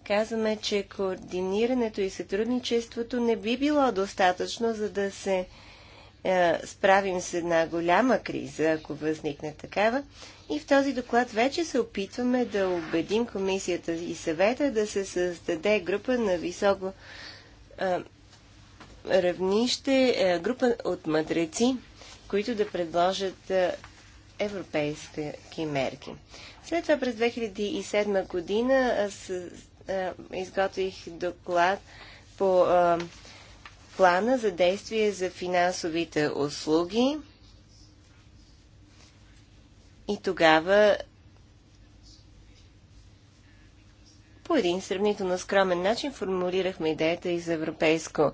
казваме, че координирането и сътрудничеството не би било достатъчно, за да се е, справим с една голяма криза, ако възникне такава. И в този доклад вече се опитваме да убедим комисията и съвета да се създаде група на високо а, е, равнище, а, е, група от мъдреци, които да предложат а, европейски мерки. След това през 2007 година аз изготвих доклад по плана за действие за финансовите услуги и тогава по един сравнително скромен начин формулирахме идеята и за европейско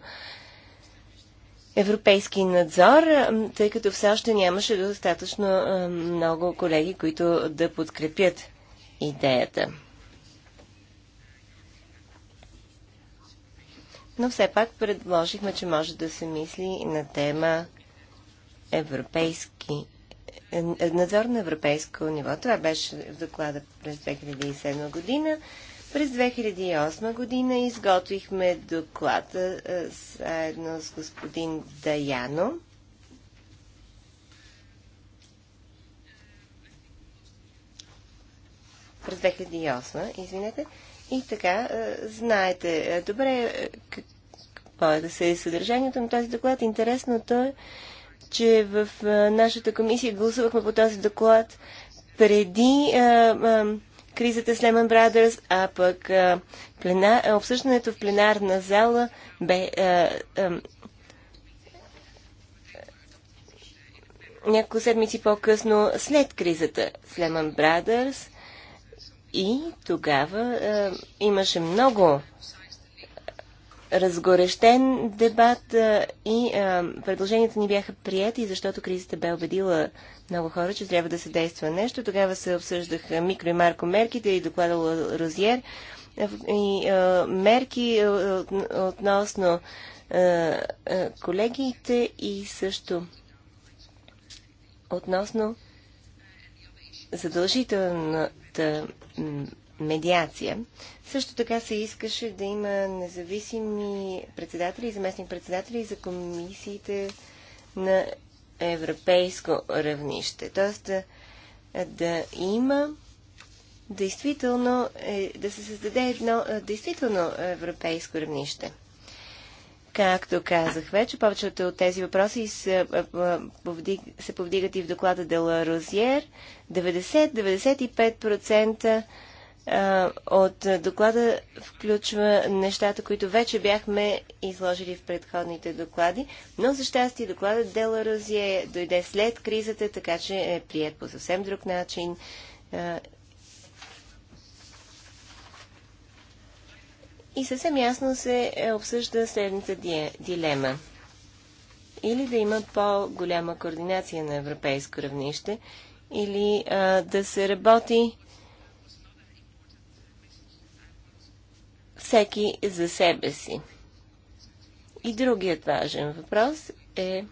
европейски надзор, тъй като все още нямаше достатъчно много колеги, които да подкрепят идеята. но все пак предложихме, че може да се мисли на тема европейски е, е, надзор на европейско ниво. Това беше в доклада през 2007 година. През 2008 година изготвихме доклад е, заедно с господин Даяно. През 2008, извинете. И така, знаете добре се е съдържанието на този доклад. Интересното е, че в нашата комисия гласувахме по този доклад преди а, а, кризата с Лемон Брадърс, а пък а, плена, обсъждането в пленарна зала бе а, а, няколко седмици по-късно след кризата с Лемон Брадърс и тогава а, имаше много разгорещен дебат и а, предложенията ни бяха прияти, защото кризата бе убедила много хора, че трябва да се действа нещо. Тогава се обсъждаха микро и марко мерките и доклада Розиер и а, мерки от, относно а, колегиите и също относно задължителната медиация. Също така се искаше да има независими председатели и заместни председатели за комисиите на европейско равнище. Тоест да, да има действително, е, да се създаде едно действително европейско равнище. Както казах вече, повечето от тези въпроси се, повдиг, се повдигат и в доклада Дела Розиер. 90-95% е, от доклада включва нещата, които вече бяхме изложили в предходните доклади, но за щастие докладът Дела Розие дойде след кризата, така че е прият по съвсем друг начин. Е, и съвсем ясно се е, обсъжда следната дилема. Или да има по-голяма координация на европейско равнище, или да се работи всеки за себе си. И другият важен въпрос е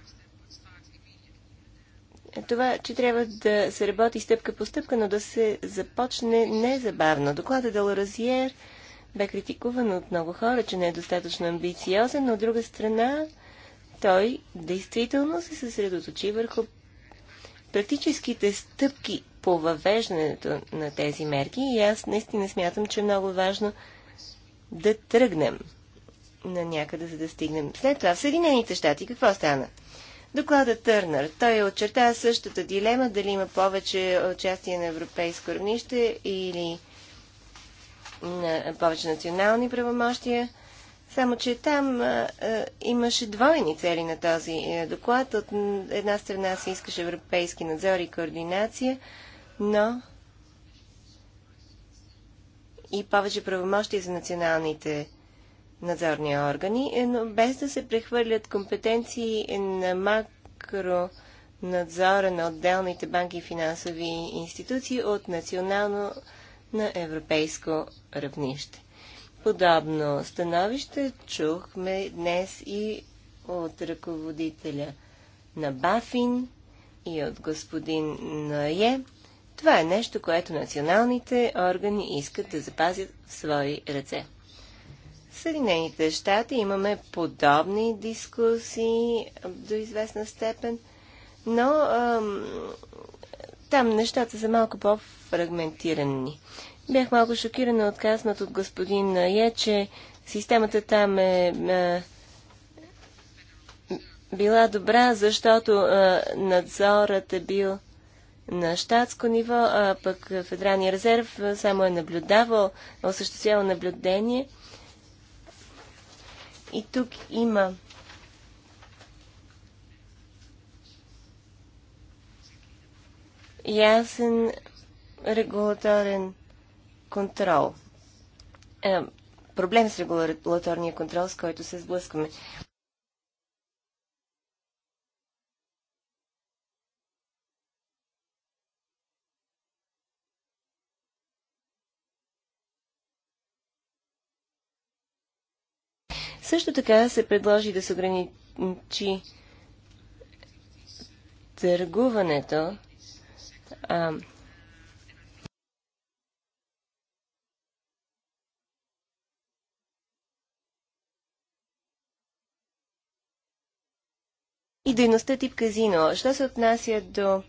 това, че трябва да се работи стъпка по стъпка, но да се започне незабавно. Докладът Делоразиер бе критикуван от много хора, че не е достатъчно амбициозен, но от друга страна той действително се съсредоточи върху практическите стъпки по въвеждането на тези мерки и аз наистина смятам, че е много важно да тръгнем на някъде, за да стигнем. След това в Съединените щати какво стана? Доклада Търнър. Той очерта същата дилема дали има повече участие на европейско равнище или на повече национални правомощия. Само, че там а, а, имаше двойни цели на този а, е, доклад. От една страна се искаше европейски надзор и координация, но и повече правомощи за националните надзорни органи, е, но без да се прехвърлят компетенции на макро надзора на отделните банки и финансови институции от национално на европейско равнище. Подобно становище чухме днес и от ръководителя на Бафин и от господин Ное. Това е нещо, което националните органи искат да запазят в свои ръце. В Съединените щати имаме подобни дискусии до известна степен, но ам, там нещата са малко по-фрагментирани. Бях малко шокирана от казнат от господин Е, че системата там е, а, е, била добра, защото а, е, надзорът е бил на щатско ниво, а пък Федералния резерв само е наблюдавал, осъществявал наблюдение. И тук има ясен регулаторен контрол. Е, проблем с регулаторния контрол, с който се сблъскваме. Също така се предложи да се ограничи търгуването а, и дейността тип казино. Що се отнася до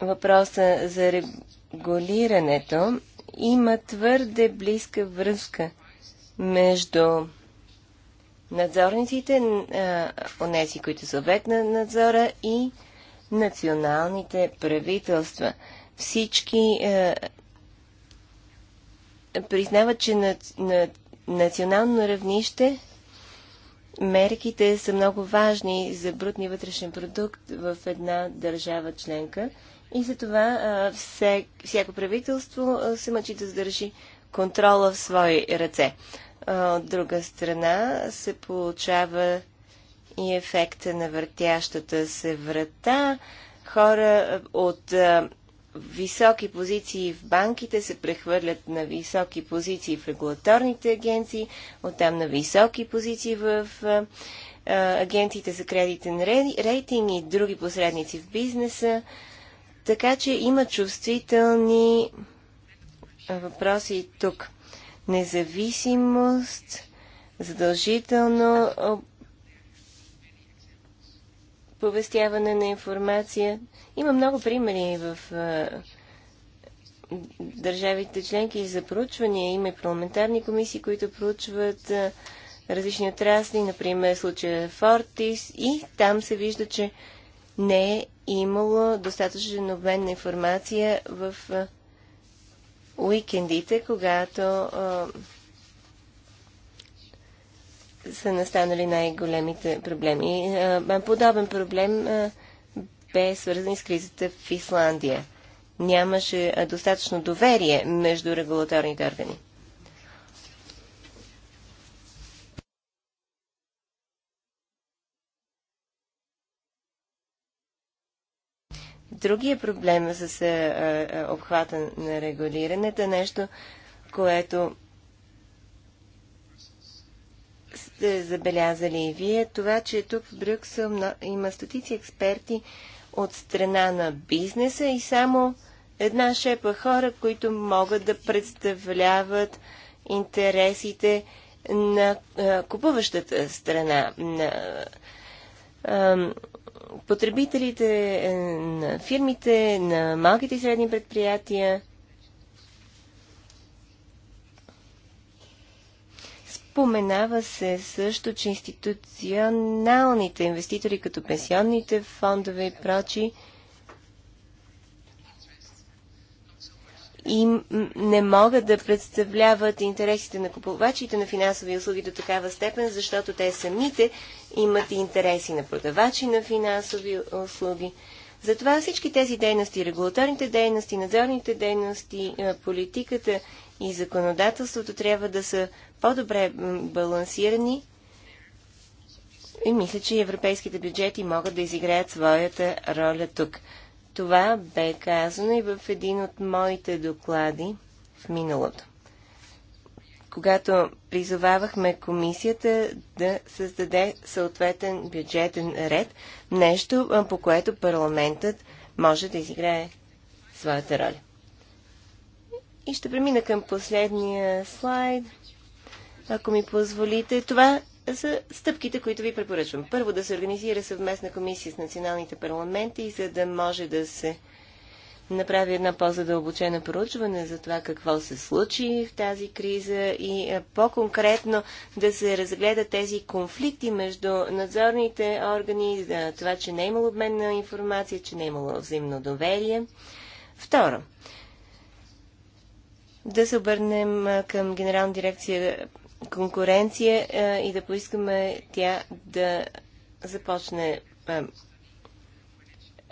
въпроса за регулирането, има твърде близка връзка между надзорниците, онези, които са обект на надзора и националните правителства. Всички е, признават, че на, на национално равнище мерките са много важни за брутния вътрешен продукт в една държава членка и за това всяко правителство се мъчи да задържи контрола в свои ръце. От друга страна се получава и ефекта на въртящата се врата. Хора от високи позиции в банките се прехвърлят на високи позиции в регулаторните агенции, оттам на високи позиции в агенциите за кредитен рейтинг и други посредници в бизнеса. Така че има чувствителни въпроси и тук. Независимост, задължително повестяване на информация. Има много примери в а, държавите членки за проучвания. Има и парламентарни комисии, които проучват а, различни отрасли, например случая Фортис, и там се вижда, че не е имало достатъчно новенна информация в уикендите, когато са настанали най-големите проблеми. подобен проблем бе свързан с кризата в Исландия. Нямаше достатъчно доверие между регулаторните органи. Другия проблем с обхвата на регулирането е нещо, което сте забелязали и вие, това, че тук в Брюксел има стотици експерти от страна на бизнеса и само една шепа хора, които могат да представляват интересите на а, купуващата страна. На, а, потребителите, е, на фирмите, на малките и средни предприятия. Споменава се също, че институционалните инвеститори, като пенсионните фондове и прочи, И не могат да представляват интересите на купувачите на финансови услуги до такава степен, защото те самите имат интереси на продавачи на финансови услуги. Затова всички тези дейности, регулаторните дейности, надзорните дейности, е, политиката и законодателството трябва да са по-добре балансирани и мисля, че европейските бюджети могат да изиграят своята роля тук. Това бе казано и в един от моите доклади в миналото, когато призовавахме комисията да създаде съответен бюджетен ред, нещо по което парламентът може да изиграе своята роля. И ще премина към последния слайд. Ако ми позволите, това за стъпките, които ви препоръчвам. Първо да се организира съвместна комисия с националните парламенти, за да може да се направи една по-задълбочена проучване за това какво се случи в тази криза и е, по-конкретно да се разгледат тези конфликти между надзорните органи, за това, че не е имало обмен на информация, че не е имало взаимно доверие. Второ, да се обърнем е, към Генерална дирекция конкуренция а, и да поискаме тя да започне а,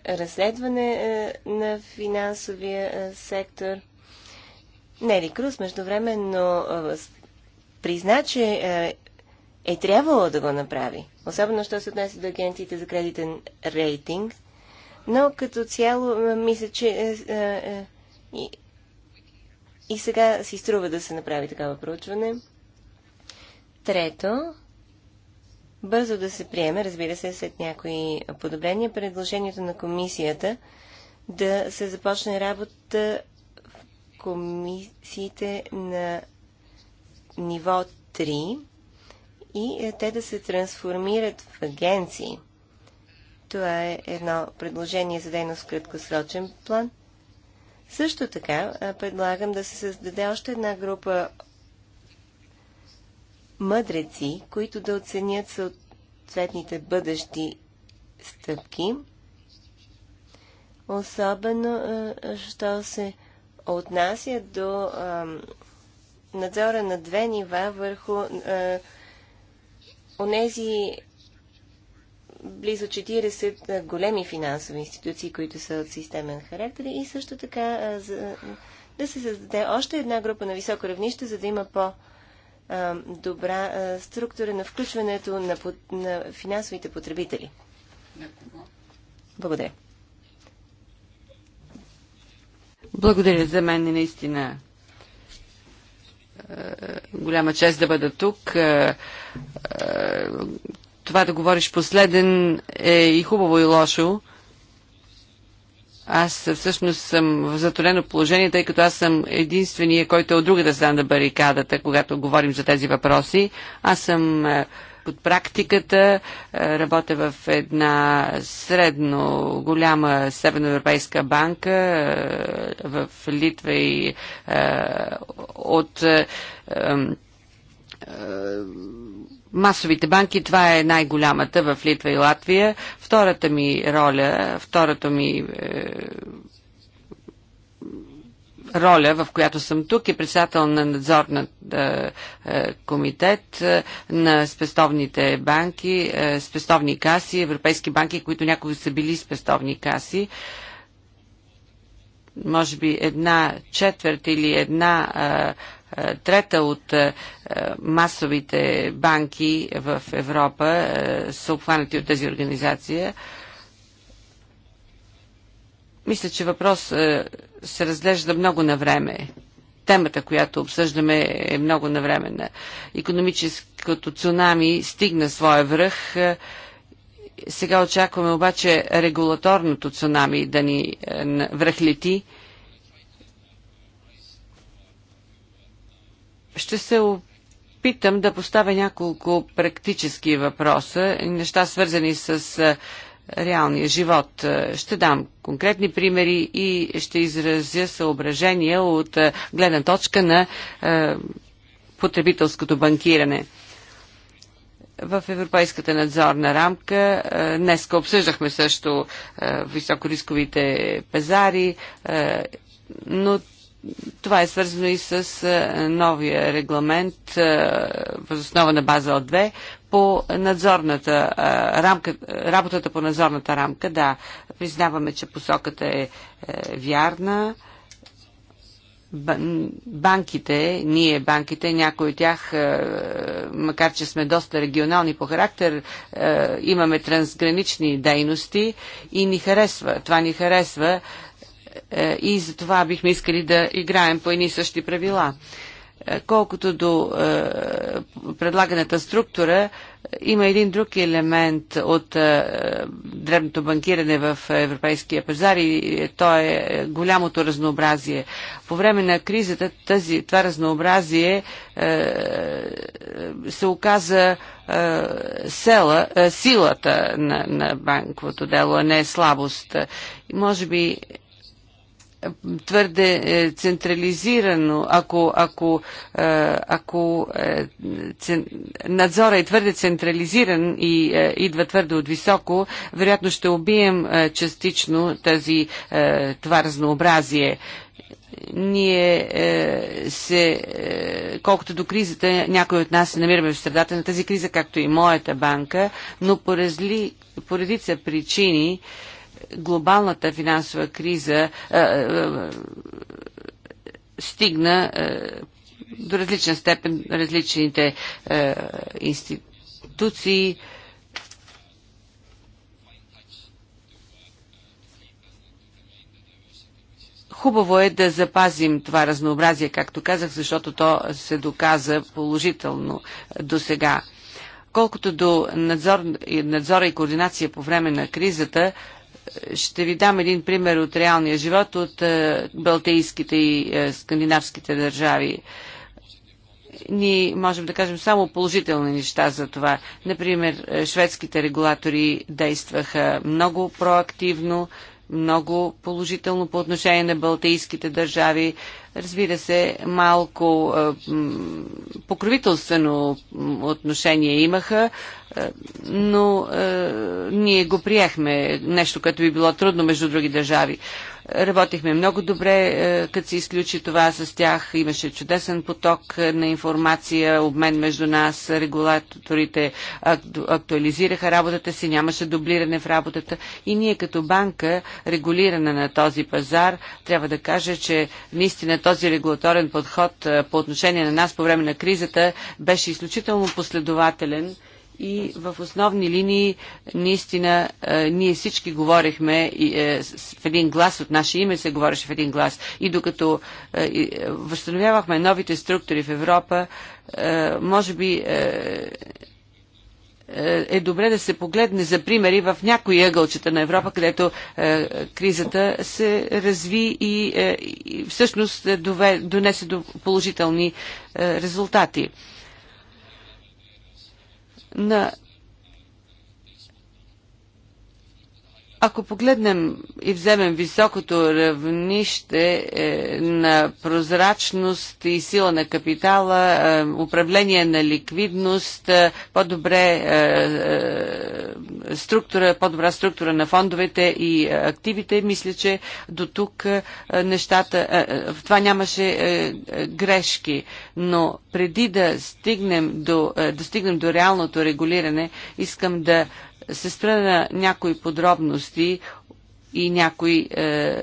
разследване а, на финансовия сектор. Нели Круз междувременно призна, че е трябвало да го направи, особено що се отнася до агентите за кредитен рейтинг, но като цяло мисля, че и, и сега си струва да се направи такава проучване. Трето, бързо да се приеме, разбира се, след някои подобрения, предложението на комисията да се започне работа в комисиите на ниво 3 и е, те да се трансформират в агенции. Това е едно предложение за дейност в краткосрочен план. Също така предлагам да се създаде още една група мъдреци, които да оценят съответните бъдещи стъпки, особено, що се отнася до а, надзора на две нива върху онези близо 40 големи финансови институции, които са от системен характер и също така а, за, да се създаде още една група на високо равнище, за да има по- добра структура на включването на, на финансовите потребители. Благодаря. Благодаря за мен и е наистина голяма чест да бъда тук. Това да говориш последен е и хубаво и лошо. Аз всъщност съм в затворено положение, тъй като аз съм единствения, който е от другата страна на барикадата, когато говорим за тези въпроси. Аз съм е, под практиката, е, работя в една средно голяма Северноевропейска банка е, в Литва и от масовите банки, това е най-голямата в Литва и Латвия. Втората ми роля, втората ми е, роля, в която съм тук, е председател на надзорна е, е, комитет е, на спестовните банки, е, спестовни каси, европейски банки, които някога са били спестовни каси. Може би една четвърт или една е, е, трета от е, масовите банки в Европа е, са обхванати от тази организация. Мисля, че въпрос се разглежда много на време. Темата, която обсъждаме, е много навременна. Економическото цунами стигна своя връх. Сега очакваме обаче регулаторното цунами да ни връхлети Ще се опитам да поставя няколко практически въпроса, неща свързани с реалния живот. Ще дам конкретни примери и ще изразя съображения от гледна точка на потребителското банкиране. В Европейската надзорна рамка днеска обсъждахме също високорисковите пазари, но това е свързано и с е, новия регламент е, въз основа на база от 2 по надзорната е, рамка, работата по надзорната рамка. Да, признаваме, че посоката е вярна. Банките, ние банките, някои от тях, макар че сме доста регионални по характер, имаме трансгранични дейности и ни харесва. Това ни харесва е, и за това бихме искали да играем по едни същи правила. Е, колкото до е, предлаганата структура, има един друг елемент от древното банкиране в европейския пазар и то е голямото разнообразие. По време на кризата тази, това разнообразие се оказа села, силата на, на банковото дело, а не слабост. Може би твърде е, централизирано, ако, ако, е, ако е, надзора е твърде централизиран и идва твърде от високо, вероятно ще убием частично тази, това разнообразие ние е, се, е, колкото до кризата, някои от нас се намираме в средата на тази криза, както и моята банка, но по, разли, по редица причини глобалната финансова криза стигна до различна степен различните институции. Хубаво е да запазим това разнообразие, както казах, защото то се доказа положително до сега. Колкото до надзор, надзора и координация по време на кризата, ще ви дам един пример от реалния живот от е, балтийските и е, скандинавските държави. Ние можем да кажем само положителни неща за това. Например, е, шведските регулатори действаха много проактивно, много положително по отношение на балтийските държави. Разбира се, малко покровителствено отношение имаха, но ние го приехме, нещо, което би било трудно между други държави. Работихме много добре, е, като се изключи това с тях. Имаше чудесен поток е, на информация, обмен между нас, регулаторите актуализираха работата си, нямаше дублиране в работата. И ние като банка, регулирана на този пазар, трябва да кажа, че наистина този регулаторен подход е, по отношение на нас по време на кризата беше изключително последователен и в основни линии, наистина, е, ние всички говорихме е, в един глас, от наше име се говореше в един глас. И докато е, възстановявахме новите структури в Европа, може би е добре да се погледне за примери в някои ъгълчета на Европа, където кризата се разви и, всъщност донесе до положителни резултати на Ако погледнем и вземем високото равнище е, на прозрачност и сила на капитала, е, управление на ликвидност, е, по-добре е, е, структура, по-добра структура на фондовете и е, активите, мисля, че до тук нещата, в това нямаше грешки, но преди да стигнем до, да стигнем до реалното регулиране, искам да се спра на някои подробности и някои е,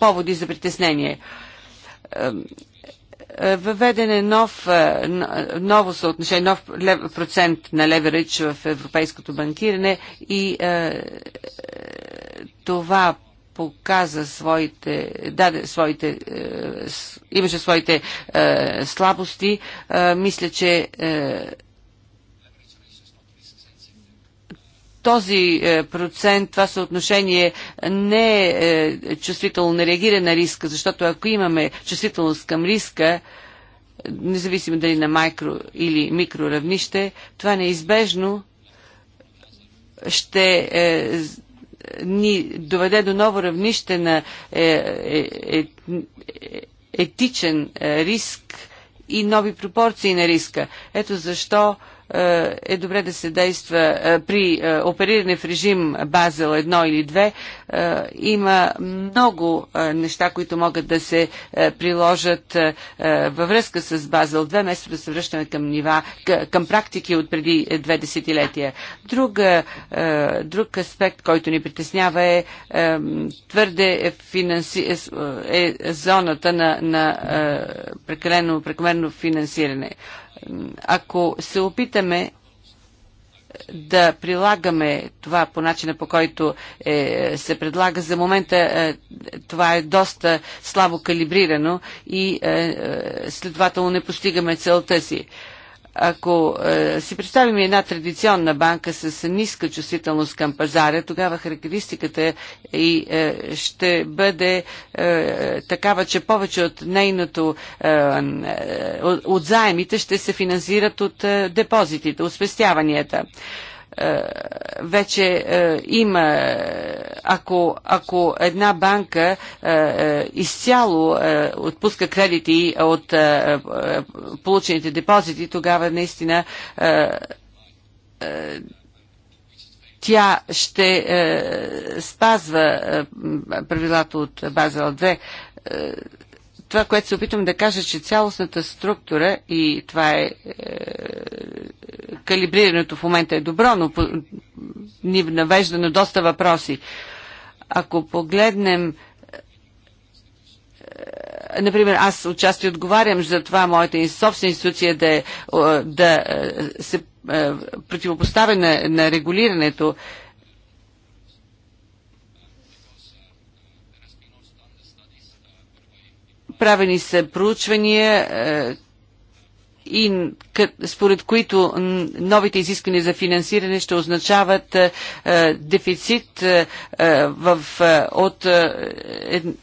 поводи за притеснение. Въведен е, е нов, е, ново съотношение, нов процент на леверидж в европейското банкиране и е, това показа своите, даде своите, е, имаше своите е, слабости. Е, мисля, че е, този е, процент, това съотношение не е, е чувствително, не реагира на риска, защото ако имаме чувствителност към риска, независимо дали на майкро или микро равнище, това неизбежно ще е, ни доведе до ново равнище на етичен риск и нови пропорции на риска. Ето защо е добре да се действа е, при е, опериране в режим Базел 1 или 2. Е, има много неща, които могат да се приложат във връзка с Базел 2, вместо да се връщаме към нива, към практики от преди две десетилетия. Друг, друг аспект, който ни притеснява е твърде финанси... е зоната на, на прекалено, прекомерно финансиране ако се опитаме да прилагаме това по начина по който е, се предлага. За момента е, това е доста слабо калибрирано и е, е следователно не постигаме целта си. Ако е, си представим една традиционна банка с ниска чувствителност към пазара, тогава характеристиката и е, ще бъде е, такава, че повече от нейното е, от, е, от заемите ще се финансират от е, депозитите, от спестяванията. Е, е, вече е, има, ако, ако една банка е, изцяло отпуска кредити от получените депозити, тогава наистина тя ще спазва правилата от Базел 2 това, което се опитвам да кажа, че цялостната структура и това е, е калибрирането в момента е добро, но по, ни навежда на доста въпроси. Ако погледнем е, например, аз отчасти отговарям за това моята собствена институция да, е, е да е, се е, противопоставя на, на регулирането Правени са проучвания, е, и според които новите изисквания за финансиране ще означават е, е, дефицит в, от 1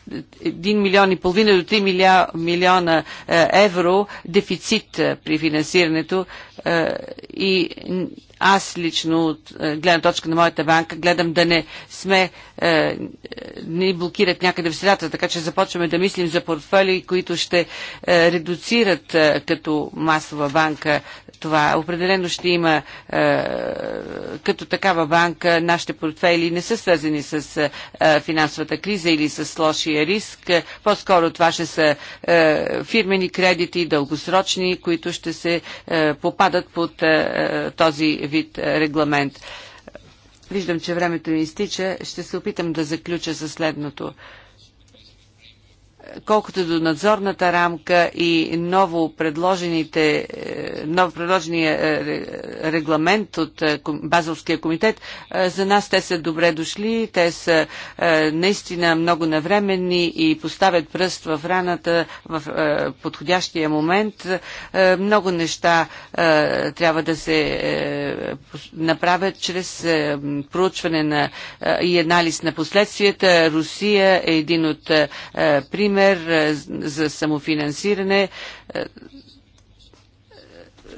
милион и половина до 3 милиона евро дефицит при финансирането и аз лично от е, гледна точка на моята банка гледам да не сме е, е, ни блокират някъде в средата, така че започваме да мислим за портфели, които ще е, редуцират е, като масова банка това. Определено ще има е, като такава банка нашите портфели не са свързани с е, е финансовата криза или с лошия риск. По-скоро това ще са е, фирмени кредити, дългосрочни, които ще се е, попадат под е, този вид е, регламент. Виждам, че времето ми изтича. Ще се опитам да заключа със следното колкото до надзорната рамка и ново предложените, е, ново предложения е, регламент от е, Базовския комитет, за нас те са добре дошли, те са наистина много навременни и поставят пръст в раната в подходящия момент. Много неща трябва да се направят чрез проучване на и анализ на последствията. Русия е един от примерите пример е, за самофинансиране. Е,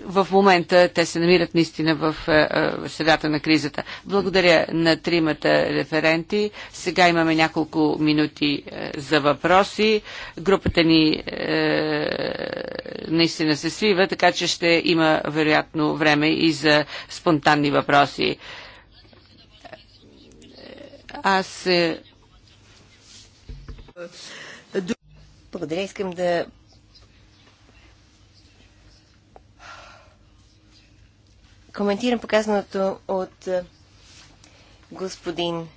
в момента те се намират наистина в е, средата на кризата. Благодаря на тримата референти. Сега имаме няколко минути за въпроси. Групата ни наистина се свива, така че ще има вероятно време и за спонтанни въпроси. Аз благодаря. Искам да коментирам показаното от господин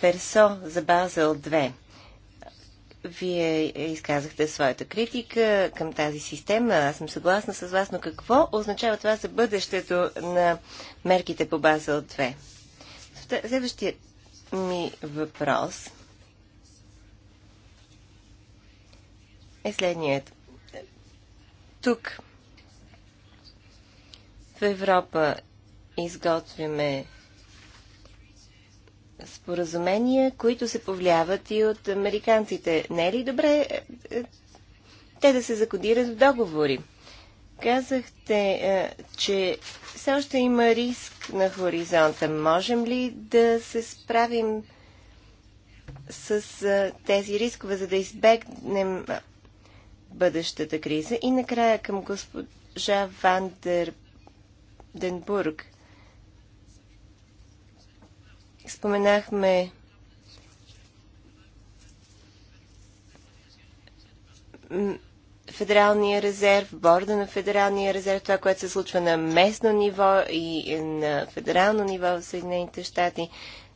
Персо за Базел 2. Вие изказахте своята критика към тази система. Аз съм съгласна с вас, но какво означава това за бъдещето на мерките по Базел 2? Следващия ми въпрос – е следният. Тук в Европа изготвяме споразумения, които се повлияват и от американците. Не е ли добре е, е, те да се закодират в договори? Казахте, е, че все още има риск на хоризонта. Можем ли да се справим с тези рискове, за да избегнем бъдещата криза. И накрая към госпожа Вандер Денбург. Споменахме Федералния резерв, борда на Федералния резерв, това, което се случва на местно ниво и на федерално ниво в Съединените щати.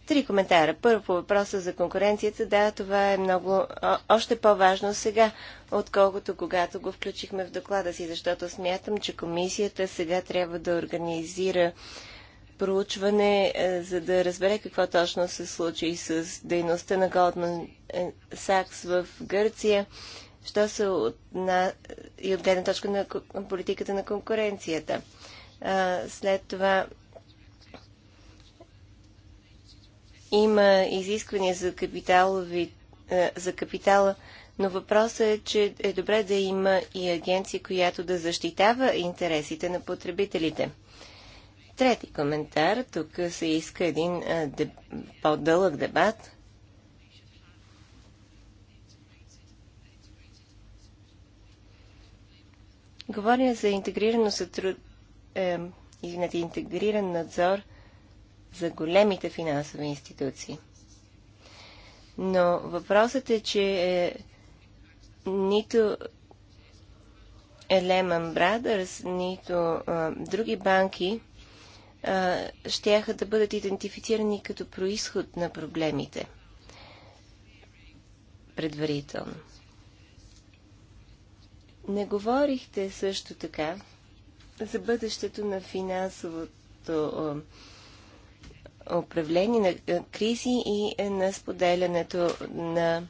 Три коментара. Първо по въпроса за конкуренцията. Да, това е много още по-важно сега, отколкото когато го включихме в доклада си, защото смятам, че комисията сега трябва да организира проучване, е, за да разбере какво точно се случи с дейността на Goldman Сакс е, в Гърция, що се на, и от гледна точка на политиката на конкуренцията. След това има изисквания за, капиталови, е, за капитала, но въпросът е, че е добре да има и агенция, която да защитава интересите на потребителите. Трети коментар. Тук се иска един е, деб... по-дълъг дебат. Говоря за интегрирано сътруд... Е, извинете, интегриран надзор – за големите финансови институции. Но въпросът е, че е, нито Lehman Brothers, нито а, други банки а, щяха да бъдат идентифицирани като происход на проблемите предварително. Не говорихте също така за бъдещето на финансовото а, управление на е, кризи и е, на споделянето на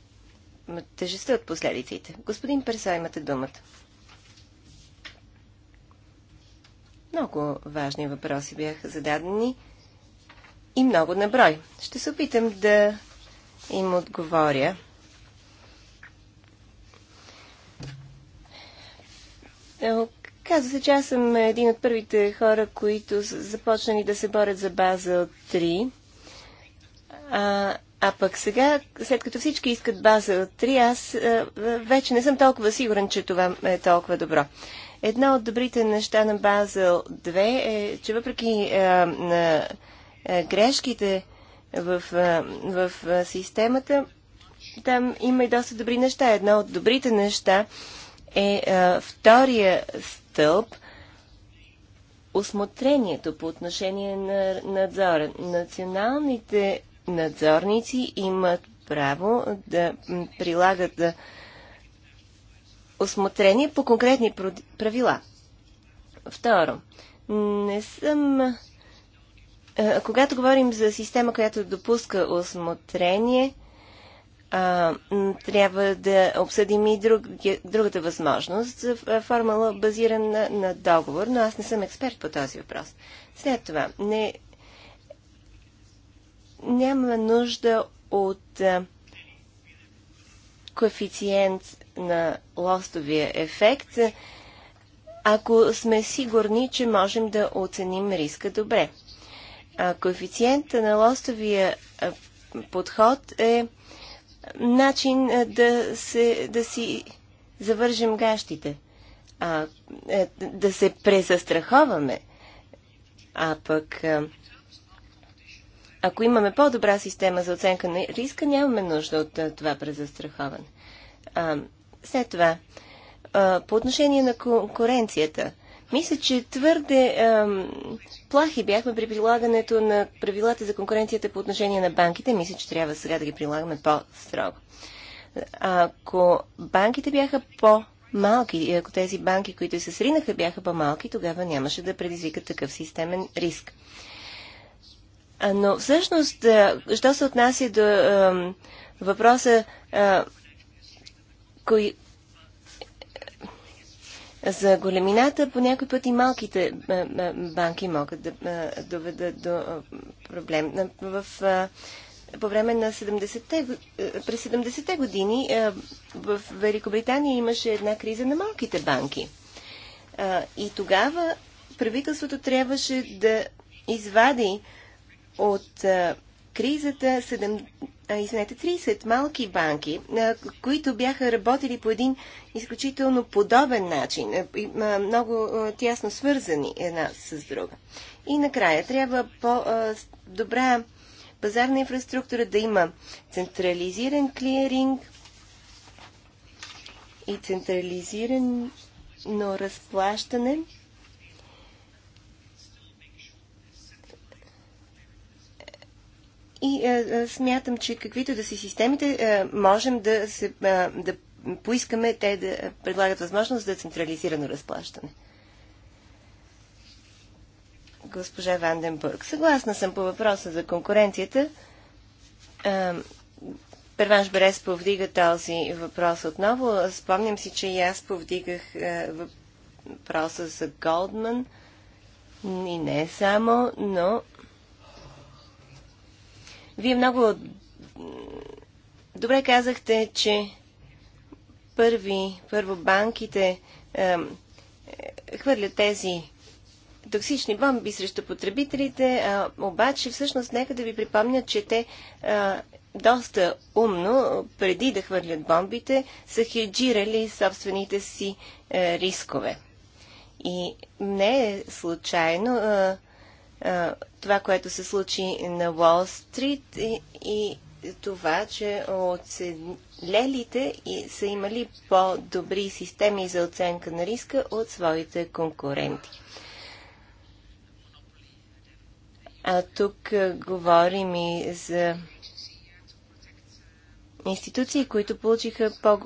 тежестта от последиците. Господин Персо, имате думата. Много важни въпроси бяха зададени и много наброй. Ще се опитам да им отговоря. Е, Казва се, че аз съм един от първите хора, които са започнали да се борят за Базел 3. А, а пък сега, след като всички искат Базел 3, аз а, вече не съм толкова сигурен, че това е толкова добро. Едно от добрите неща на Базел 2 е, че въпреки а, на, а, грешките в, а, в а, системата, там има и доста добри неща. Едно от добрите неща е а, е, втория стълб осмотрението по отношение на надзора. Националните надзорници имат право да прилагат да осмотрение по конкретни правила. Второ, не съм... Е, когато говорим за система, която допуска осмотрение, а, трябва да обсъдим и друг, другата възможност за формула базирана на договор, но аз не съм експерт по този въпрос. След това, не, няма нужда от а, коефициент на лостовия ефект, ако сме сигурни, че можем да оценим риска добре. А, коефициента на лостовия подход е начин да, се, да си завържем гащите, а, е, да се презастраховаме. А пък, ако имаме по-добра система за оценка на риска, нямаме нужда от това презастраховане. А, след това, а, по отношение на конкуренцията – мисля, че твърде ам, плахи бяхме при прилагането на правилата за конкуренцията по отношение на банките. Мисля, че трябва сега да ги прилагаме по-строго. Ако банките бяха по- малки и ако тези банки, които се сринаха, бяха по-малки, тогава нямаше да предизвикат такъв системен риск. Но всъщност, що се отнася до е, въпроса е, кои, за големината, по някой път и малките банки могат да доведат до проблем. В, по време на 70-те, през 70-те години в Великобритания имаше една криза на малките банки. И тогава правителството трябваше да извади от кризата 7, а, извинете, 30 малки банки, а, които бяха работили по един изключително подобен начин, а, много а, тясно свързани една с друга. И накрая трябва по-добра пазарна инфраструктура да има централизиран клиринг и централизирано разплащане – И а, е, е, смятам, че каквито да са си системите, а, е, можем да, се, а, да поискаме те да предлагат възможност за централизирано разплащане. Госпожа Ванденбург. Съгласна съм по въпроса за конкуренцията. А, Перванш Берес повдига този въпрос отново. Спомням си, че и аз повдигах въпроса за Голдман. И не само, но вие много добре казахте, че първи, първо банките е, е, хвърлят тези токсични бомби срещу потребителите, а, обаче всъщност нека да ви припомня, че те а, доста умно, преди да хвърлят бомбите, са хеджирали собствените си а, е, рискове. И не е случайно а, това, което се случи на Уолл Стрит и, и това, че оцелелите са имали по-добри системи за оценка на риска от своите конкуренти. А тук говорим и за институции, които, получиха по,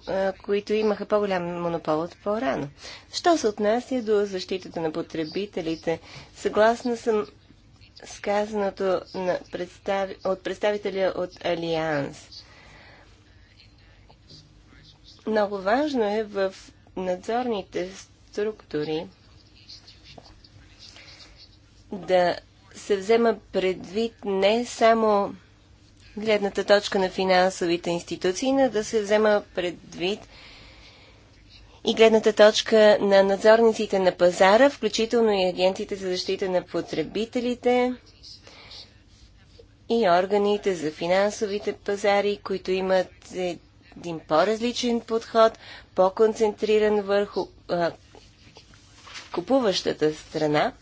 които имаха по-голям монопол от по-рано. Що се отнася до защитата на потребителите? Съгласна съм сказаното на представ... от представителя от Алианс. Много важно е в надзорните структури да се взема предвид не само гледната точка на финансовите институции, но да се взема предвид и гледната точка на надзорниците на пазара, включително и агенциите за защита на потребителите и органите за финансовите пазари, които имат един по-различен подход, по-концентриран върху а, купуващата страна.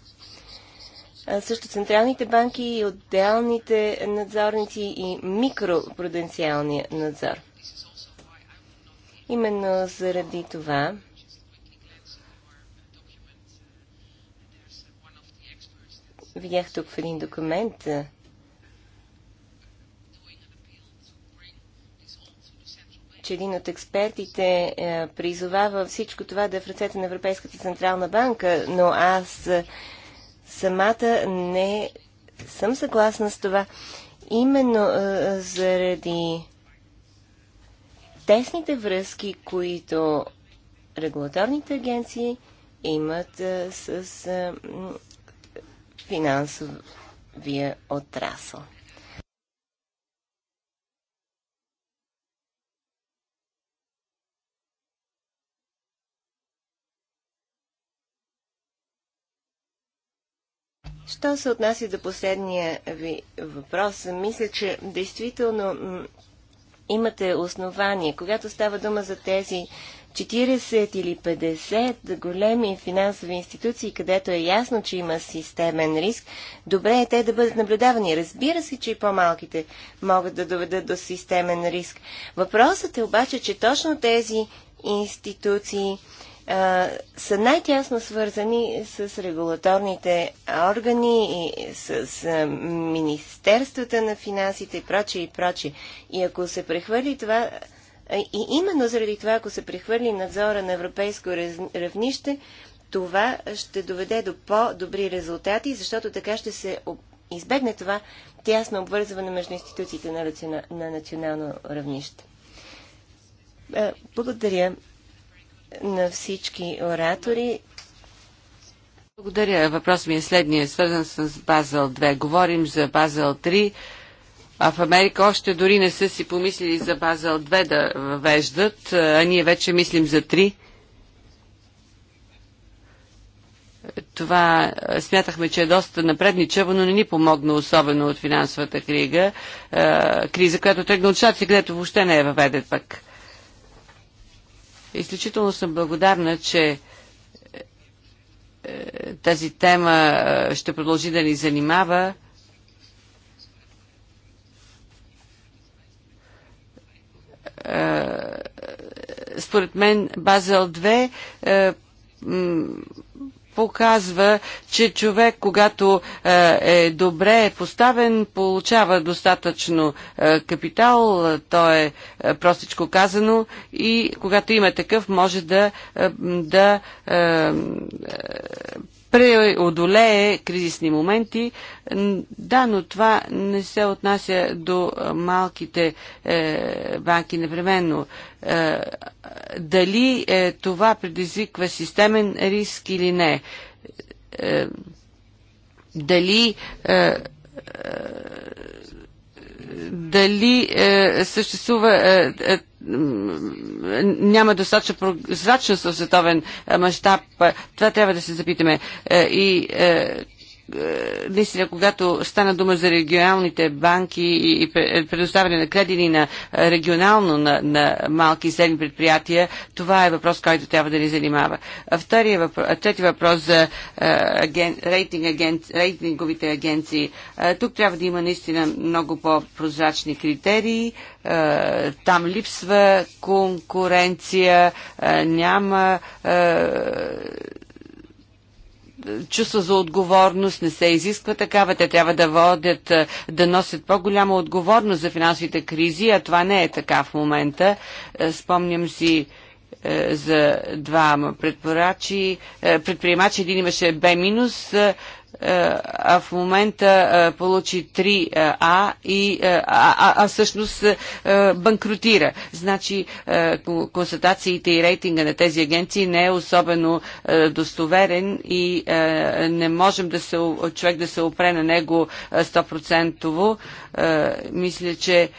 А, също централните банки и отделните надзорници и микропруденциалния надзор. Именно заради това видях тук в един документ че един от експертите призовава всичко това да е в ръцете на Европейската централна банка, но аз самата не съм съгласна с това. Именно заради тесните връзки, които регулаторните агенции имат с а, финансовия отрасъл. Що се отнася до последния ви въпрос, мисля, че действително имате основание. Когато става дума за тези 40 или 50 големи финансови институции, където е ясно, че има системен риск, добре е те да бъдат наблюдавани. Разбира се, че и по-малките могат да доведат до системен риск. Въпросът е обаче, че точно тези институции са най-тясно свързани с регулаторните органи и с а, Министерствата на финансите и прочи и прочи. И ако се прехвърли това, и именно заради това, ако се прехвърли надзора на европейско равнище, това ще доведе до по-добри резултати, защото така ще се избегне това тясно обвързване между институциите на национално равнище. Благодаря на всички оратори. Благодаря. Въпрос ми е следния, свързан с Базел 2. Говорим за Базел 3, а в Америка още дори не са си помислили за Базел 2 да въвеждат, а ние вече мислим за 3. Това смятахме, че е доста напредничаво, но не ни помогна особено от финансовата крига, криза, която тръгна от Швеция, където въобще не е въведен пък Изключително съм благодарна, че е, тази тема е, ще продължи да ни занимава. Е, според мен Базел 2 показва, че човек, когато е, е добре поставен, получава достатъчно е, капитал, е, то е простичко казано, и когато има такъв, може да, да преодолее кризисни моменти. Да, но това не се отнася до малките е, банки непременно. Е, дали е, това предизвиква системен риск или не? Е, дали е, е дали е, съществува е, е няма достатъчно прозрачност в световен мащаб. Това трябва да се запитаме. Е, и е, е, наистина, когато стана дума за регионалните банки и е, предоставяне на кредити на е, регионално на, на малки и средни предприятия, това е въпрос, който трябва да ни занимава. Втория въпрос, трети въпрос за аген, рейтинг, аген, рейтинговите агенции. Тук трябва да има наистина много по-прозрачни критерии. Там липсва конкуренция, няма чувство за отговорност не се изисква такава. Те трябва да водят, е, да носят по-голяма отговорност за финансовите кризи, а това не е така в момента. Е, спомням си е, за двама предприемачи. Един имаше Б минус, е, а в момента е, получи 3А е, и а, а, а всъщност банкротира. Значи констатациите и рейтинга на тези агенции не е особено достоверен и не можем да се, човек да се опре на него 100%. Мисля, че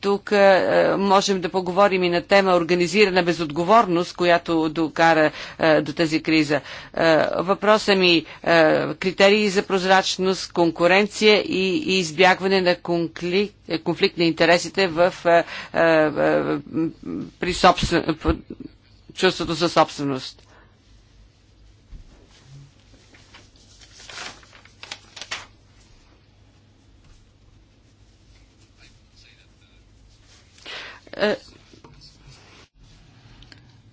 тук е, е, можем да поговорим и на тема организирана безотговорност, която докара е, до тази криза. Е, въпроса ми критерии за прозрачност, конкуренция и, и избягване на конфликт, конфликт на интересите в, при собствен, чувството за собственост.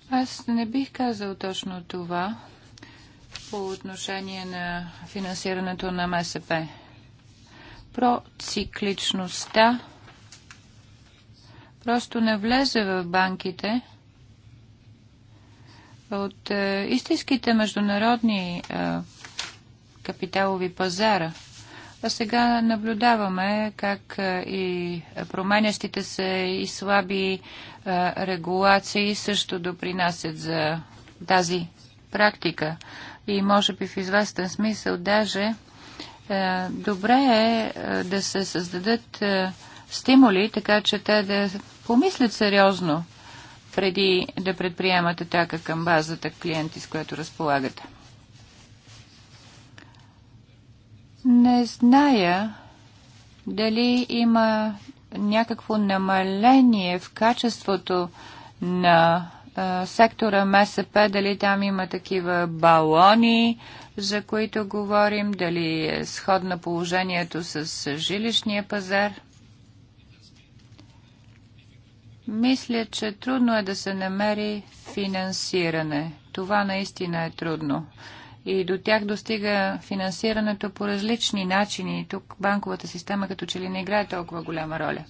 Аз не бих казал точно това по отношение на финансирането на МСП. Процикличността просто не влезе в банките от е, истинските международни е, капиталови пазара – а сега наблюдаваме как и променящите се и слаби регулации също допринасят за тази практика. И може би в известен смисъл даже добре е да се създадат стимули, така че те да помислят сериозно преди да предприемат атака към базата клиенти, с която разполагате. Не зная дали има някакво намаление в качеството на а, сектора МСП, дали там има такива балони, за които говорим, дали е сходно положението с жилищния пазар. Мисля, че трудно е да се намери финансиране. Това наистина е трудно и до тях достига финансирането по различни начини. Тук банковата система като че ли не играе толкова голяма роля.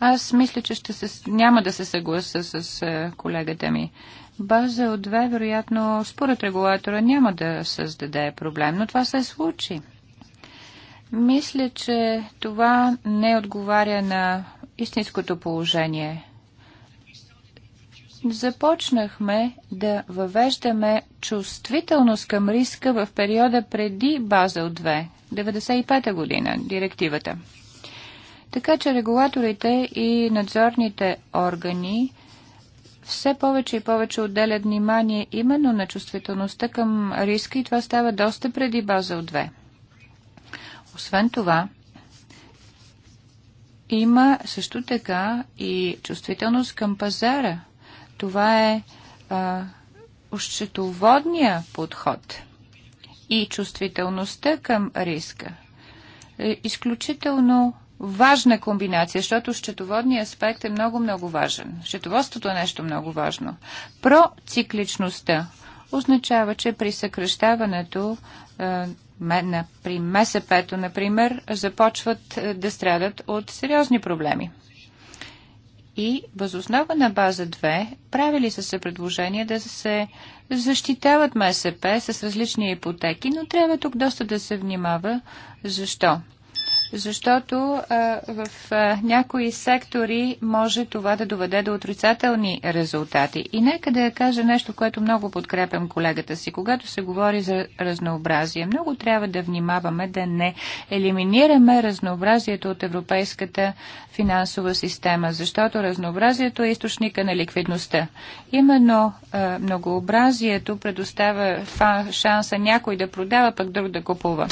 Аз мисля, че ще се, няма да се съгласа с е, колегата ми. База от две, вероятно, според регулатора няма да създаде проблем, но това се случи. Мисля, че това не отговаря на истинското положение започнахме да въвеждаме чувствителност към риска в периода преди Базел 2, 95-та година, директивата. Така че регулаторите и надзорните органи все повече и повече отделят внимание именно на чувствителността към риска и това става доста преди Базел 2. Освен това, има също така и чувствителност към пазара – това е ощетоводния подход и чувствителността към риска. Е изключително важна комбинация, защото счетоводният аспект е много-много важен. Счетоводството е нещо много важно. Процикличността означава, че при съкръщаването е, при МСП-то, например, започват да страдат от сериозни проблеми и възоснова на база 2 правили са се предложения да се защитават МСП с различни ипотеки, но трябва тук доста да се внимава. Защо? защото а, в а, някои сектори може това да доведе до отрицателни резултати. И нека да кажа нещо, което много подкрепям колегата си. Когато се говори за разнообразие, много трябва да внимаваме да не елиминираме разнообразието от европейската финансова система, защото разнообразието е източника на ликвидността. Именно а, многообразието предоставя шанса някой да продава, пък друг да купува.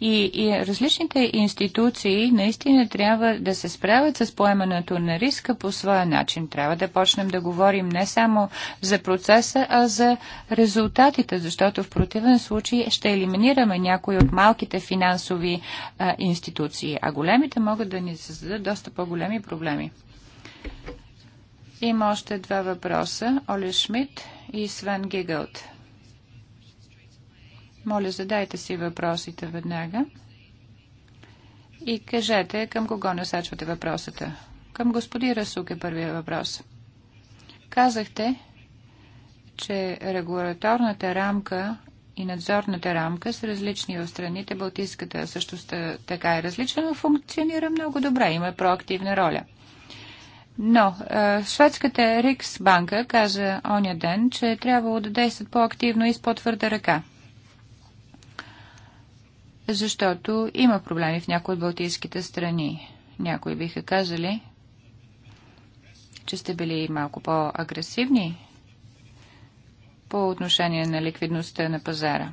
И, и различните институции институции наистина трябва да се справят с поемането на риска по своя начин. Трябва да почнем да говорим не само за процеса, а за резултатите, защото в противен случай ще елиминираме някои от малките финансови а, институции, а големите могат да ни създадат доста по-големи проблеми. Има още два въпроса. Оле Шмидт и Свен Гигълт. Моля, задайте си въпросите веднага и кажете към кого насачвате въпросата. Към господин Расук е първия въпрос. Казахте, че регулаторната рамка и надзорната рамка са различни в страните. Балтийската също така е различна, но функционира много добре. Има проактивна роля. Но е, шведската Рикс банка каза оня ден, че е трябвало да действат по-активно и с по-твърда ръка защото има проблеми в някои от балтийските страни. Някои биха казали, че сте били малко по-агресивни по отношение на ликвидността на пазара.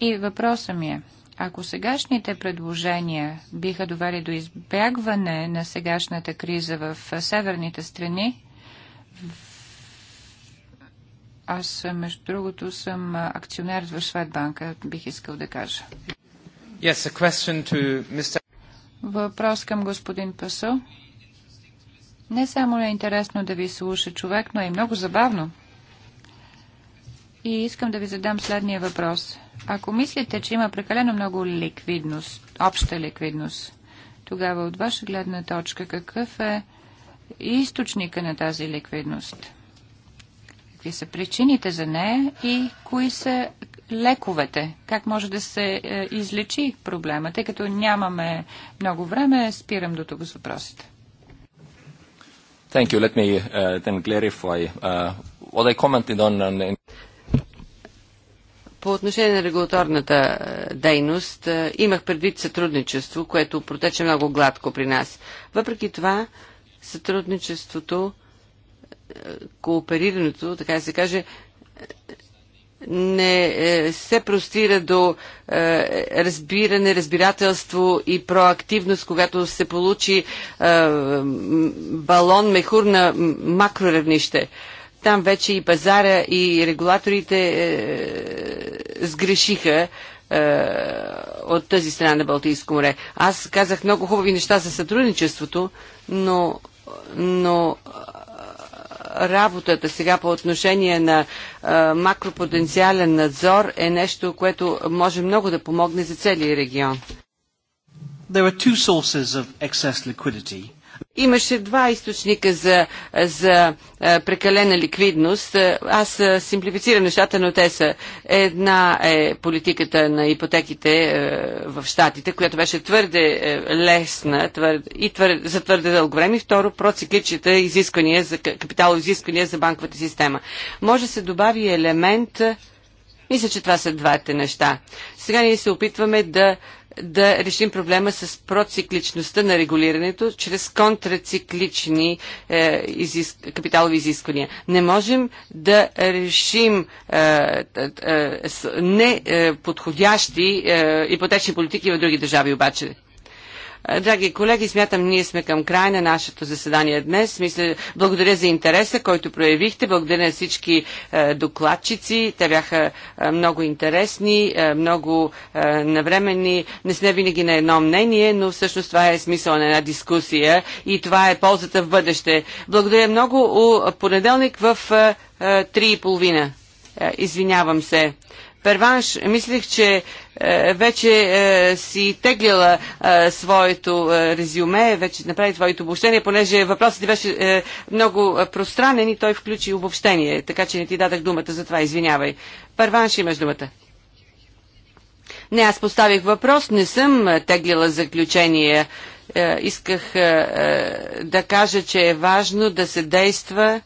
И въпросът ми е, ако сегашните предложения биха довели до избягване на сегашната криза в северните страни, аз, е, между другото, съм е, акционер в Шведбанка, бих искал да кажа. Yes, a question to Mr. Въпрос към господин Пасо. Не само е интересно да ви слуша човек, но е много забавно. И искам да ви задам следния въпрос. Ако мислите, че има прекалено много ликвидност, обща ликвидност, тогава от ваша гледна точка какъв е източника на тази ликвидност? какви са причините за нея и кои са лековете, как може да се е, излечи проблема, тъй като нямаме много време, спирам до тук с въпросите. Thank you. Let me uh, then clarify uh, what I commented on. And... По отношение на регулаторната е, дейност, е, имах предвид сътрудничество, което протече много гладко при нас. Въпреки това, сътрудничеството uh, кооперирането, така да се каже, не е, се простира до е, разбиране, разбирателство и проактивност, когато се получи е, балон мехур на макроравнище. Там вече и пазара, и регулаторите сгрешиха от тази страна на Балтийско море. Аз казах много хубави неща за сътрудничеството, но, но работата сега по отношение на макропотенциален надзор е нещо, което може много да помогне за целия регион. There are two sources of excess liquidity. Имаше два източника за, за прекалена ликвидност. Аз симплифицирам нещата, но те са. Една е политиката на ипотеките в Штатите, която беше твърде лесна твърде, и твърде, за твърде дълго време. И второ, процикличите изисквания за капитал, изисквания за банковата система. Може да се добави елемент мисля, че това са двете неща. Сега ние се опитваме да да решим проблема с процикличността на регулирането чрез контрациклични е, изис... капиталови изисквания. Не можем да решим е, е, неподходящи е, е, ипотечни политики в други държави обаче. Е, драги колеги, смятам, ние сме към край на нашето заседание днес. Мисля, благодаря за интереса, който проявихте. Благодаря на всички е, докладчици. Те бяха е, много интересни, много навременни. Не сме винаги на едно мнение, но всъщност това е смисъл на една дискусия и това е ползата в бъдеще. Благодаря много. Понеделник в 3.30. Извинявам се. Перванш, мислех, че е, вече е, си теглила е, своето е, резюме, вече направи твоето обобщение, понеже въпросът ти беше е, много пространен и той включи обобщение, така че не ти дадах думата, затова извинявай. Перванш, имаш думата. Не, аз поставих въпрос, не съм теглила заключение. Е, исках да кажа, че е важно да се действа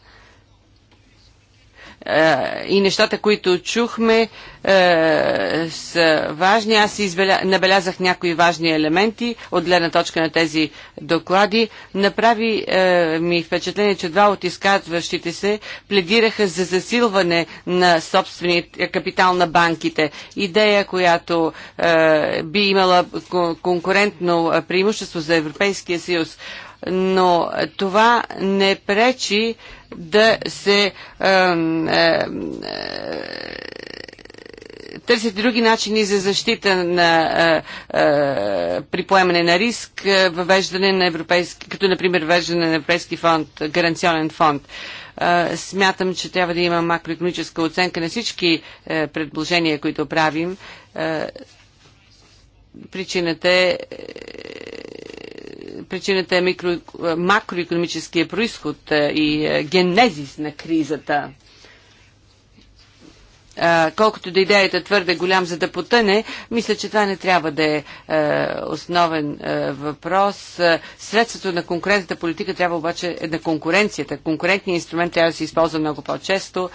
е, и нещата, които чухме е, са важни. Аз избеля... набелязах някои важни елементи от гледна точка на тези доклади. Направи е, ми впечатление, че два от изказващите се пледираха за засилване на собствения капитал на банките. Идея, която би имала конкурентно преимущество за Европейския съюз но това не пречи да се е, е, търсят други начини за защита на, а, е, а, е, при поемане на риск, е, въвеждане на европейски, като например въвеждане на Европейски фонд, гаранционен фонд. А, смятам, че трябва да има макроекономическа оценка на всички а, предложения, които правим. А, причината е причината е микро, е, макроекономическия происход е, и е, генезис на кризата колкото да идеята твърде голям за да потъне, мисля, че това не трябва да е основен въпрос. Средството на конкурентната политика трябва обаче е на конкуренцията. Конкурентният инструмент трябва да се използва много по-често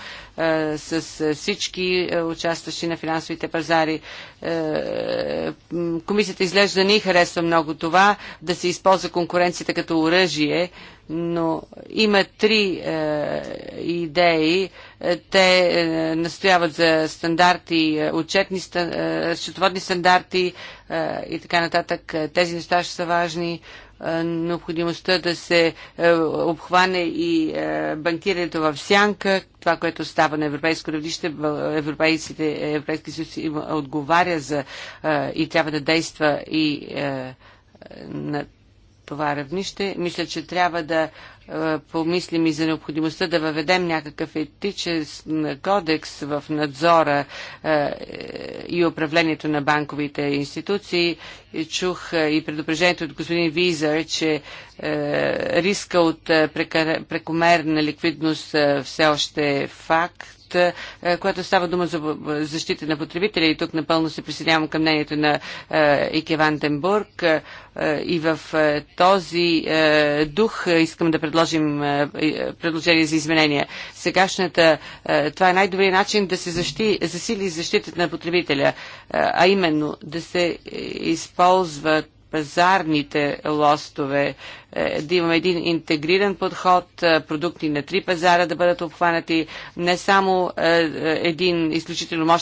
с всички участващи на финансовите пазари. Комисията изглежда не харесва много това да се използва конкуренцията като оръжие, но има три идеи е, те е, настояват за стандарти, е, отчетни, счетоводни стандарти и така нататък. Тези неща ще са важни необходимостта да се обхване и банкирането в сянка, това, което става на европейско равнище, Европейските, Европейски съюз отговаря за и трябва да действа и на това равнище. Мисля, че трябва да е, помислим и за необходимостта да въведем някакъв етичен кодекс в надзора е, и управлението на банковите институции. Чух е, и предупреждението от господин Визър, че риска от прекомерна ликвидност все още е факт е, е, когато става дума за защита на потребителя, и тук напълно се присъединявам към мнението на е, Ике Ванденбург, и в този дух искам да предложим предложение за изменения. Сегашната, това е най-добрият начин да се защи, засили защитата на потребителя, а именно да се използват пазарните лостове, е, да имаме един интегриран подход, е, продукти на три пазара да бъдат обхванати, не само е, един изключително мощен